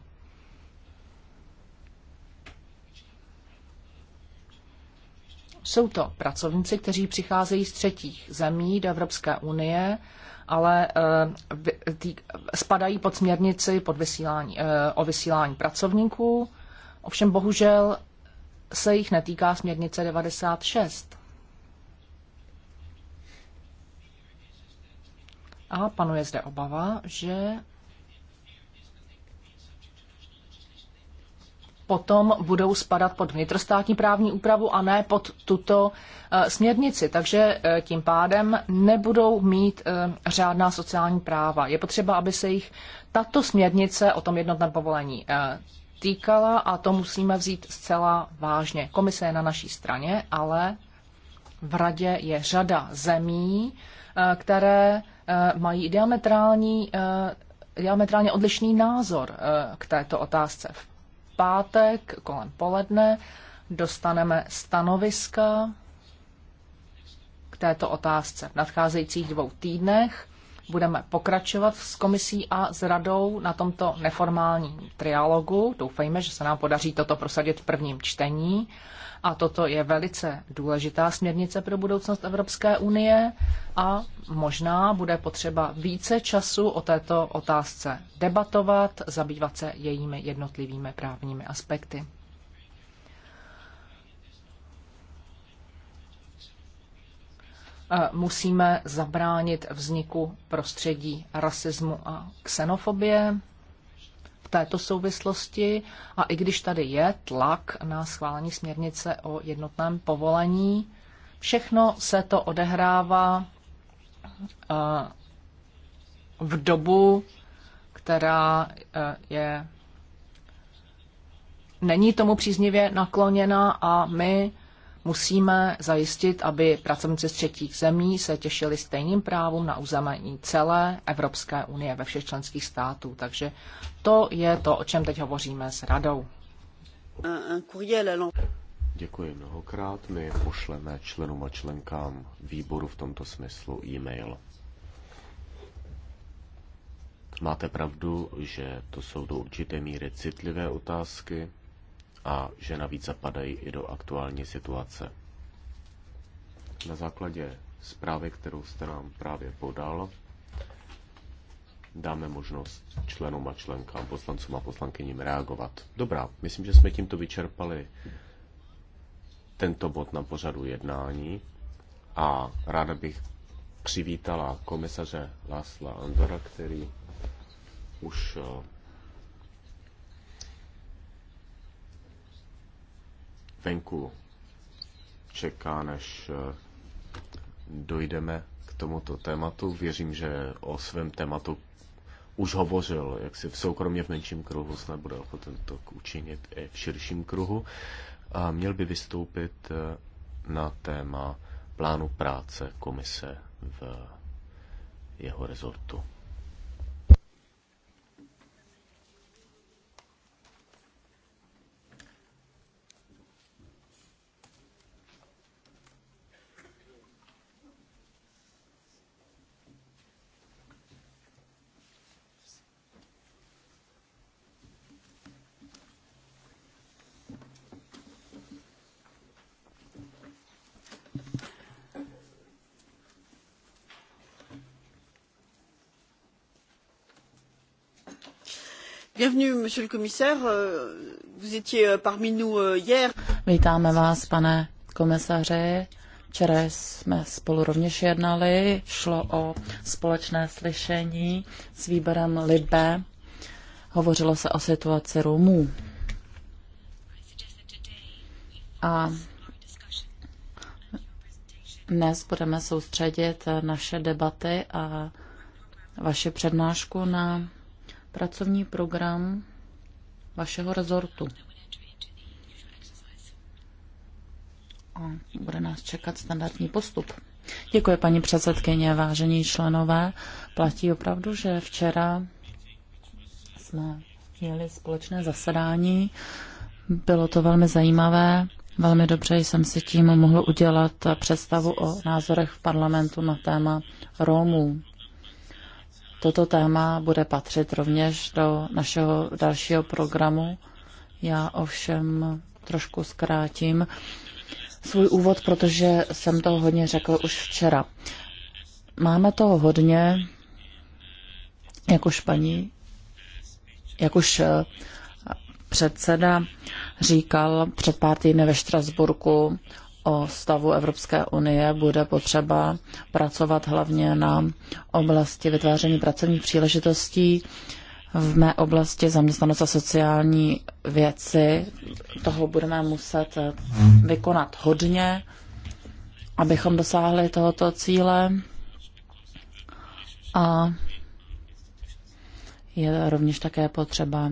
Jsou to pracovníci, kteří přicházejí z třetích zemí do Evropské unie, ale eh, spadají pod směrnici pod vysílání, eh, o vysílání pracovníků. Ovšem bohužel se jich netýká směrnice 96. A panuje zde obava, že potom budou spadat pod vnitrostátní právní úpravu a ne pod tuto eh, směrnici. Takže eh, tím pádem nebudou mít eh, řádná sociální práva. Je potřeba, aby se jich tato směrnice o tom jednotném povolení týkala a to musíme vzít zcela vážně. Komise je na naší straně, ale v radě je řada zemí, které mají diametrální, diametrálně odlišný názor k této otázce. V pátek kolem poledne dostaneme stanoviska k této otázce. V nadcházejících dvou týdnech budeme pokračovat s komisí a s radou na tomto neformálním trialogu. Doufejme, že se nám podaří toto prosadit v prvním čtení a toto je velice důležitá směrnice pro budoucnost Evropské unie a možná bude potřeba více času o této otázce debatovat, zabývat se jejími jednotlivými právními aspekty. Eh, musíme zabránit vzniku prostředí rasismu a xenofobie této souvislosti a i když tady je tlak na schválení směrnice o jednotném povolení, všechno se to odehrává eh, v dobu, která eh, je není tomu příznivě nakloněna a my Musíme zajistit, aby pracovníci z třetích zemí se těšili stejným právům na území celé Evropské unie ve všech členských států. Takže to je to, o čem teď hovoříme s radou. Děkuji mnohokrát. My pošleme členům a členkám výboru v tomto smyslu e-mail. Máte pravdu, že to jsou do určité míry citlivé otázky a že navíc zapadají i do aktuální situace. Na základě zprávy, kterou jste nám právě podal, dáme možnost členům a členkám, poslancům a poslankyním reagovat. Dobrá, myslím, že jsme tímto vyčerpali tento bod na pořadu jednání a ráda bych přivítala komisaře Lásla Andora, který už eh, venku čeká, než eh, dojdeme k tomuto tématu. Věřím, že o svém tématu už hovořil, jak si v soukromě v menším kruhu snad bude ochoten to učinit i v širším kruhu. A měl by vystoupit eh, na téma plánu práce komise v jeho rezortu. Monsieur le Commissaire, euh, vous étiez euh, parmi nous euh, hier. Vítáme vás, pane komisaři. Včera jsme spolu rovněž jednali. Šlo o společné slyšení s výborem Libe. Hovořilo se o situaci Romů. A dnes budeme soustředit naše debaty a vaše přednášku na pracovní program vašeho rezortu. A bude nás čekat standardní postup. Děkuji, paní předsedkyně, vážení členové. Platí opravdu, že včera jsme měli společné zasedání. Bylo to velmi zajímavé. Velmi dobře jsem si tím mohl udělat představu o názorech v parlamentu na téma Romů. Toto téma bude patřit rovněž do našeho dalšího programu. Já ovšem trošku zkrátím svůj úvod, protože jsem toho hodně řekl už včera. Máme toho hodně, jako paní, jak už eh, předseda říkal před pár týdny ve Štrasburku o stavu Evropské unie bude potřeba pracovat hlavně na oblasti vytváření pracovních příležitostí. V mé oblasti zaměstnanost a sociální věci toho budeme muset vykonat hodně, abychom dosáhli tohoto cíle. A je rovněž také potřeba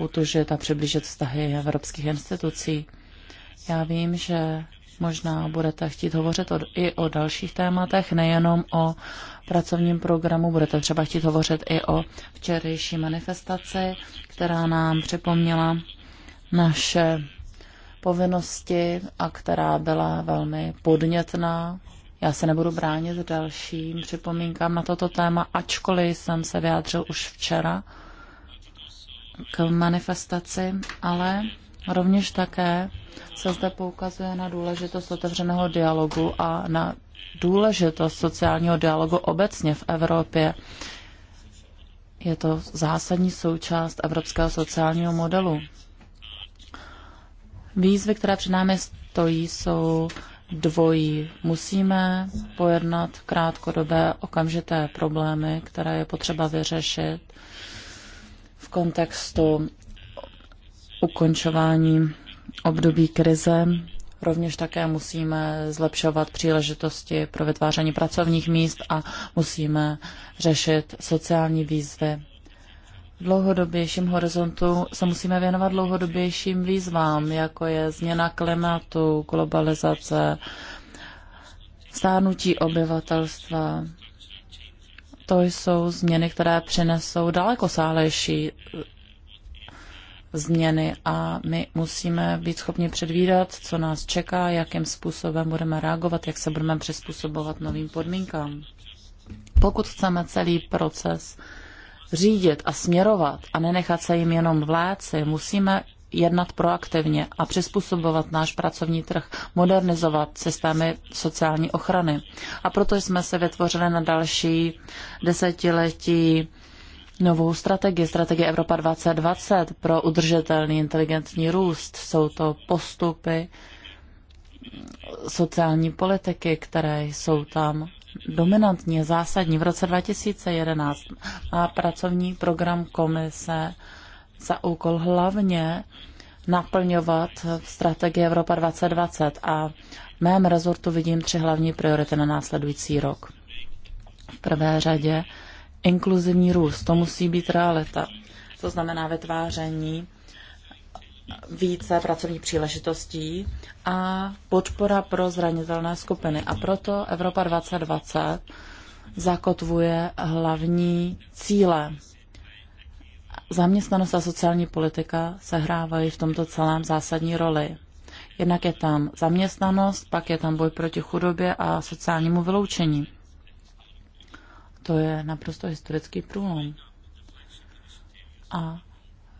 utužit a přiblížit vztahy evropských institucí. Já vím, že Možná budete chtít hovořit o, i o dalších tématech, nejenom o pracovním programu. Budete třeba chtít hovořit i o včerejší manifestaci, která nám připomněla naše povinnosti a která byla velmi podnětná. Já se nebudu bránit dalším připomínkám na toto téma, ačkoliv jsem se vyjádřil už včera k manifestaci, ale Rovněž také se zde poukazuje na důležitost otevřeného dialogu a na důležitost sociálního dialogu obecně v Evropě. Je to zásadní součást evropského sociálního modelu. Výzvy, které před námi stojí, jsou dvojí. Musíme pojednat krátkodobé okamžité problémy, které je potřeba vyřešit v kontextu ukončování období krize. Rovněž také musíme zlepšovat příležitosti pro vytváření pracovních míst a musíme řešit sociální výzvy. V dlouhodobějším horizontu se musíme věnovat dlouhodobějším výzvám, jako je změna klimatu, globalizace, stárnutí obyvatelstva. To jsou změny, které přinesou daleko sálejší změny a my musíme být schopni předvídat, co nás čeká, jakým způsobem budeme reagovat, jak se budeme přizpůsobovat novým podmínkám. Pokud chceme celý proces řídit a směrovat a nenechat se jim jenom vláci, musíme jednat proaktivně a přizpůsobovat náš pracovní trh, modernizovat systémy sociální ochrany. A proto jsme se vytvořili na další desetiletí novou strategii, strategii Evropa 2020 pro udržitelný inteligentní růst. Jsou to postupy sociální politiky, které jsou tam dominantně zásadní. V roce 2011 má pracovní program komise za úkol hlavně naplňovat strategii Evropa 2020 a v mém rezortu vidím tři hlavní priority na následující rok. V prvé řadě inkluzivní růst. To musí být realita. To znamená vytváření více pracovních příležitostí a podpora pro zranitelné skupiny. A proto Evropa 2020 zakotvuje hlavní cíle. Zaměstnanost a sociální politika sehrávají v tomto celém zásadní roli. Jednak je tam zaměstnanost, pak je tam boj proti chudobě a sociálnímu vyloučení. To je naprosto historický průlom. A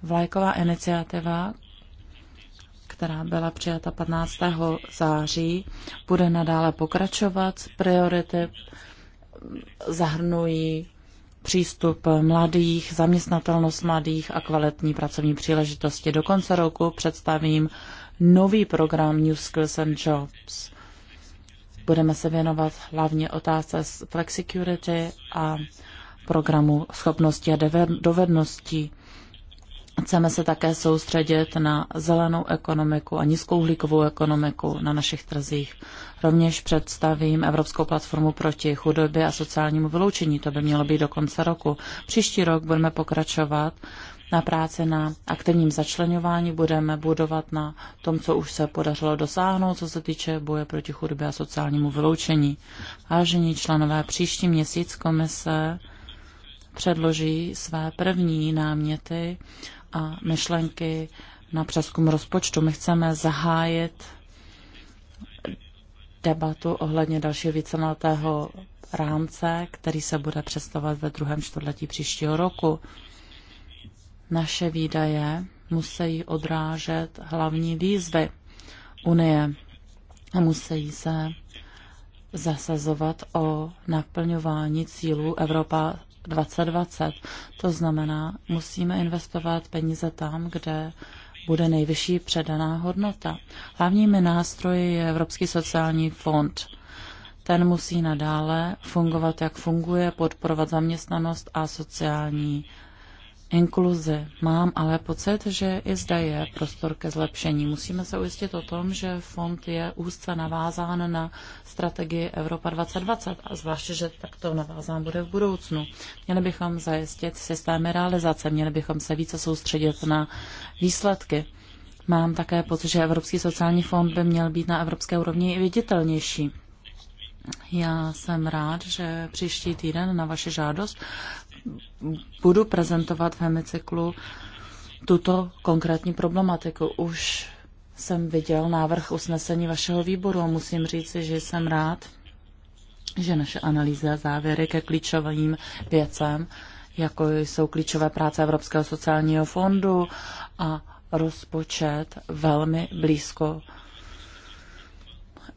vlajková iniciativa, která byla přijata 15. září, bude nadále pokračovat. Priority zahrnují přístup mladých, zaměstnatelnost mladých a kvalitní pracovní příležitosti. Do konce roku představím nový program New Skills and Jobs, Budeme se věnovat hlavně otázce z flexicurity a programu schopnosti a dovedností. Chceme se také soustředit na zelenou ekonomiku a nízkouhlíkovou ekonomiku na našich trzích. Rovněž představím Evropskou platformu proti chudobě a sociálnímu vyloučení. To by mělo být do konce roku. Příští rok budeme pokračovat na práci na aktivním začlenování, budeme budovat na tom, co už se podařilo dosáhnout, co se týče boje proti chudobě a sociálnímu vyloučení. Vážení členové, příští měsíc komise předloží své první náměty a myšlenky na přeskum rozpočtu. My chceme zahájit debatu ohledně dalšího víceletého rámce, který se bude představovat ve druhém čtvrtletí příštího roku naše výdaje musí odrážet hlavní výzvy Unie a musí se zasazovat o naplňování cílů Evropa 2020. To znamená, musíme investovat peníze tam, kde bude nejvyšší předaná hodnota. Hlavními nástroji je Evropský sociální fond. Ten musí nadále fungovat, jak funguje, podporovat zaměstnanost a sociální inkluzi. Mám ale pocit, že i zde je prostor ke zlepšení. Musíme se ujistit o tom, že fond je úzce navázán na strategii Evropa 2020, a zvláště, že takto navázán bude v budoucnu. Měli bychom zajistit systémy realizace, měli bychom se více soustředit na výsledky. Mám také pocit, že Evropský sociální fond by měl být na evropské úrovni i viditelnější. Já jsem rád, že příští týden na vaši žádost budu prezentovat v hemicyklu tuto konkrétní problematiku. Už jsem viděl návrh usnesení vašeho výboru a musím říct, že jsem rád, že naše analýza závěry ke klíčovým věcem, jako jsou klíčové práce Evropského sociálního fondu a rozpočet, velmi blízko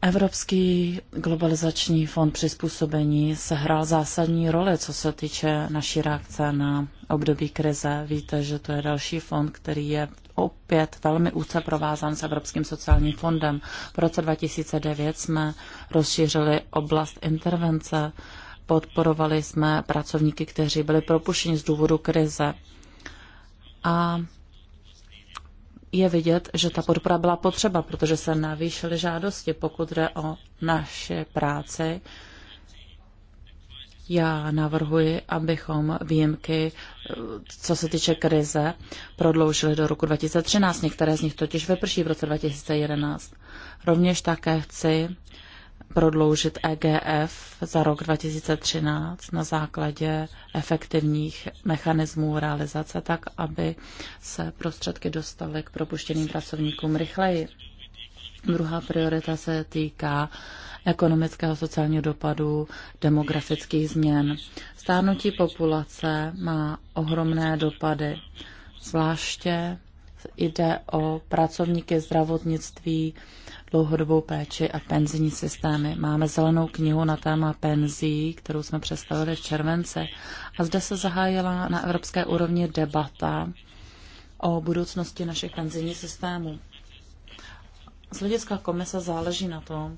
Evropský globalizační fond přizpůsobení sehrál zásadní roli, co se týče naší reakce na období krize. Víte, že to je další fond, který je opět velmi úce provázán s Evropským sociálním fondem. V roce 2009 jsme rozšířili oblast intervence, podporovali jsme pracovníky, kteří byli propuštěni z důvodu krize. A je vidět, že ta podpora byla potřeba, protože se navýšily žádosti, pokud jde o naše práce. Já navrhuji, abychom výjimky, co se týče krize, prodloužili do roku 2013. Některé z nich totiž vyprší v roce 2011. Rovněž také chci prodloužit EGF za rok 2013 na základě efektivních mechanismů realizace, tak aby se prostředky dostaly k propuštěným pracovníkům rychleji. Druhá priorita se týká ekonomického sociálního dopadu demografických změn. Stárnutí populace má ohromné dopady, zvláště jde o pracovníky zdravotnictví, dlouhodobou péči a penzijní systémy. Máme zelenou knihu na téma penzí, kterou jsme představili v července. A zde se zahájila na evropské úrovni debata o budoucnosti našich penzijních systémů. Z hlediska komise záleží na tom,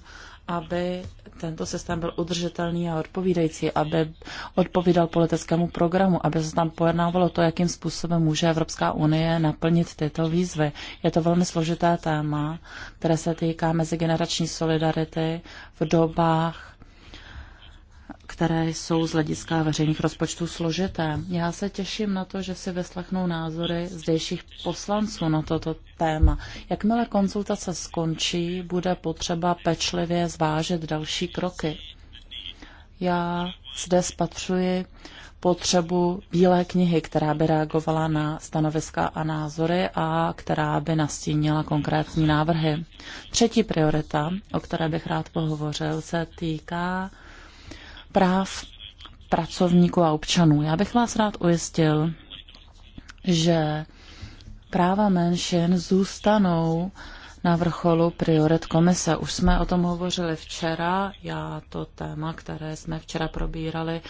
aby tento systém byl udržitelný a odpovídající, aby odpovídal politickému programu, aby se tam pojednávalo to, jakým způsobem může Evropská unie naplnit tyto výzvy. Je to velmi složité téma, které se týká mezigenerační solidarity v dobách které jsou z hlediska veřejných rozpočtů složité. Já se těším na to, že si vyslechnou názory zdejších poslanců na toto téma. Jakmile konzultace skončí, bude potřeba pečlivě zvážit další kroky. Já zde spatřuji potřebu bílé knihy, která by reagovala na stanoviska a názory a která by nastínila konkrétní návrhy. Třetí priorita, o které bych rád pohovořil, se týká práv pracovníků a občanů. Já bych vás rád ujistil, že práva menšin zůstanou na vrcholu priorit komise. Už jsme o tom hovořili včera. Já to téma, které jsme včera probírali,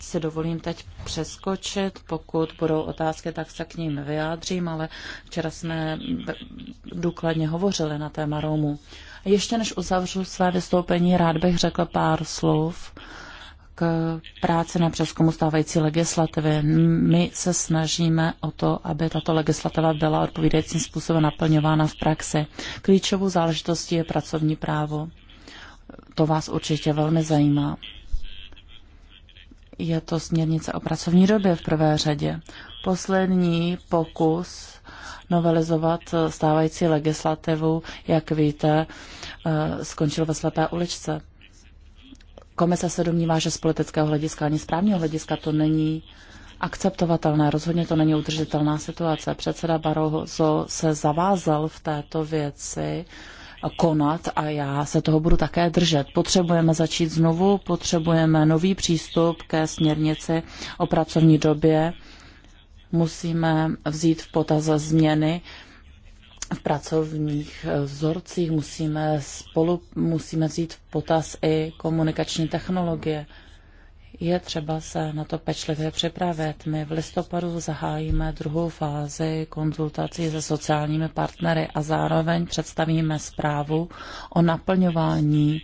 si dovolím teď přeskočit. Pokud budou otázky, tak se k ním vyjádřím, ale včera jsme důkladně hovořili na téma Romu. Ještě než uzavřu své vystoupení, rád bych řekl pár slov k práci na přeskumu stávající legislativy. My se snažíme o to, aby tato legislativa byla odpovídajícím způsobem naplňována v praxi. Klíčovou záležitostí je pracovní právo. To vás určitě velmi zajímá. Je to směrnice o pracovní době v prvé řadě. Poslední pokus novelizovat stávající legislativu, jak víte, eh, skončil ve slepé uličce Komise se domnívá, že z politického hlediska ani z právního hlediska to není akceptovatelné. Rozhodně to není udržitelná situace. Předseda Barroso se zavázal v této věci konat a já se toho budu také držet. Potřebujeme začít znovu, potřebujeme nový přístup ke směrnici o pracovní době. Musíme vzít v potaz změny v pracovních eh, vzorcích musíme spolu musíme vzít v potaz i komunikační technologie. Je třeba se na to pečlivě připravit. My v listopadu zahájíme druhou fázi konzultací se sociálními partnery a zároveň představíme zprávu o naplňování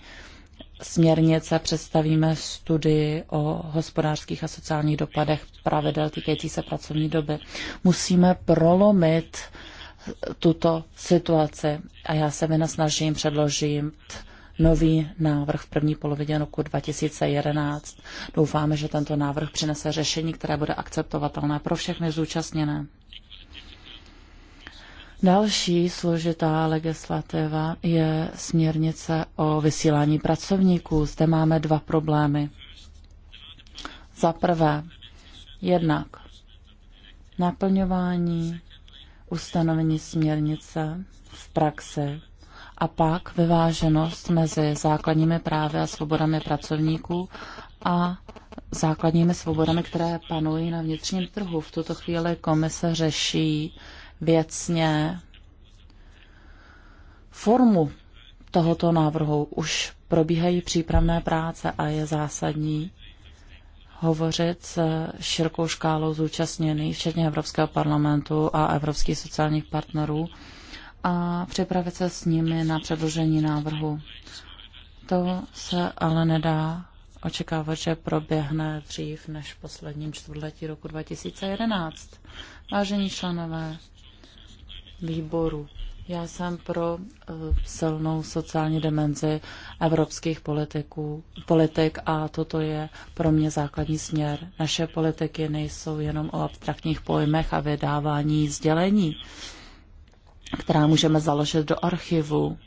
směrnice, představíme studii o hospodářských a sociálních dopadech pravidel týkající se pracovní doby. Musíme prolomit uh, tuto situaci a já se vynasnažím předložit nový návrh v první polovině roku 2011. Doufáme, že tento návrh přinese řešení, které bude akceptovatelné pro všechny zúčastněné. Další složitá legislativa je směrnice o vysílání pracovníků. Zde máme dva problémy. Za prvé, jednak naplňování ustanovení směrnice v praxi a pak vyváženost mezi základními právy a svobodami pracovníků a základními svobodami, které panují na vnitřním trhu. V tuto chvíli komise řeší věcně formu tohoto návrhu. Už probíhají přípravné práce a je zásadní, hovořit s širokou škálou zúčastněných, včetně Evropského parlamentu a evropských sociálních partnerů a připravit se s nimi na předložení návrhu. To se ale nedá očekávat, že proběhne dřív než v posledním čtvrtletí roku 2011. Vážení členové výboru, já jsem pro eh, silnou sociální dimenzi evropských politiků, politik a toto je pro mě základní směr. Naše politiky nejsou jenom o abstraktních pojmech a vydávání sdělení, která můžeme založit do archivu.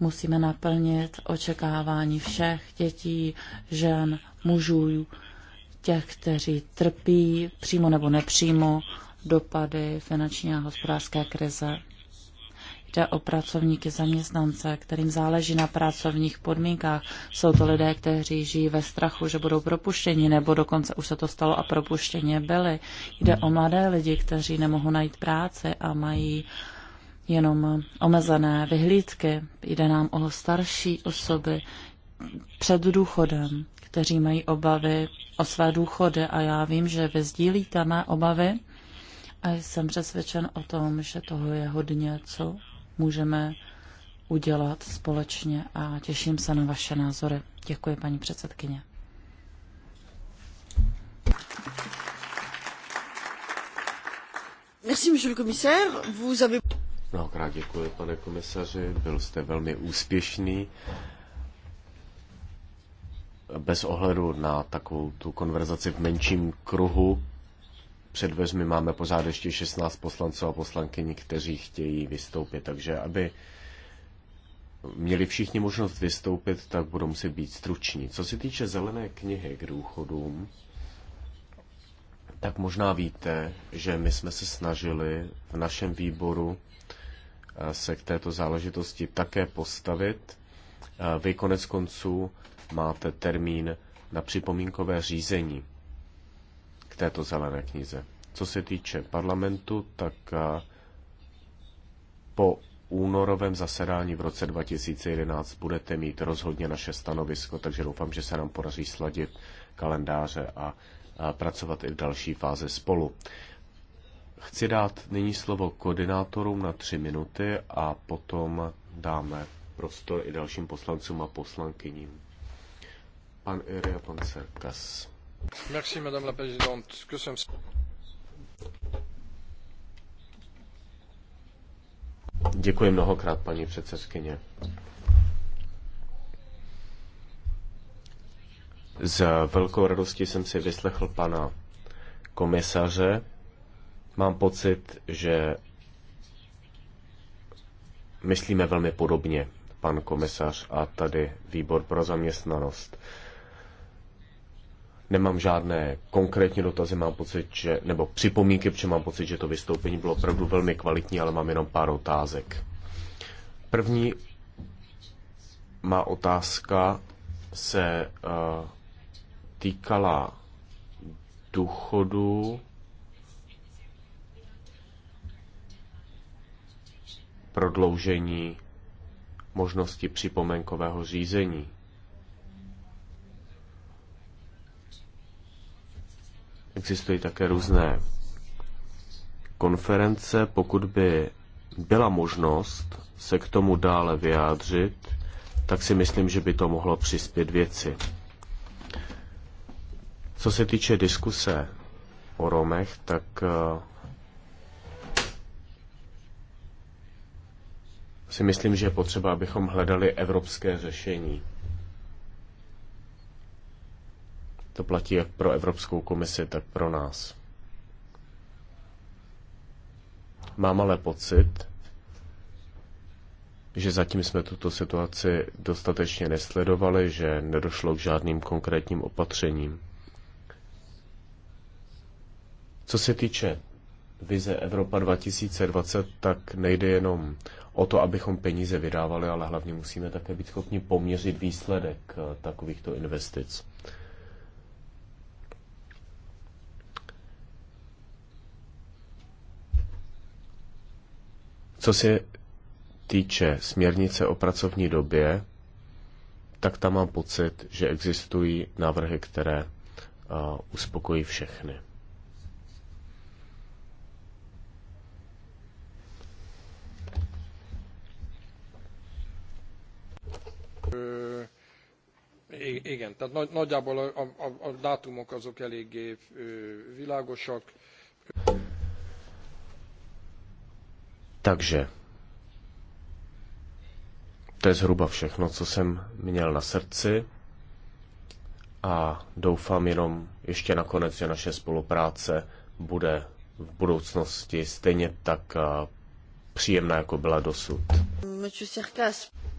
Musíme naplnit očekávání všech dětí, žen, mužů, těch, kteří trpí přímo nebo nepřímo dopady finanční a hospodářské krize. Jde o pracovníky, zaměstnance, kterým záleží na pracovních podmínkách. Jsou to lidé, kteří žijí ve strachu, že budou propuštěni, nebo dokonce už se to stalo a propuštěni byli. Jde o mladé lidi, kteří nemohou najít práci a mají jenom omezené vyhlídky. Jde nám o starší osoby před důchodem, kteří mají obavy o své důchody a já vím, že vy sdílíte mé obavy a jsem přesvědčen o tom, že toho je hodně, co můžeme udělat společně a těším se na vaše názory. Děkuji, paní předsedkyně. Merci, monsieur le commissaire. Vous avez... Mnohokrát děkuji, pane komisaři. Byl jste velmi úspěšný. Bez ohledu na takovou tu konverzaci v menším kruhu, před dveřmi máme pořád ještě 16 poslanců a poslankyní, kteří chtějí vystoupit, takže aby měli všichni možnost vystoupit, tak budou muset být struční. Co se týče zelené knihy k důchodům, tak možná víte, že my jsme se snažili v našem výboru eh, se k této záležitosti také postavit. Eh, vy konec konců máte termín na připomínkové řízení této zelené knize. Co se týče parlamentu, tak po únorovém zasedání v roce 2011 budete mít rozhodně naše stanovisko, takže doufám, že se nám podaří sladit kalendáře a, a pracovat i v další fáze spolu. Chci dát nyní slovo koordinátorům na tři minuty a potom dáme prostor i dalším poslancům a poslankyním. Pan Iria, pan Serkas. Merci, madame la présidente. Que Děkuji mnohokrát, paní předsedkyně. S velkou radostí jsem si vyslechl pana komisaře. Mám pocit, že myslíme velmi podobně, pan komisař a tady výbor pro zaměstnanost. Nemám žádné konkrétní dotazy, mám pocit, že, nebo připomínky, protože mám pocit, že to vystoupení bylo opravdu velmi kvalitní, ale mám jenom pár otázek. První má otázka se uh, týkala důchodu prodloužení možnosti připomenkového řízení. Existují také různé konference, pokud by byla možnost se k tomu dále vyjádřit, tak si myslím, že by to mohlo přispět věci. Co se týče diskuse o Romech, tak eh, si myslím, že je potřeba, abychom hledali evropské řešení. To platí jak pro Evropskou komisi, tak pro nás. Mám ale pocit, že zatím jsme tuto situaci dostatečně nesledovali, že nedošlo k žádným konkrétním opatřením. Co se týče vize Evropa 2020, tak nejde jenom o to, abychom peníze vydávali, ale hlavně musíme také být schopni poměřit výsledek eh, takovýchto investic. Co se týče směrnice o pracovní době, tak tam mám pocit, že existují návrhy, které uh, uspokojí všechny. Igen, tehát nagy, nagyjából a, a, a dátumok azok eléggé világosak. Takže to je zhruba všechno, co jsem měl na srdci a doufám jenom ještě nakonec, že naše spolupráce bude v budoucnosti stejně tak eh, příjemná, jako byla dosud.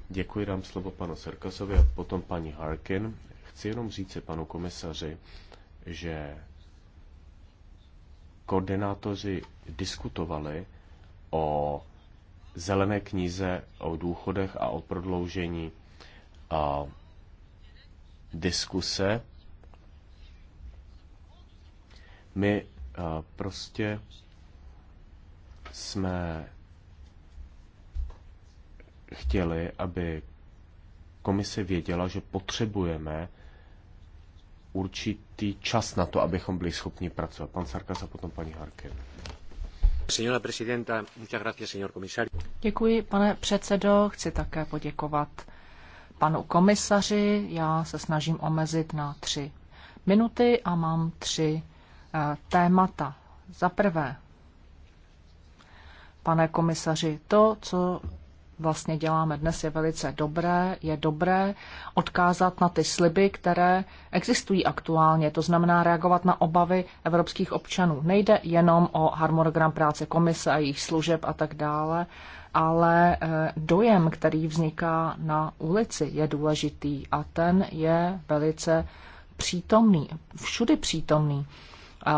Děkuji, dám slovo panu Serkasovi a potom paní Harkin. Chci jenom říct panu komisaři, že koordinátoři diskutovali o zelené knize o důchodech a o prodloužení a, diskuse. My a, prostě jsme chtěli, aby komise věděla, že potřebujeme určitý čas na to, abychom byli schopni pracovat. Pan Sarkas a potom paní Harkin. Děkuji, pane předsedo. Chci také poděkovat panu komisaři. Já se snažím omezit na tři minuty a mám tři eh, témata. Za prvé, pane komisaři, to, co vlastně děláme dnes, je velice dobré. Je dobré odkázat na ty sliby, které existují aktuálně, to znamená reagovat na obavy evropských občanů. Nejde jenom o harmonogram práce komise a jejich služeb a tak dále, ale eh, dojem, který vzniká na ulici, je důležitý a ten je velice přítomný, všudy přítomný. Eh,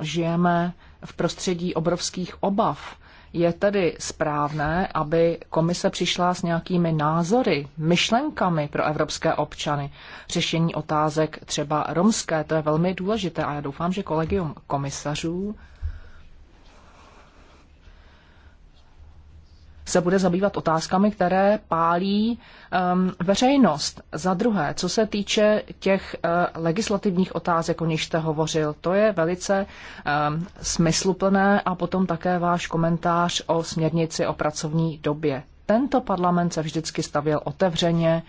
žijeme v prostředí obrovských obav je tedy správné, aby komise přišla s nějakými názory, myšlenkami pro evropské občany. Řešení otázek třeba romské, to je velmi důležité a já doufám, že kolegium komisařů se bude zabývat otázkami, které pálí um, veřejnost. Za druhé, co se týče těch uh, legislativních otázek, o nich jste hovořil, to je velice um, smysluplné a potom také váš komentář o směrnici o pracovní době. Tento parlament se vždycky stavěl otevřeně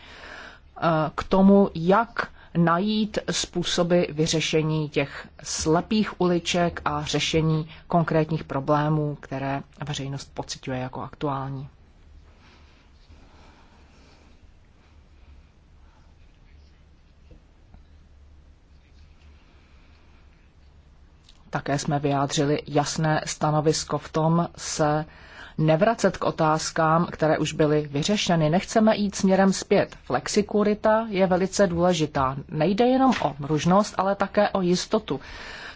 uh, k tomu, jak najít způsoby vyřešení těch slepých uliček a řešení konkrétních problémů, které veřejnost pociťuje jako aktuální. Také jsme vyjádřili jasné stanovisko v tom se nevracet k otázkám, které už byly vyřešeny. Nechceme jít směrem zpět. Flexikurita je velice důležitá. Nejde jenom o mružnost, ale také o jistotu.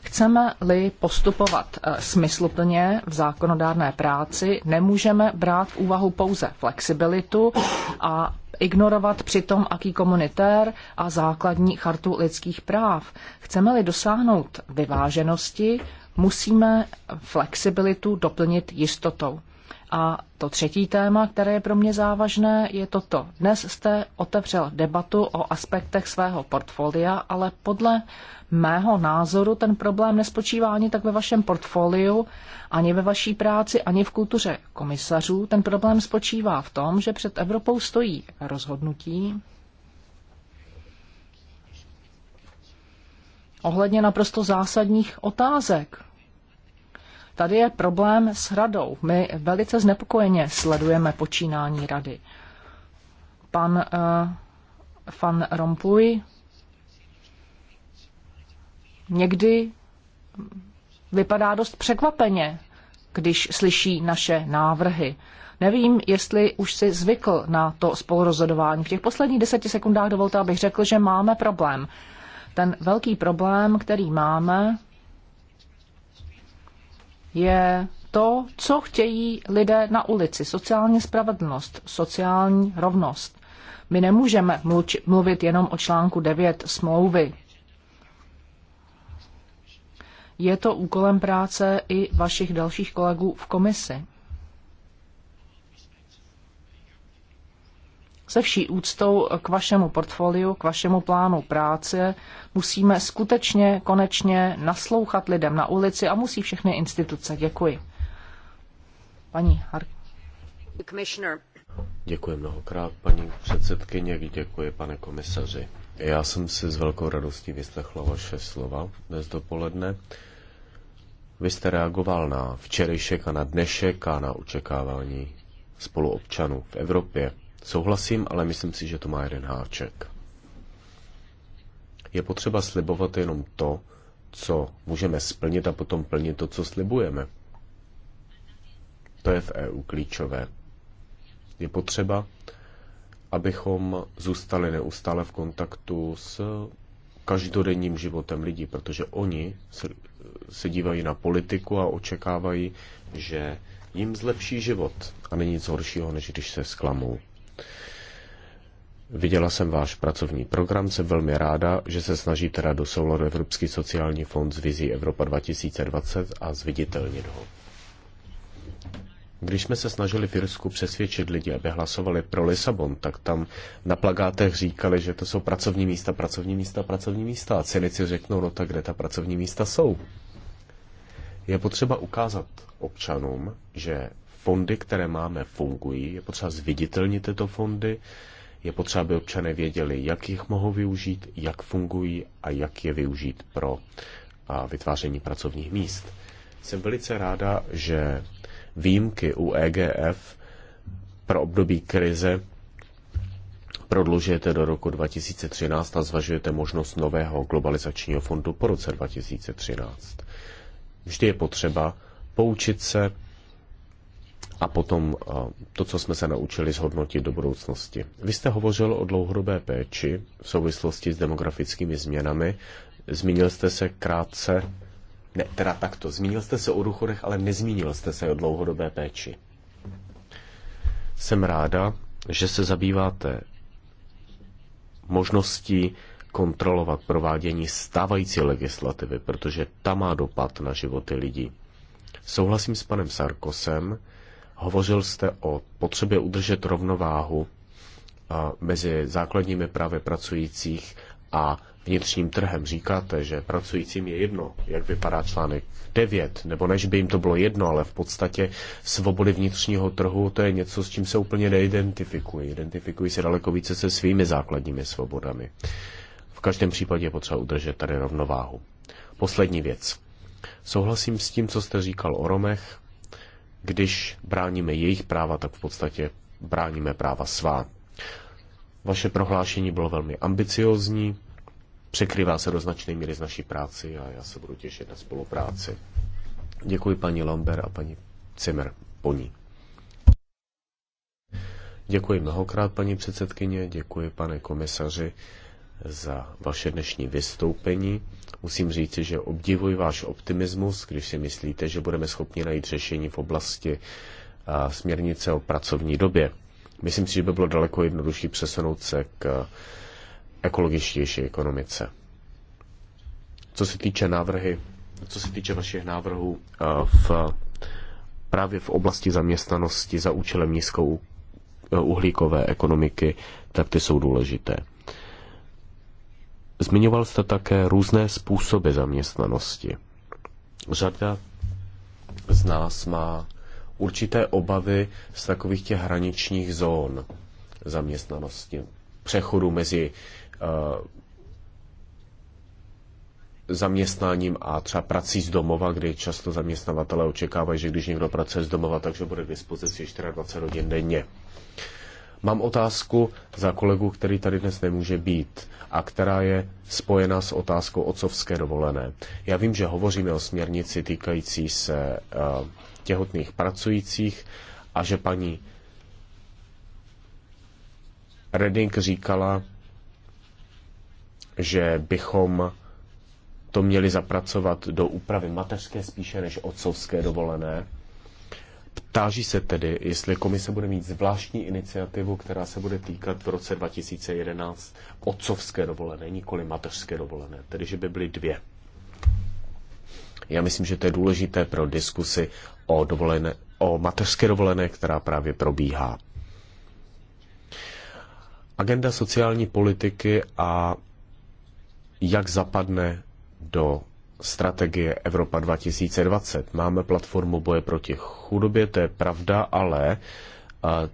Chceme-li postupovat eh, smysluplně v zákonodárné práci, nemůžeme brát v úvahu pouze flexibilitu a ignorovat přitom aký komunitér a základní chartu lidských práv. Chceme-li dosáhnout vyváženosti, musíme flexibilitu doplnit jistotou. A to třetí téma, které je pro mě závažné, je toto. Dnes jste otevřel debatu o aspektech svého portfolia, ale podle mého názoru ten problém nespočívá ani tak ve vašem portfoliu, ani ve vaší práci, ani v kultuře komisařů. Ten problém spočívá v tom, že před Evropou stojí rozhodnutí, ohledně naprosto zásadních otázek. Tady je problém s radou. My velice znepokojeně sledujeme počínání rady. Pan uh, Van Rompuy někdy vypadá dost překvapeně, když slyší naše návrhy. Nevím, jestli už si zvykl na to spolurozhodování. V těch posledních deseti sekundách dovolte, abych řekl, že máme problém. Ten velký problém, který máme, je to, co chtějí lidé na ulici. Sociální spravedlnost, sociální rovnost. My nemůžeme mluvit jenom o článku 9 smlouvy. Je to úkolem práce i vašich dalších kolegů v komisi. Se vší úctou k vašemu portfoliu, k vašemu plánu práce, musíme skutečně konečně naslouchat lidem na ulici a musí všechny instituce. Děkuji. Paní Hark. Děkuji mnohokrát, paní předsedkyně, děkuji, pane komisaři. Já jsem si s velkou radostí vyslechla vaše slova dnes dopoledne. Vy jste reagoval na včerejšek a na dnešek a na očekávání spoluobčanů v Evropě. Souhlasím, ale myslím si, že to má jeden háček. Je potřeba slibovat jenom to, co můžeme splnit a potom plnit to, co slibujeme. To je v EU klíčové. Je potřeba, abychom zůstali neustále v kontaktu s každodenním životem lidí, protože oni se dívají na politiku a očekávají, že jim zlepší život a není nic horšího, než když se zklamou. Viděla jsem váš pracovní program, jsem velmi ráda, že se snaží teda do souladu Evropský sociální fond s vizí Evropa 2020 a zviditelnit ho. Když jsme se snažili v Irsku přesvědčit lidi, aby hlasovali pro Lisabon, tak tam na plagátech říkali, že to jsou pracovní místa, pracovní místa, pracovní místa. A cynici řeknou, no tak kde ta pracovní místa jsou? Je potřeba ukázat občanům, že fondy, které máme, fungují. Je potřeba zviditelnit tyto fondy je potřeba, aby občané věděli, jak jich mohou využít, jak fungují a jak je využít pro vytváření pracovních míst. Jsem velice ráda, že výjimky u EGF pro období krize prodlužujete do roku 2013 a zvažujete možnost nového globalizačního fondu po roce 2013. Vždy je potřeba poučit se a potom eh, to, co jsme se naučili zhodnotit do budoucnosti. Vy jste hovořil o dlouhodobé péči v souvislosti s demografickými změnami. Zmínil jste se krátce, ne, teda takto, zmínil jste se o důchodech, ale nezmínil jste se o dlouhodobé péči. Jsem ráda, že se zabýváte možností kontrolovat provádění stávající legislativy, protože ta má dopad na životy lidí. Souhlasím s panem Sarkosem, Hovořil jste o potřebě udržet rovnováhu mezi základními právy pracujících a vnitřním trhem. Říkáte, že pracujícím je jedno, jak vypadá článek 9, nebo než by jim to bylo jedno, ale v podstatě svobody vnitřního trhu, to je něco, s čím se úplně neidentifikují. Identifikují se daleko více se svými základními svobodami. V každém případě je potřeba udržet tady rovnováhu. Poslední věc. Souhlasím s tím, co jste říkal o Romech, když bráníme jejich práva, tak v podstatě bráníme práva svá. Vaše prohlášení bylo velmi ambiciozní, překrývá se do značné míry s naší práci a já se budu těšit na spolupráci. Děkuji paní Lomber a paní Cimer po ní. Děkuji mnohokrát, paní předsedkyně, děkuji, pane komisaři, za vaše dnešní vystoupení. Musím říci, že obdivuji váš optimismus, když si myslíte, že budeme schopni najít řešení v oblasti směrnice o pracovní době. Myslím si, že by bylo daleko jednodušší přesunout se k ekologičtější ekonomice. Co se týče návrhy, co se týče vašich návrhů v, právě v oblasti zaměstnanosti za účelem nízkou e, uhlíkové ekonomiky, tak ty jsou důležité. Zmiňoval jste také různé způsoby zaměstnanosti. Řada z nás má určité obavy z takových těch hraničních zón zaměstnanosti, přechodu mezi uh, zaměstnáním a třeba prací z domova, kdy často zaměstnavatele očekávají, že když někdo pracuje z domova, takže bude k dispozici 24 hodin denně. Mám otázku za kolegu, který tady dnes nemůže být a která je spojena s otázkou otcovské dovolené. Já vím, že hovoříme o směrnici týkající se uh, těhotných pracujících a že paní Redding říkala, že bychom to měli zapracovat do úpravy mateřské spíše než otcovské dovolené. Ptáží se tedy, jestli komise bude mít zvláštní iniciativu, která se bude týkat v roce 2011 otcovské dovolené, nikoli mateřské dovolené, tedy že by byly dvě. Já myslím, že to je důležité pro diskusi o, dovolené, o mateřské dovolené, která právě probíhá. Agenda sociální politiky a jak zapadne do strategie Evropa 2020. Máme platformu boje proti chudobě, to je pravda, ale eh,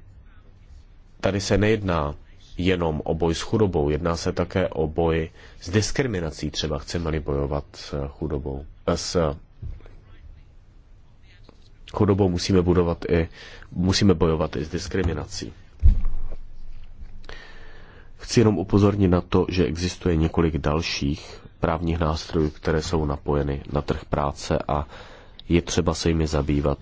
tady se nejedná jenom o boj s chudobou, jedná se také o boj s diskriminací, třeba chceme-li bojovat s chudobou. Eh, s chudobou musíme, budovat i, musíme bojovat i s diskriminací. Chci jenom upozornit na to, že existuje několik dalších právních nástrojů, které jsou napojeny na trh práce a je třeba se jimi zabývat.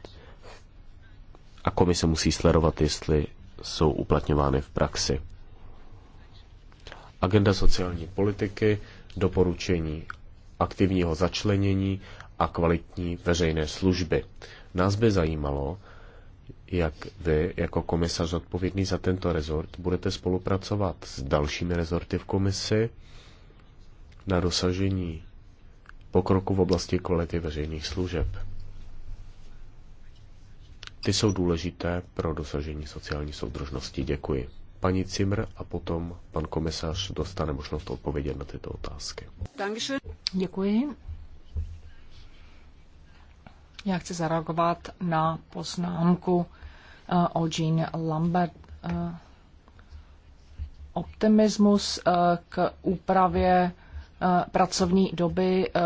A komise musí sledovat, jestli jsou uplatňovány v praxi. Agenda sociální politiky, doporučení aktivního začlenění a kvalitní veřejné služby. Nás by zajímalo, jak vy jako komisař odpovědný za tento rezort budete spolupracovat s dalšími rezorty v komisi na dosažení pokroku v oblasti kvality veřejných služeb. Ty jsou důležité pro dosažení sociální soudržnosti. Děkuji. Paní Cimr a potom pan komisař dostane možnost odpovědět na tyto otázky. Děkuji. Já chci zareagovat na poznámku eh, o Jean Lambert. Eh, optimismus eh, k úpravě Eh, pracovní doby eh,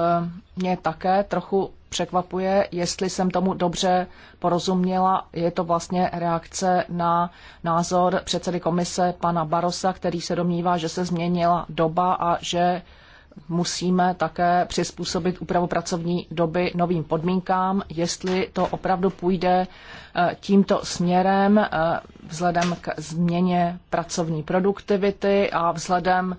mě také trochu překvapuje, jestli jsem tomu dobře porozuměla. Je to vlastně reakce na názor předsedy komise pana Barosa, který se domnívá, že se změnila doba a že musíme také přizpůsobit úpravu pracovní doby novým podmínkám, jestli to opravdu půjde eh, tímto směrem vzhledem k změně pracovní produktivity a vzhledem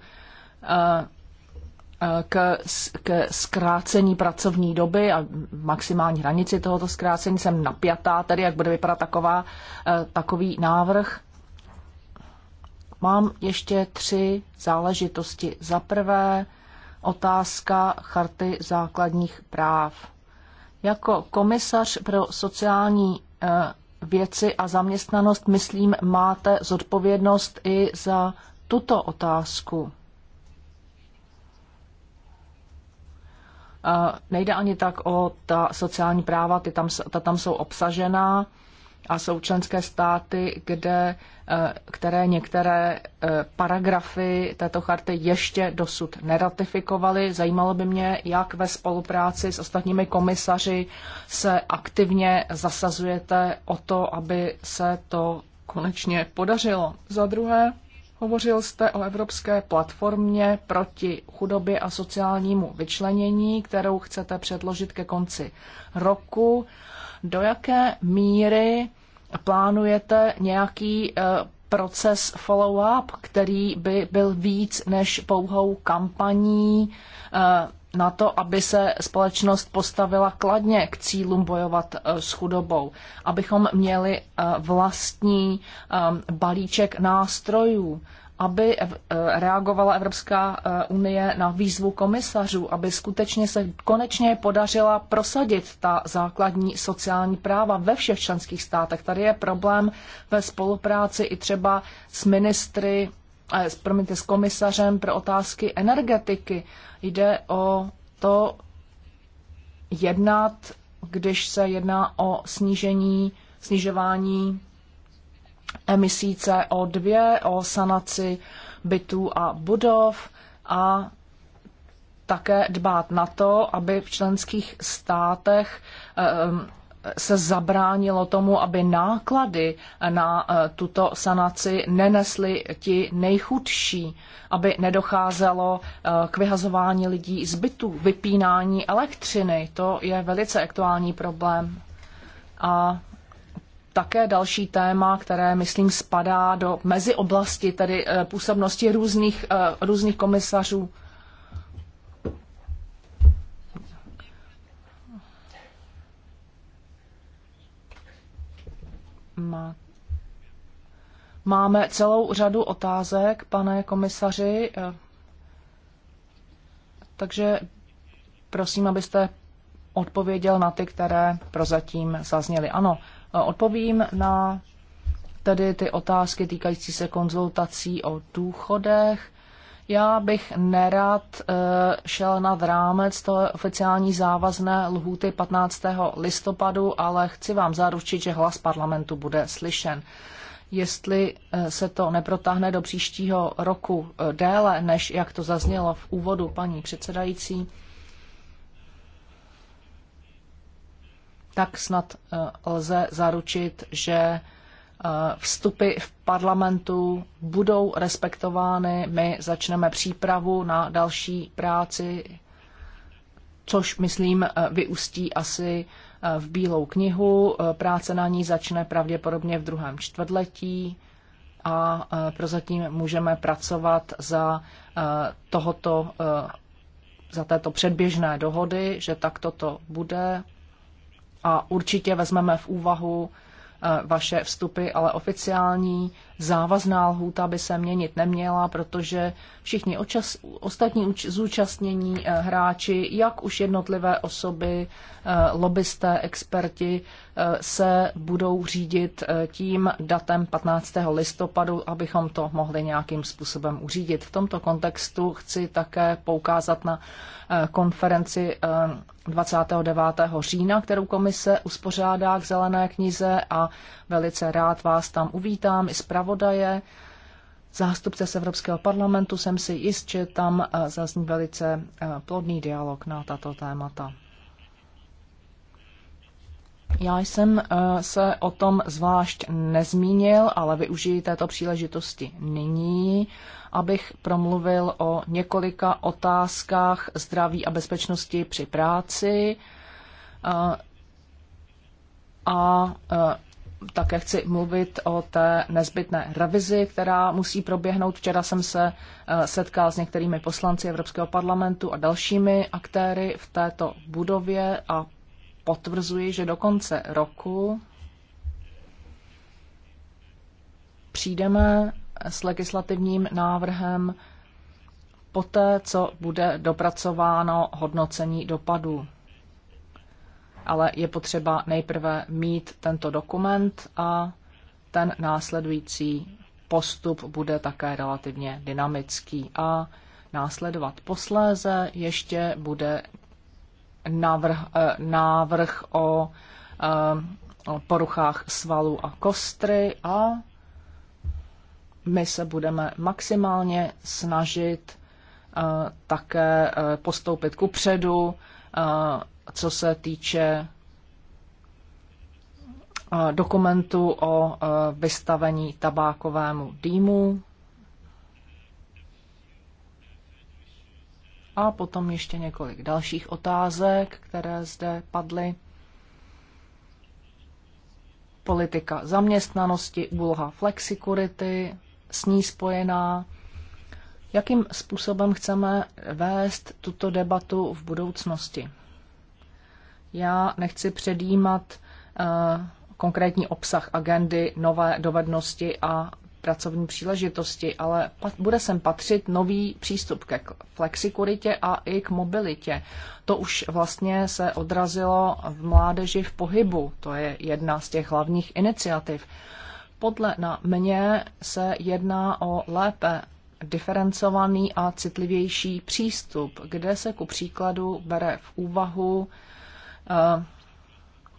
k, k zkrácení pracovní doby a maximální hranici tohoto zkrácení. Jsem napjatá, tedy jak bude vypadat taková, eh, takový návrh. Mám ještě tři záležitosti. Za prvé otázka charty základních práv. Jako komisař pro sociální eh, věci a zaměstnanost, myslím, máte zodpovědnost i za tuto otázku. nejde ani tak o ta sociální práva, ty tam, ta tam jsou obsažená a jsou členské státy, kde, e, které některé e, paragrafy této charty ještě dosud neratifikovaly. Zajímalo by mě, jak ve spolupráci s ostatními komisaři se aktivně zasazujete o to, aby se to konečně podařilo. Za druhé, Hovořil jste o Evropské platformě proti chudobě a sociálnímu vyčlenění, kterou chcete předložit ke konci roku. Do jaké míry plánujete nějaký eh, proces follow-up, který by byl víc než pouhou kampaní eh, na to, aby se společnost postavila kladně k cílům bojovat eh, s chudobou, abychom měli eh, vlastní eh, balíček nástrojů, aby reagovala Evropská unie na výzvu komisařů, aby skutečně se konečně podařila prosadit ta základní sociální práva ve všech členských státech. Tady je problém ve spolupráci i třeba s ministry, promiňte, s komisařem pro otázky energetiky, Jde o to jednat, když se jedná o snížení, snižování emisí CO2, o sanaci bytů a budov a také dbát na to, aby v členských státech eh, se zabránilo tomu, aby náklady na eh, tuto sanaci nenesli ti nejchudší, aby nedocházelo eh, k vyhazování lidí z bytu, vypínání elektřiny. To je velice aktuální problém. A také další téma, které, myslím, spadá do mezioblasti, tedy eh, působnosti různých, různých komisařů Má. Máme celou řadu otázek, pane komisaři, eh, takže prosím, abyste odpověděl na ty, které prozatím zazněly. Ano, eh, odpovím na tedy ty otázky týkající se konzultací o důchodech. Já bych nerad eh, šel nad rámec to oficiální závazné lhůty 15. listopadu, ale chci vám zaručit, že hlas parlamentu bude slyšen. Jestli eh, se to neprotáhne do příštího roku eh, déle, než jak to zaznělo v úvodu paní předsedající, tak snad lze zaručit, že Eh, vstupy v parlamentu budou respektovány. My začneme přípravu na další práci, což myslím eh, vyústí asi eh, v Bílou knihu. Práce na ní začne pravděpodobně v druhém čtvrtletí a prozatím můžeme pracovat za tohoto za této předběžné dohody, že takto to bude a určitě vezmeme v úvahu Eh, vaše vstupy, ale oficiální závazná lhůta by se měnit neměla, protože všichni očas, ostatní zúčastnění eh, hráči, jak už jednotlivé osoby, eh, lobbysté, experti, eh, se budou řídit tím datem 15. listopadu, abychom to mohli nějakým způsobem uřídit. V tomto kontextu chci také poukázat na konferenci 29. října, kterou komise uspořádá k zelené knize a velice rád vás tam uvítám i zpravodaj zpravodaje, zástupce z Evropského parlamentu. Jsem si jist, že tam eh, zazní velice eh, plodný dialog na tato témata. Já jsem eh, se o tom zvlášť nezmínil, ale využiji této příležitosti nyní, abych promluvil o několika otázkách zdraví a bezpečnosti při práci a také chci mluvit o té nezbytné revizi, která musí proběhnout. Včera jsem se eh, setkal s některými poslanci Evropského parlamentu a dalšími aktéry v této budově a potvrzuji, že do konce roku přijdeme s legislativním návrhem poté, co bude dopracováno hodnocení dopadů ale je potřeba nejprve mít tento dokument a ten následující postup bude také relativně dynamický a následovat posléze ještě bude návrh, eh, návrh o, eh, o poruchách svalů a kostry a my se budeme maximálně snažit eh, také postoupit ku předu co se týče eh, dokumentu o eh, vystavení tabákovému dýmu. A potom ještě několik dalších otázek, které zde padly. Politika zaměstnanosti, úloha flexikurity, s ní spojená. Jakým způsobem chceme vést tuto debatu v budoucnosti? Já nechci předjímat eh, konkrétní obsah agendy, nové dovednosti a pracovní příležitosti, ale bude sem patřit nový přístup ke flexikuritě a i k mobilitě. To už vlastně se odrazilo v mládeži v pohybu, to je jedna z těch hlavních iniciativ. Podle na mě se jedná o lépe diferencovaný a citlivější přístup, kde se ku příkladu bere v úvahu Eh,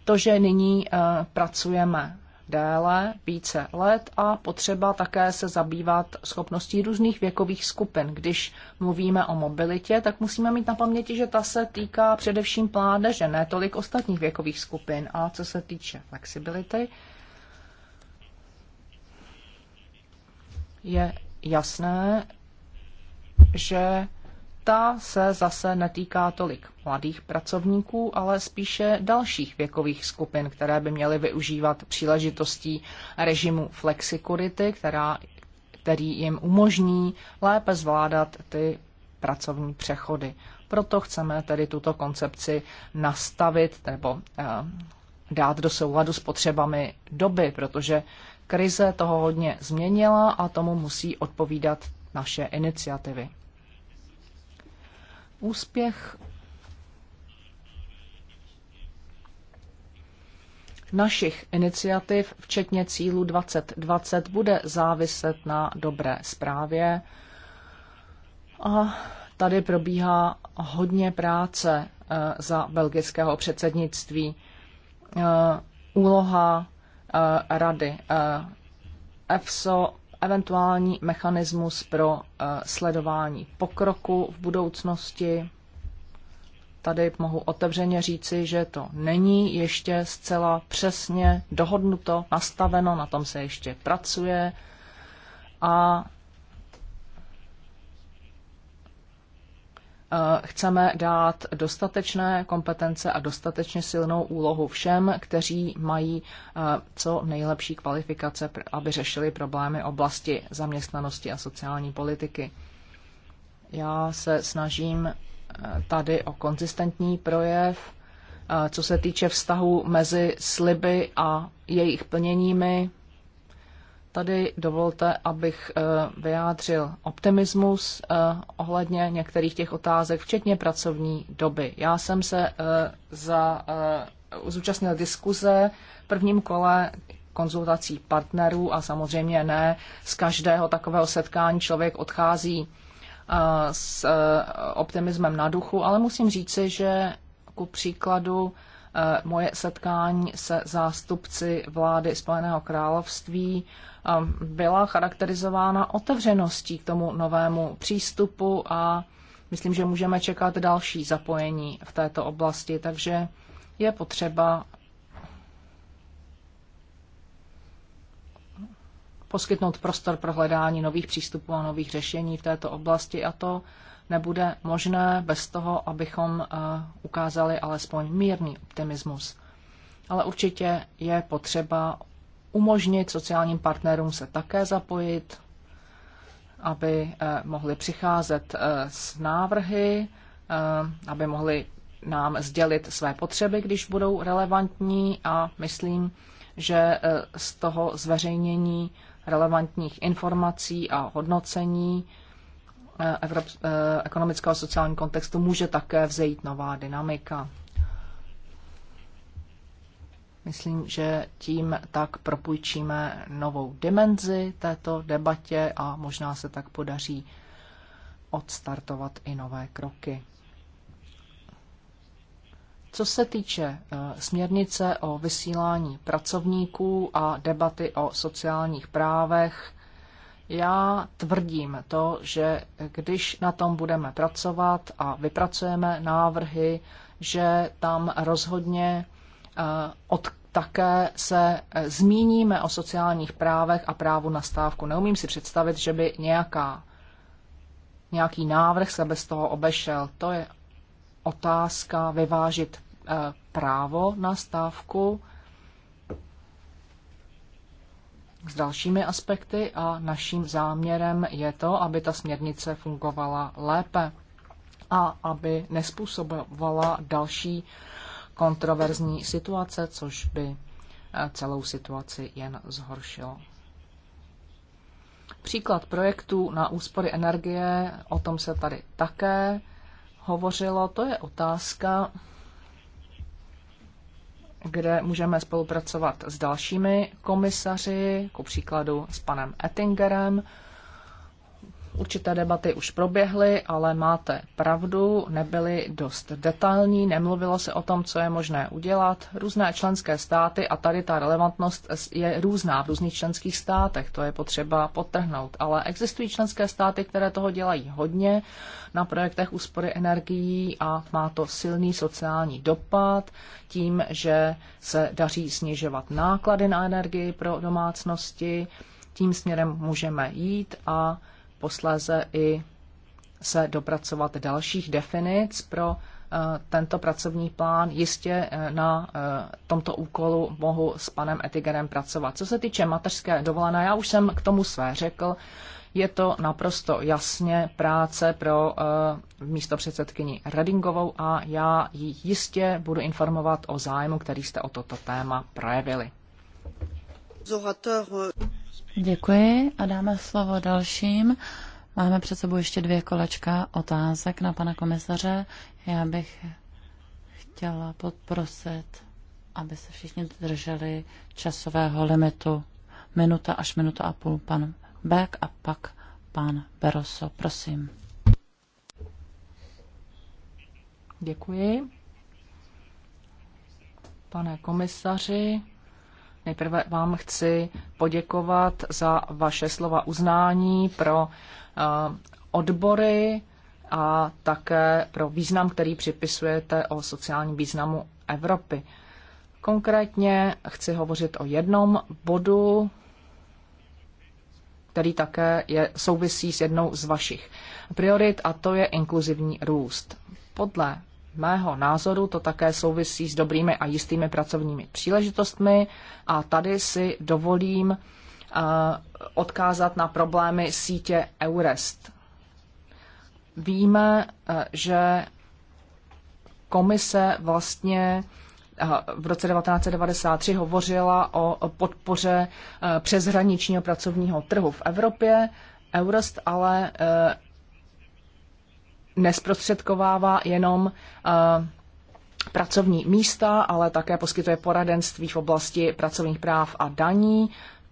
to, že nyní eh, pracujeme déle, více let a potřeba také se zabývat schopností různých věkových skupin. Když mluvíme o mobilitě, tak musíme mít na paměti, že ta se týká především pládeže, ne tolik ostatních věkových skupin. A co se týče flexibility, je jasné, že ta se zase netýká tolik mladých pracovníků, ale spíše dalších věkových skupin, které by měly využívat příležitostí režimu flexikurity, která, který jim umožní lépe zvládat ty pracovní přechody. Proto chceme tedy tuto koncepci nastavit nebo eh, dát do souladu s potřebami doby, protože krize toho hodně změnila a tomu musí odpovídat naše iniciativy úspěch našich iniciativ, včetně cílu 2020, bude záviset na dobré zprávě. A tady probíhá hodně práce eh, za belgického předsednictví. Eh, úloha eh, rady EFSO eventuální mechanismus pro eh, sledování pokroku v budoucnosti. Tady mohu otevřeně říci, že to není ještě zcela přesně dohodnuto, nastaveno, na tom se ještě pracuje a Eh, chceme dát dostatečné kompetence a dostatečně silnou úlohu všem, kteří mají eh, co nejlepší kvalifikace, aby řešili problémy oblasti zaměstnanosti a sociální politiky. Já se snažím eh, tady o konzistentní projev, co se týče vztahu mezi sliby a jejich plněními, Tady dovolte, abych eh, vyjádřil optimismus eh, ohledně některých těch otázek, včetně pracovní doby. Já jsem se eh, za, zúčastnil diskuze v prvním kole konzultací partnerů a samozřejmě ne z každého takového setkání člověk odchází s optimismem na duchu, ale musím říci, že ku příkladu moje setkání se zástupci vlády Spojeného království byla charakterizována otevřeností k tomu novému přístupu a myslím, že můžeme čekat další zapojení v této oblasti, takže je potřeba poskytnout prostor pro hledání nových přístupů a nových řešení v této oblasti a to nebude možné bez toho, abychom eh, ukázali alespoň mírný optimismus. Ale určitě je potřeba umožnit sociálním partnerům se také zapojit, aby eh, mohli přicházet eh, s návrhy, eh, aby mohli nám sdělit své potřeby, když budou relevantní a myslím, že z toho zveřejnění relevantních informací a hodnocení Evrop- ekonomického a sociálního kontextu může také vzejít nová dynamika. Myslím, že tím tak propůjčíme novou dimenzi této debatě a možná se tak podaří odstartovat i nové kroky. Co se týče eh, směrnice o vysílání pracovníků a debaty o sociálních právech, já tvrdím to, že když na tom budeme pracovat a vypracujeme návrhy, že tam rozhodně Eh, od, také se eh, zmíníme o sociálních právech a právu na stávku. Neumím si představit, že by nějaká, nějaký návrh se bez toho obešel. To je otázka vyvážit eh, právo na stávku s dalšími aspekty a naším záměrem je to, aby ta směrnice fungovala lépe a aby nespůsobovala další uh, kontroverzní situace, což by eh, celou situaci jen zhoršilo. Příklad projektů na úspory energie, o tom se tady také hovořilo, to je otázka, kde můžeme spolupracovat s dalšími komisaři, ku příkladu s panem Ettingerem, Určité debaty už proběhly, ale máte pravdu, nebyly dost detailní, nemluvilo se o tom, co je možné udělat. Různé členské státy a tady ta relevantnost je různá v různých členských státech, to je potřeba potrhnout. Ale existují členské státy, které toho dělají hodně na projektech úspory energií a má to silný sociální dopad tím, že se daří snižovat náklady na energii pro domácnosti. Tím směrem můžeme jít a posléze i se dopracovat dalších definic pro eh, tento pracovní plán. Jistě eh, na eh, tomto úkolu mohu s panem Etigerem pracovat. Co se týče mateřské dovolené, já už jsem k tomu své řekl. Je to naprosto jasně práce pro uh, místo předsedkyni Redingovou a já ji jistě budu informovat o zájmu, který jste o toto téma projevili. Děkuji a dáme slovo dalším. Máme před sebou ještě dvě kolečka otázek na pana komisaře. Já bych chtěla podprosit, aby se všichni drželi časového limitu minuta až minuta a půl. Pan Beck a pak pan Beroso. Prosím. Děkuji. Pane komisaři, Nejprve vám chci poděkovat za vaše slova uznání pro eh, odbory a také pro význam, který připisujete o sociálním významu Evropy. Konkrétně chci hovořit o jednom bodu, který také je, souvisí s jednou z vašich priorit, a to je inkluzivní růst. Podle mého názoru to také souvisí s dobrými a jistými pracovními příležitostmi a tady si dovolím eh, odkázat na problémy sítě Eurest. Víme, eh, že komise vlastně eh, v roce 1993 hovořila o podpoře přeshraničního pracovního trhu v Evropě. Eurost ale nesprostředkovává jenom eh, pracovní místa, ale také poskytuje poradenství v oblasti pracovních práv a daní,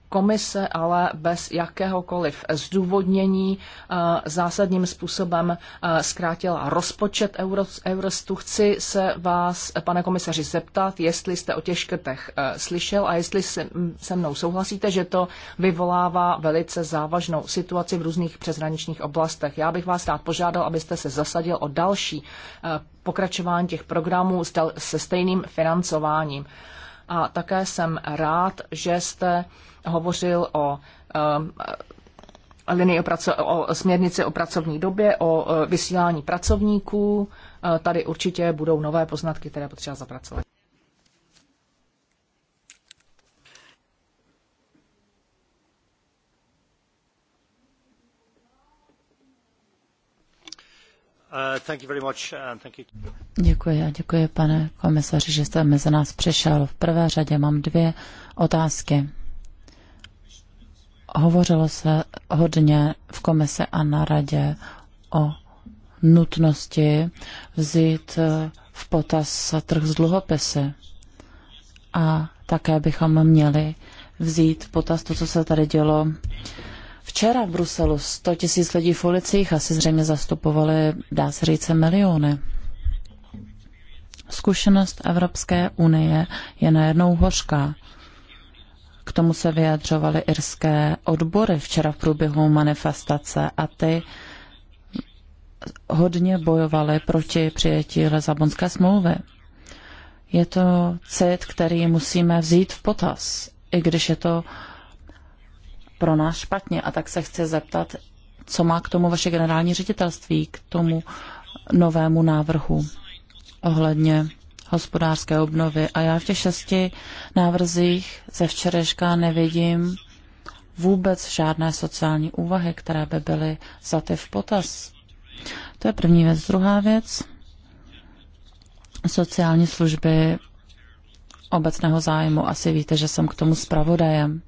komise ale bez jakéhokoliv zdůvodnění eh, zásadním způsobem eh, zkrátila rozpočet Eurostu. Chci se vás, pane komisaři, zeptat, jestli jste o těch škrtech eh, slyšel a jestli se mnou souhlasíte, že to vyvolává velice závažnou situaci v různých přeshraničních oblastech. Já bych vás rád požádal, abyste se zasadil o další pokračování těch programů se stejným financováním. A také jsem rád, že jste hovořil o um, linii o, praco- o směrnici o pracovní době, o vysílání pracovníků. E, tady určitě budou nové poznatky, které potřeba zapracovat. Uh, uh, děkuji a děkuji, pane komisaři, že jste mezi nás přišel. V prvé řadě mám dvě otázky. Hovořilo se hodně v komise a na radě o nutnosti vzít eh, v potaz trh z dluhopisy. A také bychom měli vzít v potaz to, co se tady dělo včera v Bruselu. 100 tisíc lidí v ulicích asi zřejmě zastupovali, dá se říct, miliony. Zkušenost Evropské unie je najednou hořká tomu se vyjadřovaly irské odbory včera v průběhu manifestace a ty hodně bojovaly proti přijetí Lezabonské smlouvy. Je to cit, který musíme vzít v potaz, i když je to pro nás špatně. A tak se chci zeptat, co má k tomu vaše generální ředitelství, k tomu novému návrhu ohledně hospodářské obnovy. A já v těch šesti návrzích ze včerejška nevidím vůbec žádné sociální úvahy, které by byly ty v potaz. To je první věc. Druhá věc, sociální služby obecného zájmu. Asi víte, že jsem k tomu zpravodajem.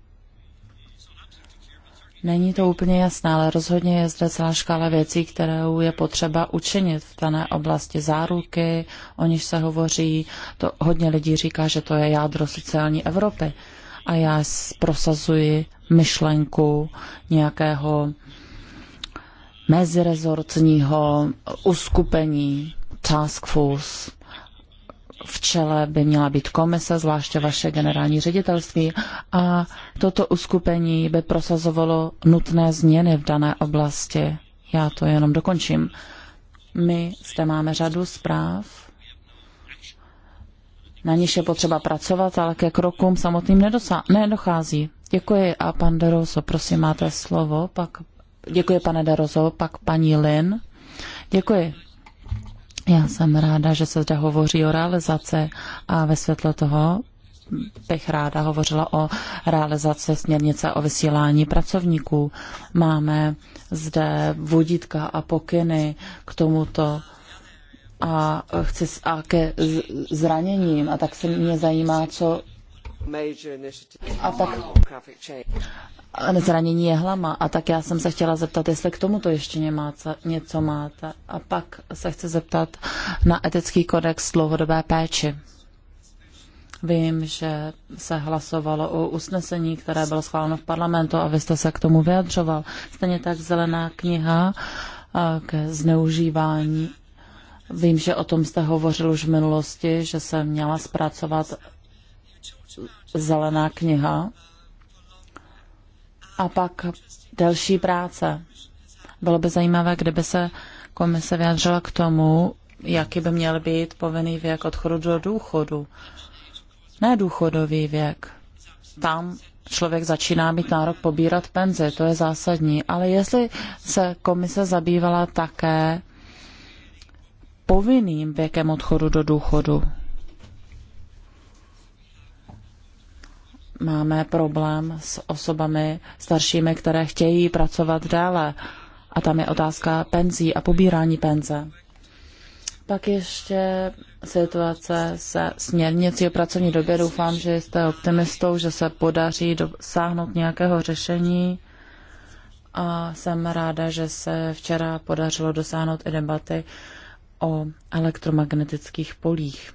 Není to úplně jasné, ale rozhodně je zde celá škála věcí, kterou je potřeba učinit v dané oblasti záruky, o níž se hovoří. To hodně lidí říká, že to je jádro sociální Evropy. A já prosazuji myšlenku nějakého mezirezortního uskupení task force, v čele by měla být komise, zvláště vaše generální ředitelství a toto uskupení by prosazovalo nutné změny v dané oblasti. Já to jenom dokončím. My zde máme řadu zpráv, na níž je potřeba pracovat, ale ke krokům samotným nedochází. Děkuji a pan Deroso, prosím, máte slovo. Pak, děkuji, pane Deroso, pak paní Lin. Děkuji. Já jsem ráda, že se zde hovoří o realizaci a ve světle toho bych ráda hovořila o realizaci směrnice o vysílání pracovníků. Máme zde vodítka a pokyny k tomuto a, chci, a ke zraněním a tak se mě zajímá, co a tak zranění jehlama. A tak já jsem se chtěla zeptat, jestli k tomuto ještě něco máte. A pak se chci zeptat na etický kodex dlouhodobé péči. Vím, že se hlasovalo o usnesení, které bylo schváleno v parlamentu a vy jste se k tomu vyjadřoval. Stejně tak zelená kniha k zneužívání. Vím, že o tom jste hovořil už v minulosti, že se měla zpracovat zelená kniha a pak delší práce. Bylo by zajímavé, kdyby se komise vyjádřila k tomu, jaký by měl být povinný věk odchodu do důchodu. Ne důchodový věk. Tam člověk začíná mít nárok pobírat penzi, to je zásadní. Ale jestli se komise zabývala také povinným věkem odchodu do důchodu, máme problém s osobami staršími, které chtějí pracovat dále. A tam je otázka penzí a pobírání penze. Pak ještě situace se směrnicí o pracovní době. Doufám, že jste optimistou, že se podaří dosáhnout nějakého řešení. A jsem ráda, že se včera podařilo dosáhnout i debaty o elektromagnetických polích.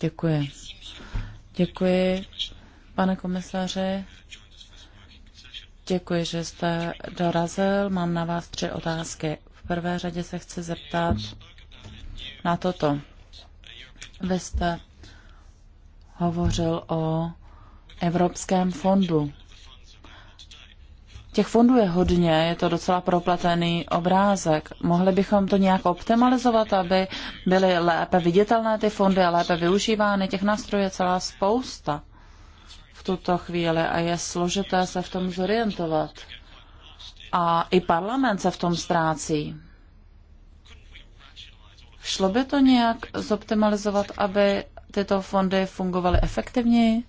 Děkuji. Děkuji. Pane komisaři, děkuji, že jste dorazil. Mám na vás tři otázky. V prvé řadě se chci zeptat na toto. Vy jste hovořil o Evropském fondu. Těch fondů je hodně, je to docela propletený obrázek. Mohli bychom to nějak optimalizovat, aby byly lépe viditelné ty fondy a lépe využívány. Těch nástrojů je celá spousta tuto chvíli a je složité se v tom zorientovat. A i parlament se v tom ztrácí. Šlo by to nějak zoptimalizovat, aby tyto fondy fungovaly efektivněji?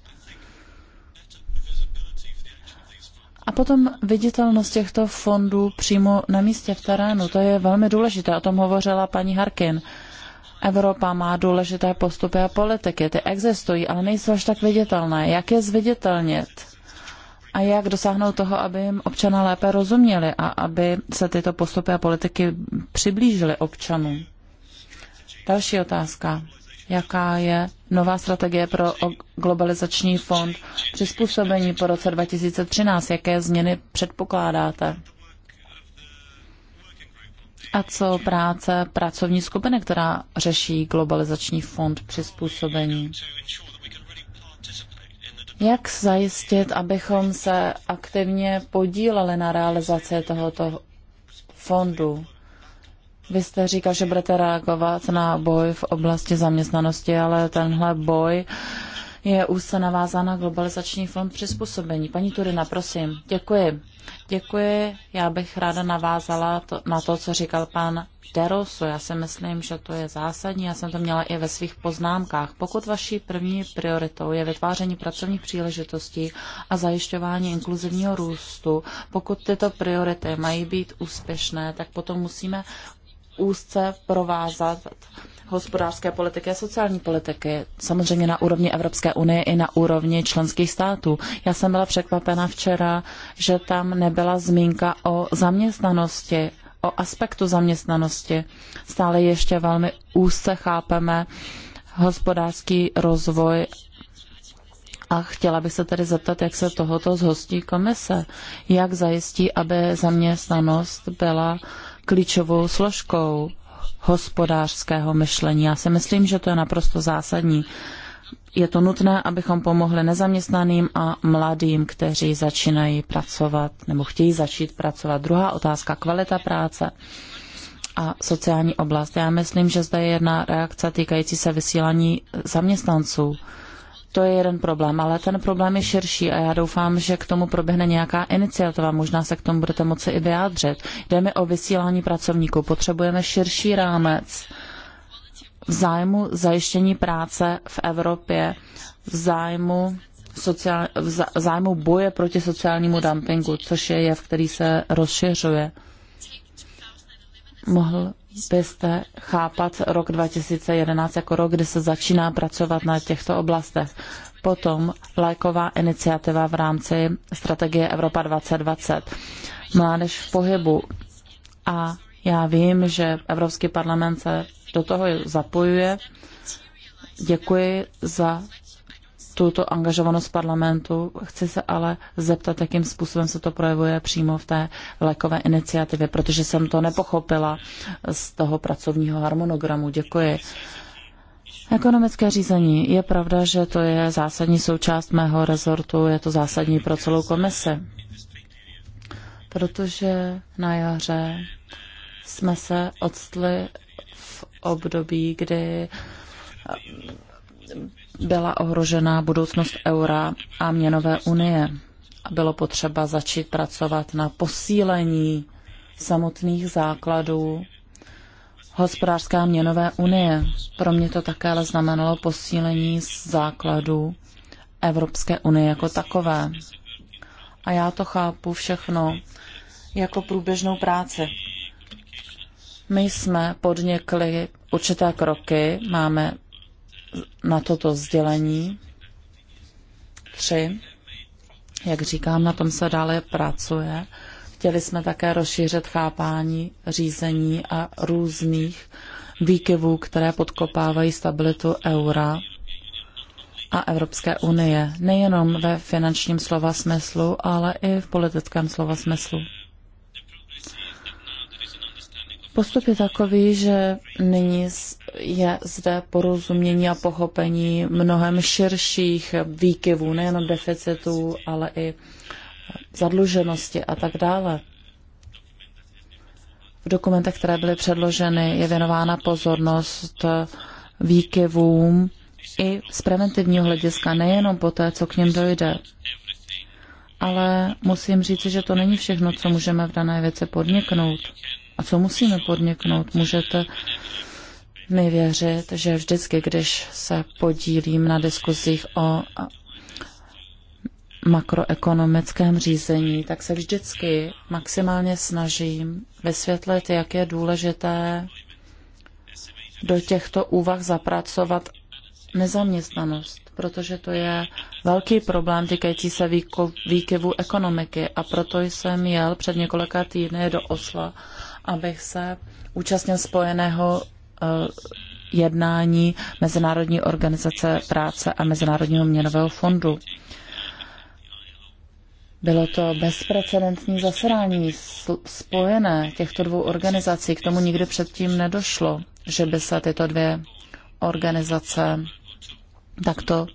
A potom viditelnost těchto fondů přímo na místě v terénu, to je velmi důležité, o tom hovořila paní Harkin. Evropa má důležité postupy a politiky. Ty existují, ale nejsou až tak viditelné. Jak je zviditelnit? A jak dosáhnout toho, aby jim občana lépe rozuměli a aby se tyto postupy a politiky přiblížily občanům? Další otázka. Jaká je nová strategie pro globalizační fond přizpůsobení po roce 2013? Jaké změny předpokládáte? a co práce pracovní skupiny, která řeší globalizační fond přizpůsobení. Jak zajistit, abychom se aktivně podíleli na realizaci tohoto fondu? Vy jste říkal, že budete reagovat na boj v oblasti zaměstnanosti, ale tenhle boj je úzce navázán na globalizační fond přizpůsobení. Paní Turina, prosím. Děkuji. Děkuji. Já bych ráda navázala to, na to, co říkal pan Derosu. Já si myslím, že to je zásadní. Já jsem to měla i ve svých poznámkách. Pokud vaší první prioritou je vytváření pracovních příležitostí a zajišťování inkluzivního růstu, pokud tyto priority mají být úspěšné, tak potom musíme úzce provázat hospodářské politiky a sociální politiky, samozřejmě na úrovni Evropské unie i na úrovni členských států. Já jsem byla překvapena včera, že tam nebyla zmínka o zaměstnanosti o aspektu zaměstnanosti. Stále ještě velmi úzce chápeme hospodářský rozvoj a chtěla bych se tedy zeptat, jak se tohoto zhostí komise. Jak zajistí, aby zaměstnanost byla klíčovou složkou hospodářského myšlení. Já si myslím, že to je naprosto zásadní. Je to nutné, abychom pomohli nezaměstnaným a mladým, kteří začínají pracovat nebo chtějí začít pracovat. Druhá otázka, kvalita práce a sociální oblast. Já myslím, že zde je jedna reakce týkající se vysílání zaměstnanců. To je jeden problém, ale ten problém je širší a já doufám, že k tomu proběhne nějaká iniciativa. Možná se k tomu budete moci i vyjádřit. Jde mi o vysílání pracovníků. Potřebujeme širší rámec v zájmu zajištění práce v Evropě, v zájmu, sociál, v zájmu boje proti sociálnímu dumpingu, což je jev, který se rozšiřuje. Mohl byste chápat rok 2011 jako rok, kdy se začíná pracovat na těchto oblastech. Potom lajková iniciativa v rámci strategie Evropa 2020. Mládež v pohybu. A já vím, že Evropský parlament se do toho zapojuje. Děkuji za tuto angažovanost parlamentu. Chci se ale zeptat, jakým způsobem se to projevuje přímo v té lékové iniciativě, protože jsem to nepochopila z toho pracovního harmonogramu. Děkuji. Ekonomické řízení. Je pravda, že to je zásadní součást mého rezortu, je to zásadní pro celou komisi. Protože na jaře jsme se odstli v období, kdy byla ohrožena budoucnost eura a měnové unie. A bylo potřeba začít pracovat na posílení samotných základů hospodářské a měnové unie. Pro mě to také ale znamenalo posílení základů Evropské unie jako takové. A já to chápu všechno jako průběžnou práci. My jsme podnikli určité kroky, máme na toto sdělení. Tři, jak říkám, na tom se dále pracuje. Chtěli jsme také rozšířit chápání řízení a různých výkyvů, které podkopávají stabilitu eura a Evropské unie, nejenom ve finančním slova smyslu, ale i v politickém slova smyslu. Postup je takový, že nyní je zde porozumění a pochopení mnohem širších výkyvů, nejen deficitů, ale i zadluženosti a tak dále. V dokumentech, které byly předloženy, je věnována pozornost výkyvům i z preventivního hlediska, nejenom po té, co k něm dojde. Ale musím říct, že to není všechno, co můžeme v dané věci podniknout a co musíme podniknout? Můžete mi věřit, že vždycky, když se podílím na diskuzích o makroekonomickém řízení, tak se vždycky maximálně snažím vysvětlit, jak je důležité do těchto úvah zapracovat nezaměstnanost, protože to je velký problém týkající se výkyvu ekonomiky a proto jsem jel před několika týdny do Osla abych se účastnil spojeného eh, jednání Mezinárodní organizace práce a Mezinárodního měnového fondu. Bylo to bezprecedentní zasedání spojené těchto dvou organizací. K tomu nikdy předtím nedošlo, že by se tyto dvě organizace takto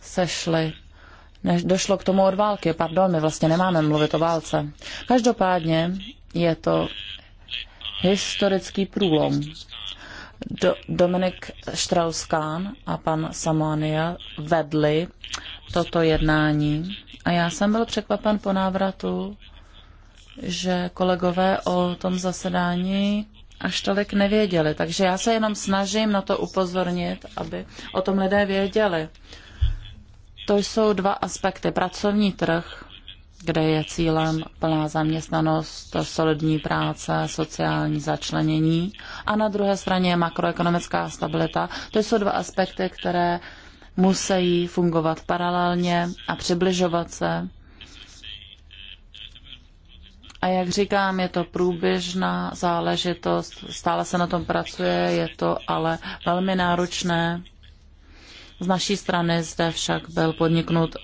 sešly. Ne, došlo k tomu od války, pardon, my vlastně nemáme mluvit o válce. Každopádně je to historický průlom. Do, Dominik Štrauskán a pan Samania vedli toto jednání a já jsem byl překvapen po návratu, že kolegové o tom zasedání až tolik nevěděli. Takže já se jenom snažím na to upozornit, aby o tom lidé věděli. To jsou dva aspekty. Pracovní trh kde je cílem plná zaměstnanost, solidní práce, sociální začlenění. A na druhé straně je makroekonomická stabilita. To jsou dva aspekty, které musí fungovat paralelně a přibližovat se. A jak říkám, je to průběžná záležitost, stále se na tom pracuje, je to ale velmi náročné. Z naší strany zde však byl podniknut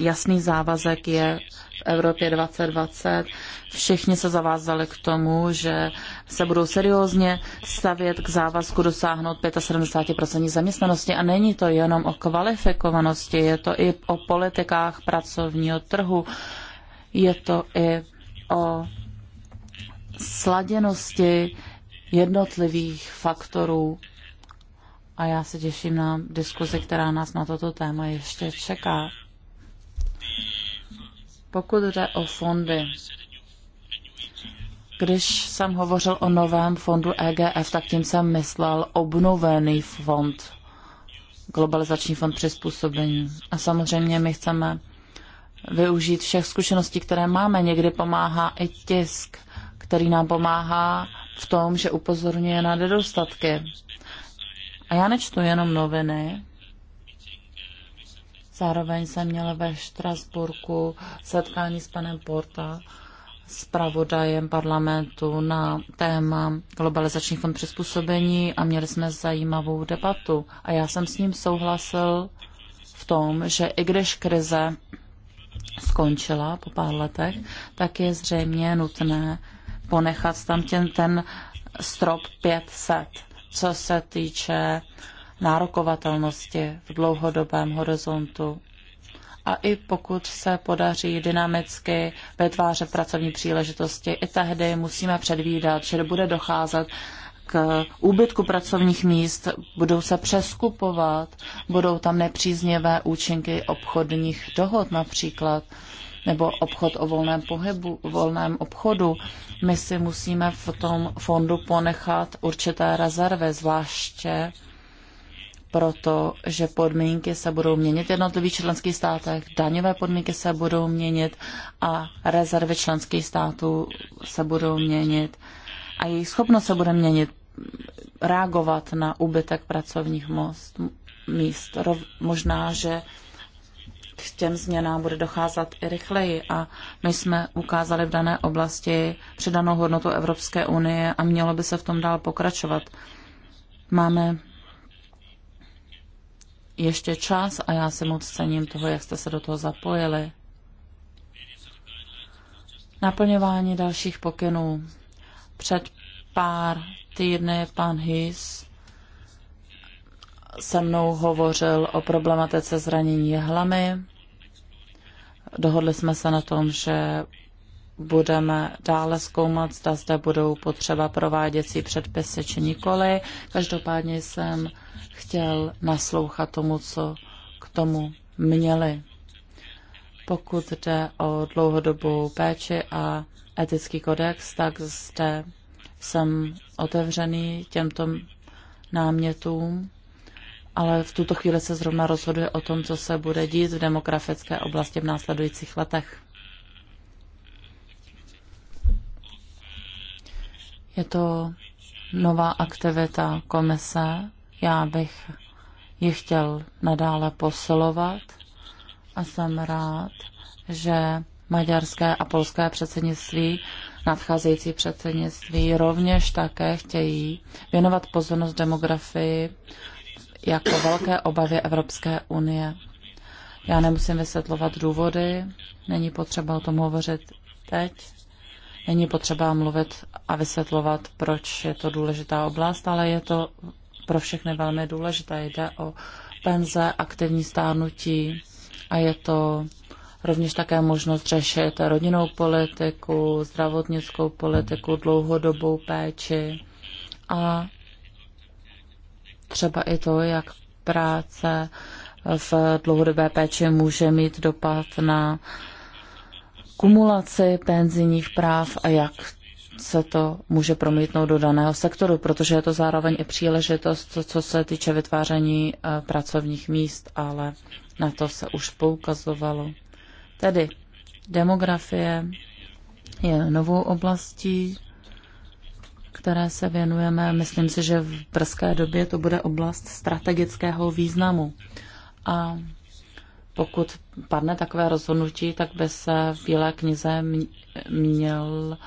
jasný závazek je v Evropě 2020. Všichni se zavázali k tomu, že se budou seriózně stavět k závazku dosáhnout 75% zaměstnanosti. A není to jenom o kvalifikovanosti, je to i o politikách pracovního trhu, je to i o sladěnosti jednotlivých faktorů a já se těším na diskuzi, která nás na toto téma ještě čeká. Pokud jde o fondy, když jsem hovořil o novém fondu EGF, tak tím jsem myslel obnovený fond, globalizační fond přizpůsobení. A samozřejmě my chceme využít všech zkušeností, které máme. Někdy pomáhá i tisk, který nám pomáhá v tom, že upozorňuje na nedostatky. A já nečtu jenom noviny, Zároveň jsem měla ve Štrasburku setkání s panem Porta, pravodajem parlamentu na téma Globalizační fond přizpůsobení a měli jsme zajímavou debatu. A já jsem s ním souhlasil v tom, že i když krize skončila po pár letech, tak je zřejmě nutné ponechat tam ten, ten strop 500, co se týče uh, nárokovatelnosti v dlouhodobém horizontu. A i pokud se podaří dynamicky vytvářet pracovní příležitosti, i tehdy musíme předvídat, že bude docházet k úbytku pracovních míst, budou se přeskupovat, budou tam nepříznivé účinky obchodních dohod například, nebo obchod o volném pohybu, volném obchodu. My si musíme v tom fondu ponechat určité rezervy, zvláště protože podmínky se budou měnit v jednotlivých členských státech, daňové podmínky se budou měnit a rezervy členských států se budou měnit a jejich schopnost se bude měnit reagovat na úbytek pracovních most, míst. Rov, možná, že k těm změnám bude docházet i rychleji a my jsme ukázali v dané oblasti přidanou hodnotu Evropské unie a mělo by se v tom dál pokračovat. Máme ještě čas a já si moc cením toho, jak jste se do toho zapojili. Naplňování dalších pokynů. Před pár týdny pan His se mnou hovořil o problematice zranění jehlami. Dohodli jsme se na tom, že budeme dále zkoumat, zda zde budou potřeba prováděcí předpisy či nikoli. Každopádně jsem chtěl naslouchat tomu, co k tomu měli. Pokud jde o dlouhodobou péči a etický kodex, tak zde jsem otevřený těmto námětům, ale v tuto chvíli se zrovna rozhoduje o tom, co se bude dít v demografické oblasti v následujících letech. Je to nová aktivita komise, já bych ji chtěl nadále posilovat a jsem rád, že maďarské a polské předsednictví, nadcházející předsednictví rovněž také chtějí věnovat pozornost demografii jako velké obavě Evropské unie. Já nemusím vysvětlovat důvody, není potřeba o tom hovořit teď, není potřeba mluvit a vysvětlovat, proč je to důležitá oblast, ale je to pro všechny velmi důležité. Jde o penze, aktivní stárnutí a je to rovněž také možnost řešit rodinnou politiku, zdravotnickou politiku, dlouhodobou péči a třeba i to, jak práce v dlouhodobé péči může mít dopad na kumulaci penzijních práv a jak se to může promítnout do daného sektoru, protože je to zároveň i příležitost, co, co se týče vytváření eh, pracovních míst, ale na to se už poukazovalo. Tedy demografie je novou oblastí, které se věnujeme. Myslím si, že v brzké době to bude oblast strategického významu. A pokud padne takové rozhodnutí, tak by se v Bílé knize měl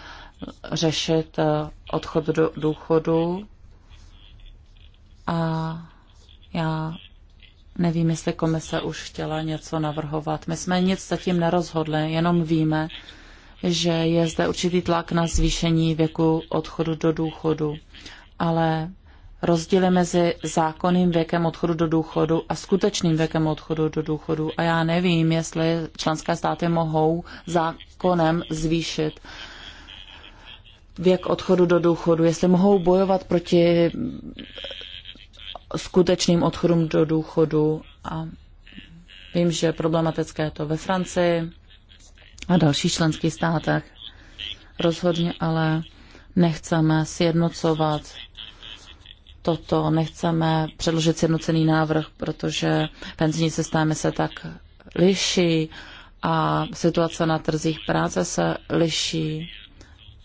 řešit eh, odchod do důchodu a já nevím, jestli komise už chtěla něco navrhovat. My jsme nic zatím nerozhodli, jenom víme, že je zde určitý tlak na zvýšení věku odchodu do důchodu, ale rozdíly mezi zákonným věkem odchodu do důchodu a skutečným věkem odchodu do důchodu. A já nevím, jestli členské státy mohou zákonem zvýšit uh, věk odchodu do důchodu, jestli mohou bojovat proti skutečným odchodům do důchodu a vím, že problematické je to ve Francii a dalších členských státech. Rozhodně ale nechceme sjednocovat toto, nechceme předložit sjednocený návrh, protože penzijní systémy se tak liší a situace na trzích práce se liší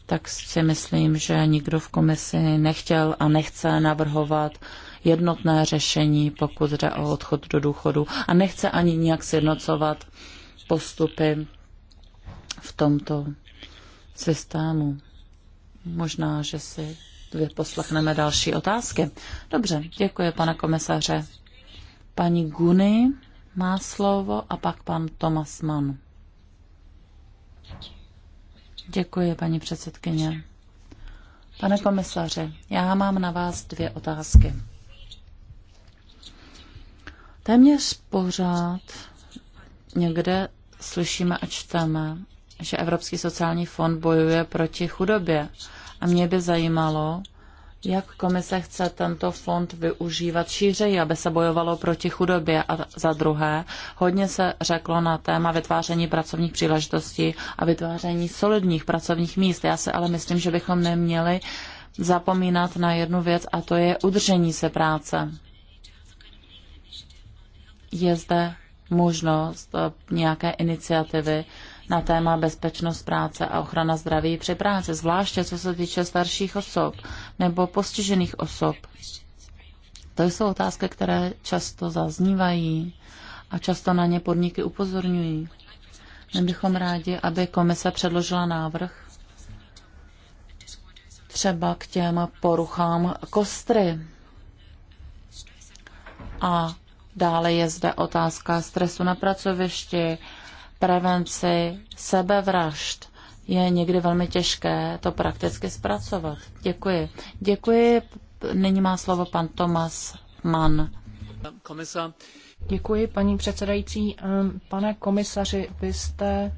tak si myslím, že nikdo v komisi nechtěl a nechce navrhovat jednotné řešení, pokud jde o odchod do důchodu a nechce ani nějak sjednocovat postupy v tomto systému. Možná, že si vyposlechneme další otázky. Dobře, děkuji, pane komisaře. Paní Guny má slovo a pak pan Tomas Mann. Děkuji, paní předsedkyně. Pane komisaři, já mám na vás dvě otázky. Téměř pořád někde slyšíme a čteme, že Evropský sociální fond bojuje proti chudobě. A mě by zajímalo, jak komise chce tento fond využívat šířeji, aby se bojovalo proti chudobě a za druhé. Hodně se řeklo na téma vytváření pracovních příležitostí a vytváření solidních pracovních míst. Já si ale myslím, že bychom neměli zapomínat na jednu věc a to je udržení se práce. Je zde možnost eh, nějaké iniciativy na téma bezpečnost práce a ochrana zdraví při práci, zvláště co se týče starších osob nebo postižených osob. To jsou otázky, které často zaznívají a často na ně podniky upozorňují. My bychom rádi, aby komise předložila návrh třeba k těm poruchám kostry. A dále je zde otázka stresu na pracovišti, prevenci sebevražd je někdy velmi těžké to prakticky zpracovat. Děkuji. Děkuji. Nyní má slovo pan Tomas Mann. Komisar. Děkuji, paní předsedající. Ehm, pane komisaři, vy jste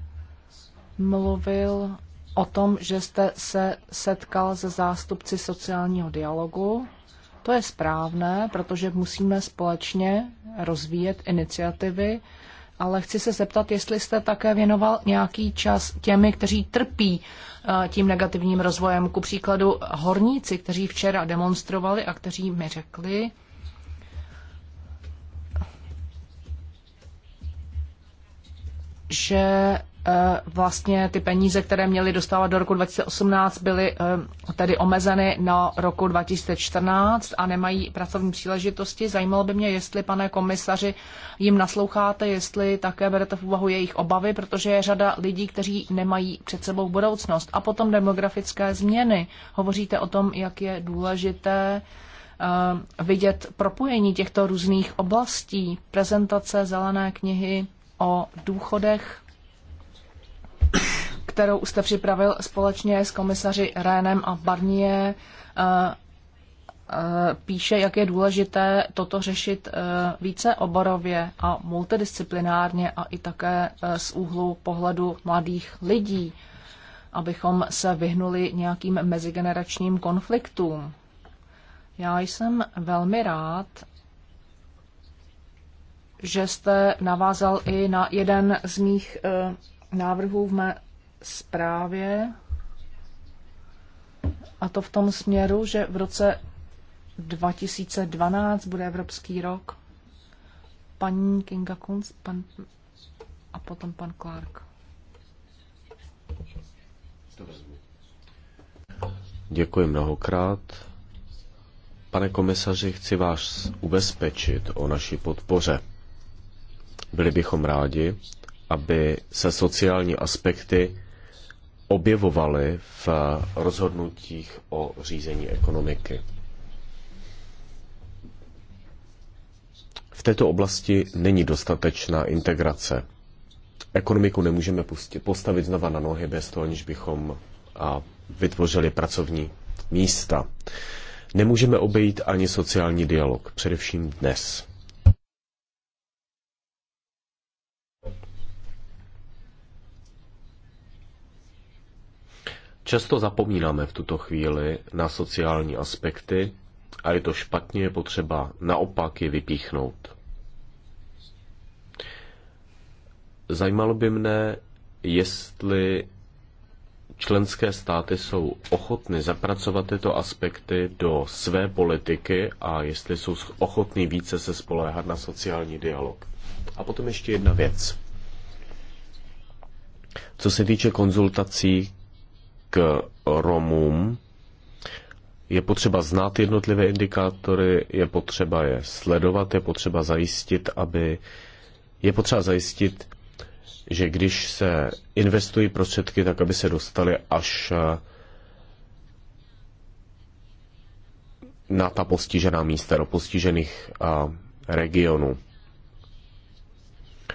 mluvil o tom, že jste se setkal se zástupci sociálního dialogu. To je správné, protože musíme společně rozvíjet iniciativy, ale chci se zeptat, jestli jste také věnoval nějaký čas těmi, kteří trpí eh, tím negativním rozvojem. Ku příkladu horníci, kteří včera demonstrovali a kteří mi řekli, že Eh, vlastně ty peníze, které měly dostávat do roku 2018, byly eh, tedy omezeny na roku 2014 a nemají pracovní příležitosti. Zajímalo by mě, jestli, pane komisaři, jim nasloucháte, jestli také berete v úvahu jejich obavy, protože je řada lidí, kteří nemají před sebou budoucnost. A potom demografické změny. Hovoříte o tom, jak je důležité eh, vidět propojení těchto různých oblastí, prezentace zelené knihy o důchodech kterou jste připravil společně s komisaři Rénem a Barnie, eh, eh, píše, jak je důležité toto řešit eh, více oborově a multidisciplinárně a i také z úhlu pohledu mladých lidí, abychom se vyhnuli nějakým mezigeneračním konfliktům. Já jsem velmi rád, že jste navázal i na jeden z mých návrhů v mé zprávě, a to v tom směru, že v roce 2012 bude Evropský rok. Paní Kinga Kunz pan, a potom pan Clark. Děkuji mnohokrát. Pane komisaři, chci vás ubezpečit o naší podpoře. Byli bychom rádi, aby se sociální aspekty objevovaly v rozhodnutích o řízení ekonomiky. V této oblasti není dostatečná integrace. Ekonomiku nemůžeme postavit znova na nohy bez toho, aniž bychom a vytvořili pracovní místa. Nemůžeme obejít ani sociální dialog, především dnes. Často zapomínáme v tuto chvíli na sociální aspekty a je to špatně, je potřeba naopak je vypíchnout. Zajímalo by mne, jestli členské státy jsou ochotny zapracovat tyto aspekty do své politiky a jestli jsou ochotny více se spoléhat na sociální dialog. A potom ještě jedna věc. Co se týče konzultací k Romům. Je potřeba znát jednotlivé indikátory, je potřeba je sledovat, je potřeba zajistit, aby je potřeba zajistit, že když se investují prostředky, tak aby se dostaly až eh, na ta postižená místa, do postižených eh, regionů.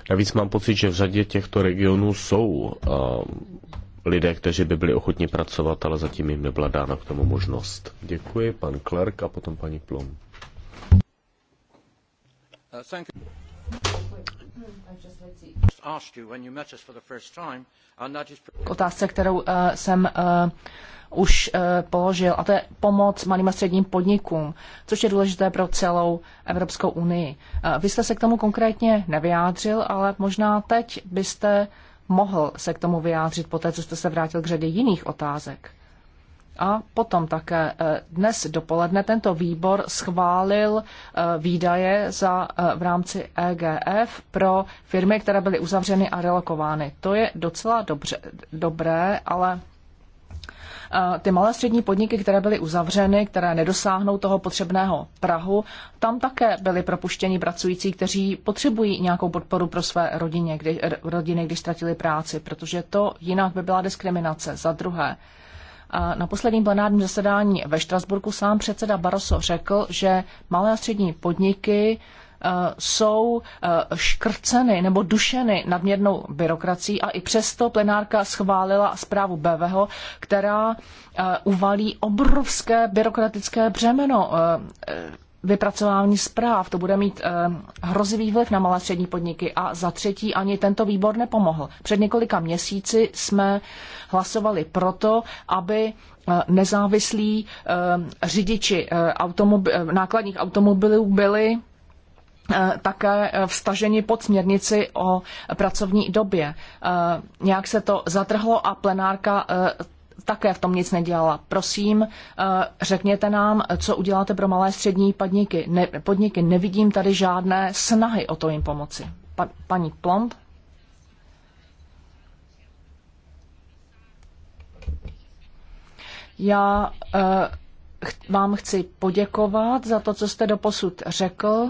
Navíc mám pocit, že v řadě těchto regionů jsou eh, lidé, kteří by byli ochotni pracovat, ale zatím jim nebyla dána k tomu možnost. Děkuji, pan Klerk a potom paní Plom. Uh, k otázce, kterou uh, jsem uh, už položil, a to je pomoc malým a středním podnikům, což je důležité pro celou Evropskou unii. Vy jste se k tomu konkrétně nevyjádřil, ale možná teď byste mohl se k tomu vyjádřit poté, co jste se vrátil k řadě jiných otázek. A potom také eh, dnes dopoledne tento výbor schválil eh, výdaje za, eh, v rámci EGF pro firmy, které byly uzavřeny a relokovány. To je docela dobře, dobré, ale ty malé střední podniky, které byly uzavřeny, které nedosáhnou toho potřebného Prahu, tam také byly propuštěni pracující, kteří potřebují nějakou podporu pro své rodině, kdy, eh, rodiny, když ztratili práci, protože to jinak by byla diskriminace. Za druhé, na posledním plenárním zasedání ve Štrasburku sám předseda Baroso řekl, že malé a střední podniky Eh, jsou eh, škrceny nebo dušeny nadměrnou byrokracií a i přesto plenárka schválila zprávu BVH, která eh, uvalí obrovské byrokratické břemeno vypracování zpráv. To bude mít hrozivý vliv na malé střední podniky. A za třetí, ani tento výbor nepomohl. Před několika měsíci jsme hlasovali proto, aby nezávislí řidiči automob- nákladních automobilů byli Eh, také eh, vstaženi pod směrnici o pracovní době. Eh, nějak se to zatrhlo a plenárka také v tom nic nedělala. Prosím, řekněte nám, co uděláte pro malé střední podniky. Ne, podniky. Nevidím tady žádné snahy o to jim pomoci. Pa, paní Plomb? Já vám chci poděkovat za to, co jste doposud řekl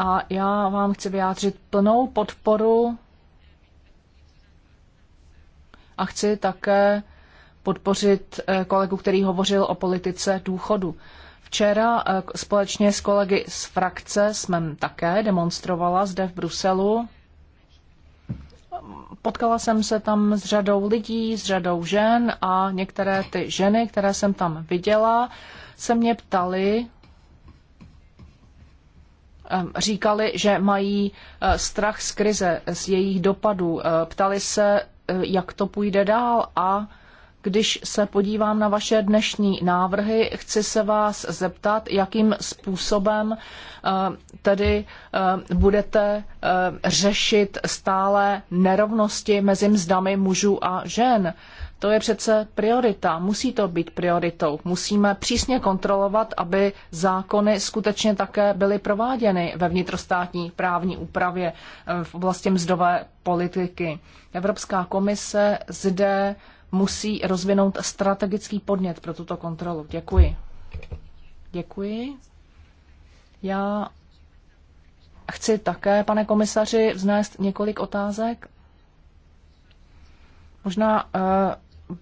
a já vám chci vyjádřit plnou podporu a chci také podpořit eh, kolegu, který hovořil o politice důchodu. Včera eh, společně s kolegy z frakce jsme také demonstrovala zde v Bruselu. Potkala jsem se tam s řadou lidí, s řadou žen a některé ty ženy, které jsem tam viděla, se mě ptali, Ehm, říkali, že mají eh, strach z krize, z jejich dopadů. Ehm, ptali se, eh, jak to půjde dál a když se podívám na vaše dnešní návrhy, chci se vás zeptat, jakým způsobem ehm, tedy budete řešit stále nerovnosti mezi mzdami mužů a žen. To je přece priorita, musí to být prioritou. Musíme přísně kontrolovat, aby zákony skutečně také byly prováděny ve vnitrostátní právní úpravě eh, v oblasti mzdové politiky. Evropská komise zde musí rozvinout strategický podnět pro tuto kontrolu. Děkuji. Děkuji. Já chci také, pane komisaři, vznést několik otázek. Možná uh,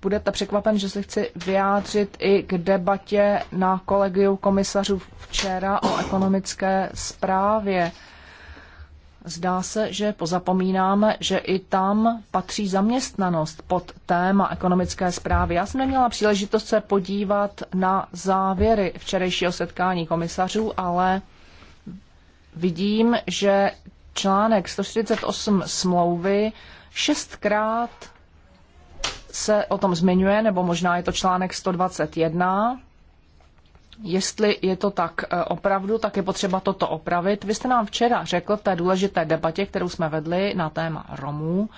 budete překvapen, že se chci vyjádřit i k debatě na kolegiu komisařů včera o ekonomické zprávě. Zdá se, že pozapomínáme, že i tam patří zaměstnanost pod téma ekonomické zprávy. Já jsem neměla příležitost se podívat na závěry včerejšího setkání komisařů, ale vidím, že článek 148 smlouvy šestkrát se o tom zmiňuje, nebo možná je to článek 121. Jestli je to tak eh, opravdu, tak je potřeba toto opravit. Vy jste nám včera řekl v té důležité debatě, kterou jsme vedli na téma Romů,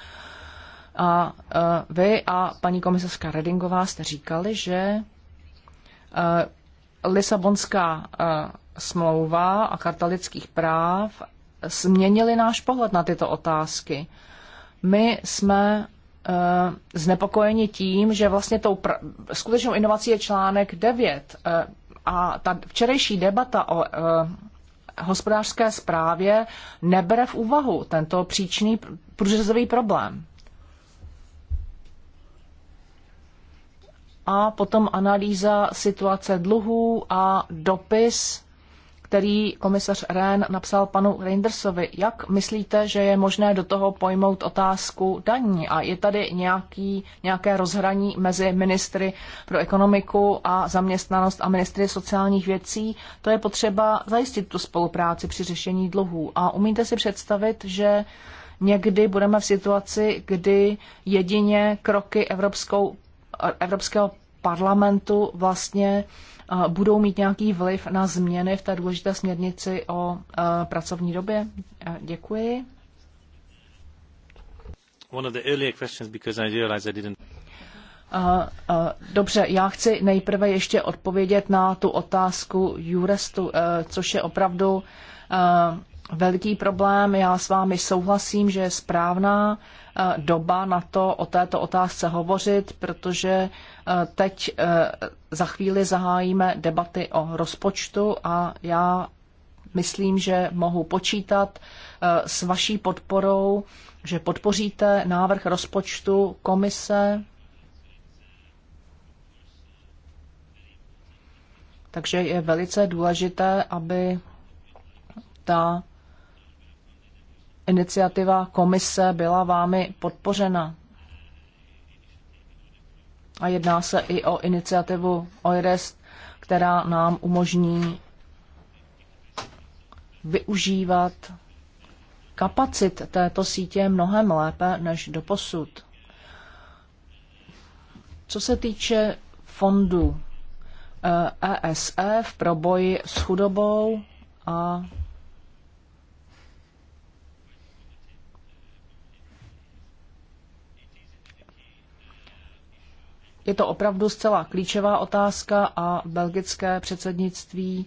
a eh, vy a paní komisařka Redingová jste říkali, že eh, Lisabonská smlouva a karta lidských práv změnili náš pohled na tyto otázky. My jsme Eh, znepokojeni tím, že vlastně tou skutečnou inovací je článek 9. Eh, a ta včerejší debata o eh, hospodářské zprávě nebere v úvahu tento příčný průřezový problém. A potom analýza situace dluhů a dopis který komisař Rehn napsal panu Reindersovi. Jak myslíte, že je možné do toho pojmout otázku daní? A je tady nějaký, nějaké rozhraní mezi ministry pro ekonomiku a zaměstnanost a ministry sociálních věcí? To je potřeba zajistit tu spolupráci při řešení dluhů. A umíte si představit, že někdy budeme v situaci, kdy jedině kroky Evropskou, Evropského parlamentu vlastně budou mít nějaký vliv na změny v té důležité směrnici o e, pracovní době? E, děkuji. One of the earlier questions because I realized I didn't e, Dobře, já chci nejprve ještě odpovědět na tu otázku Jurestu, což je opravdu Velký problém. Já s vámi souhlasím, že je správná eh, doba na to o této otázce hovořit, protože eh, teď eh, za chvíli zahájíme debaty o rozpočtu a já myslím, že mohu počítat s vaší podporou, že podpoříte návrh rozpočtu komise. Takže je velice důležité, aby ta iniciativa komise byla vámi podpořena. A jedná se i o iniciativu OIREST, která nám umožní využívat kapacit této sítě mnohem lépe než do posud. Co se týče fondu ESF eh, e pro boji s chudobou a je to opravdu zcela klíčová otázka a belgické předsednictví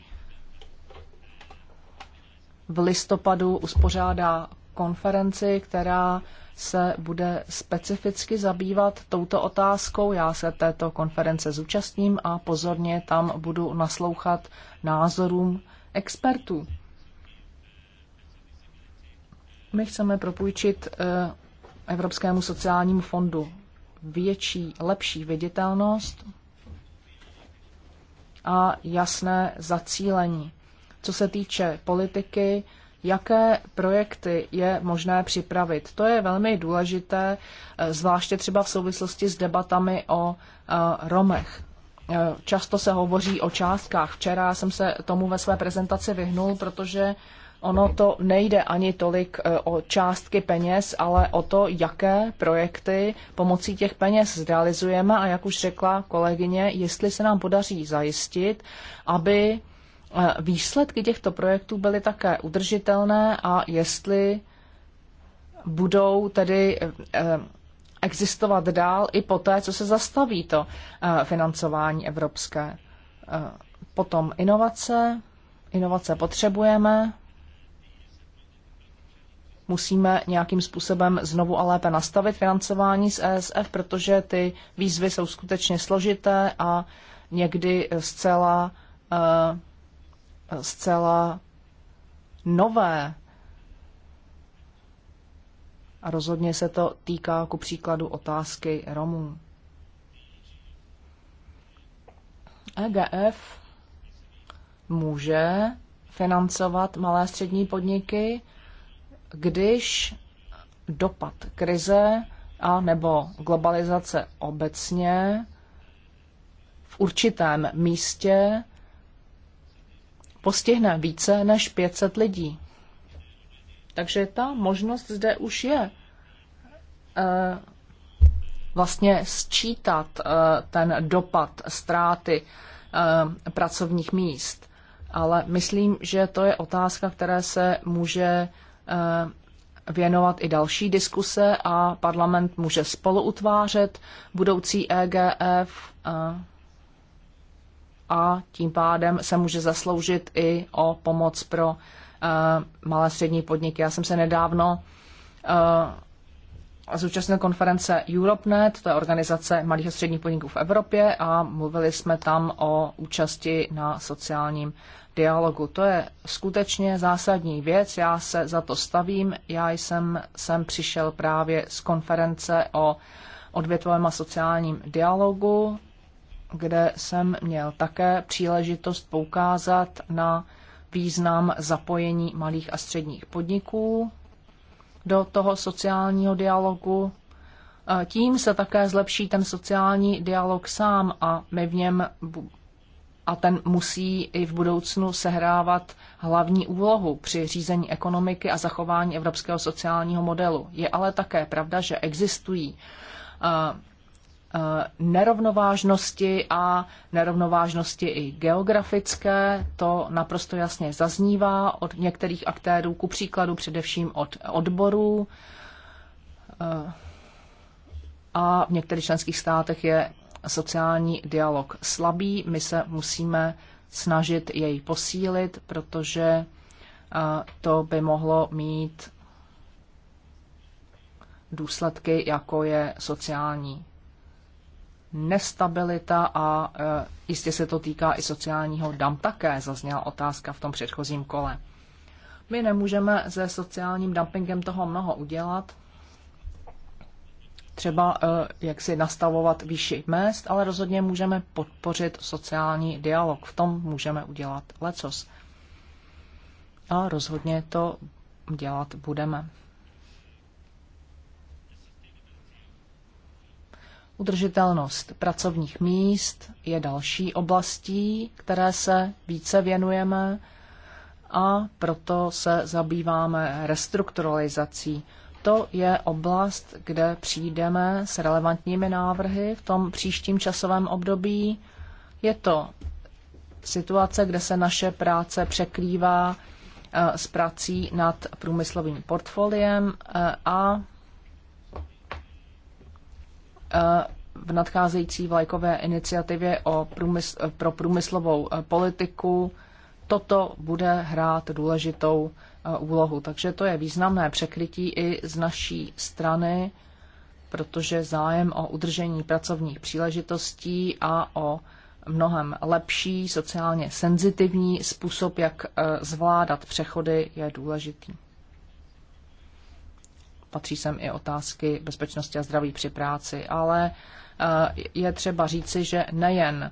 v listopadu uspořádá konferenci, která se bude specificky zabývat touto otázkou. Já se této konference zúčastním a pozorně tam budu naslouchat názorům expertů. My chceme propůjčit eh, Evropskému sociálnímu fondu větší, lepší viditelnost a jasné zacílení. Co se týče politiky, jaké projekty je možné připravit. To je velmi důležité, eh, zvláště třeba v souvislosti s debatami o eh, Romech. Eh, často se hovoří o částkách. Včera jsem se tomu ve své prezentaci vyhnul, protože Ono to nejde ani tolik eh, o částky peněz, ale o to, jaké projekty pomocí těch peněz zrealizujeme a jak už řekla kolegyně, jestli se nám podaří zajistit, aby eh, výsledky těchto projektů byly také udržitelné a jestli budou tedy eh, existovat dál i poté, co se zastaví to financování evropské. Potom inovace. Inovace potřebujeme, musíme nějakým způsobem znovu a lépe nastavit financování z ESF, protože ty výzvy jsou skutečně složité a někdy zcela, eh, zcela nové. A rozhodně se to týká ku příkladu otázky Romů. EGF může financovat malé střední podniky, když dopad krize a nebo globalizace obecně v určitém místě postihne více než 500 lidí. Takže ta možnost zde už je eh, vlastně sčítat eh, ten dopad ztráty eh, pracovních míst. Ale myslím, že to je otázka, které se může Eh, věnovat i další diskuse a parlament může spoluutvářet budoucí EGF eh, a tím pádem se může zasloužit i o pomoc pro eh, malé střední podniky. Já jsem se nedávno zúčastnil konference EuropeNet, to je organizace malých a středních podniků v Evropě a mluvili jsme tam o účasti na sociálním dialogu. To je skutečně zásadní věc, já se za to stavím. Já jsem sem přišel právě z konference o odvětvovém a sociálním dialogu, kde jsem měl také příležitost poukázat na význam zapojení malých a středních podniků do toho sociálního dialogu. Tím se také zlepší ten sociální dialog sám a my v něm a ten musí i v budoucnu sehrávat hlavní úlohu při řízení ekonomiky a zachování evropského sociálního modelu. Je ale také pravda, že existují eh, eh, nerovnovážnosti a nerovnovážnosti i geografické. To naprosto jasně zaznívá od některých aktérů, ku příkladu především od odborů. Eh, a v některých členských státech je sociální dialog slabý. My se musíme snažit jej posílit, protože to by mohlo mít důsledky, jako je sociální nestabilita a e, jistě se to týká i sociálního dam také, zazněla otázka v tom předchozím kole. My nemůžeme se sociálním dumpingem toho mnoho udělat, třeba eh, jak si nastavovat výši mest, ale rozhodně můžeme podpořit sociální dialog. V tom můžeme udělat lecos. A rozhodně to dělat budeme. Udržitelnost pracovních míst je další oblastí, které se více věnujeme a proto se zabýváme restrukturalizací to je oblast, kde přijdeme s relevantními návrhy v tom příštím časovém období. Je to situace, kde se naše práce překrývá eh, s prací nad průmyslovým portfoliem eh, a eh, v nadcházející vlajkové iniciativě o průmysl, pro průmyslovou politiku toto bude hrát důležitou Eh, úlohu. Takže to je významné překrytí i z naší strany, protože zájem o udržení pracovních příležitostí a o mnohem lepší, sociálně senzitivní způsob, jak eh, zvládat přechody, je důležitý. Patří sem i otázky bezpečnosti a zdraví při práci, ale eh, je třeba říci, že nejen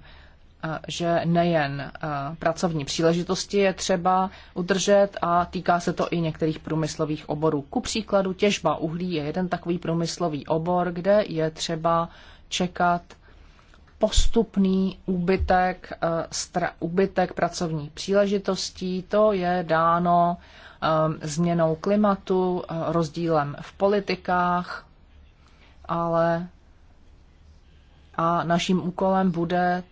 že nejen pracovní příležitosti je třeba udržet a týká se to i některých průmyslových oborů. Ku příkladu těžba uhlí je jeden takový průmyslový obor, kde je třeba čekat postupný úbytek, stra, úbytek pracovních příležitostí. To je dáno změnou klimatu, rozdílem v politikách, ale a naším úkolem bude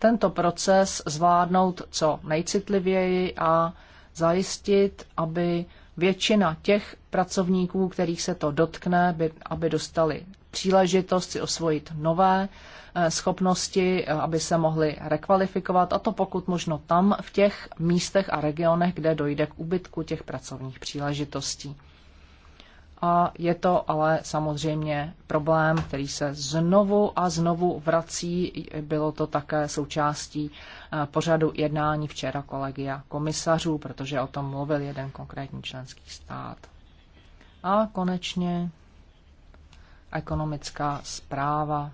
tento proces zvládnout co nejcitlivěji a zajistit, aby většina těch pracovníků, kterých se to dotkne, by, aby dostali příležitost si osvojit nové eh, schopnosti, eh, aby se mohli rekvalifikovat, a to pokud možno tam, v těch místech a regionech, kde dojde k ubytku těch pracovních příležitostí a je to ale samozřejmě problém, který se znovu a znovu vrací. Bylo to také součástí eh, pořadu jednání včera kolegia komisařů, protože o tom mluvil jeden konkrétní členský stát. A konečně ekonomická zpráva.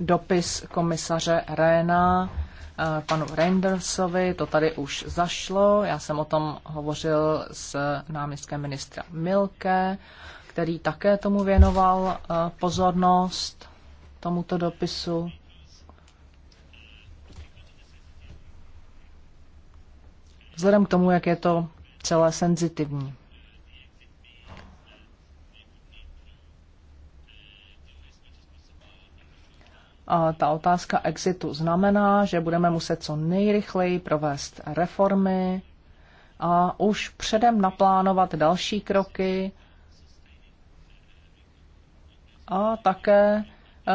Dopis komisaře Réna Eh, panu Reindersovi, to tady už zašlo, já jsem o tom hovořil s náměstkem ministra Milke, který také tomu věnoval eh, pozornost, tomuto dopisu. Vzhledem k tomu, jak je to celé senzitivní. ta otázka exitu znamená, že budeme muset co nejrychleji provést reformy a už předem naplánovat další kroky a také eh,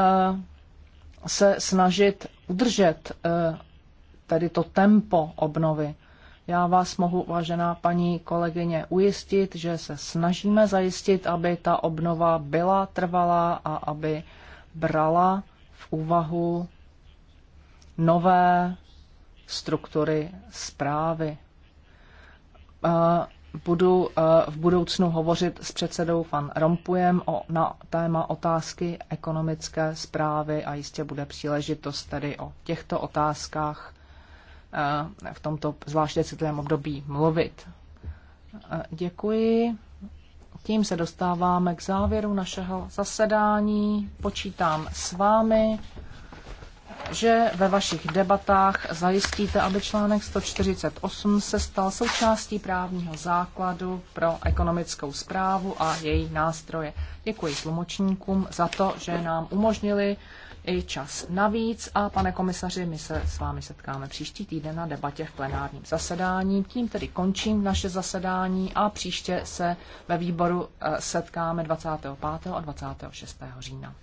se snažit udržet eh, tedy to tempo obnovy. Já vás mohu, vážená paní kolegyně, ujistit, že se snažíme zajistit, aby ta obnova byla trvalá a aby brala v úvahu nové struktury zprávy. Eh, budu eh, v budoucnu hovořit s předsedou Van Rompujem o, na téma otázky ekonomické zprávy a jistě bude příležitost tedy o těchto otázkách eh, v tomto zvláště citlivém období mluvit. Děkuji tím se dostáváme k závěru našeho zasedání. Počítám s vámi, že ve vašich debatách zajistíte, aby článek 148 se stal součástí právního základu pro ekonomickou zprávu a její nástroje. Děkuji tlumočníkům za to, že nám umožnili i čas navíc a pane komisaři, my se s vámi setkáme příští týden na debatě v plenárním zasedání. Tím tedy končím naše zasedání a příště se ve výboru eh, setkáme 25. a 26. října.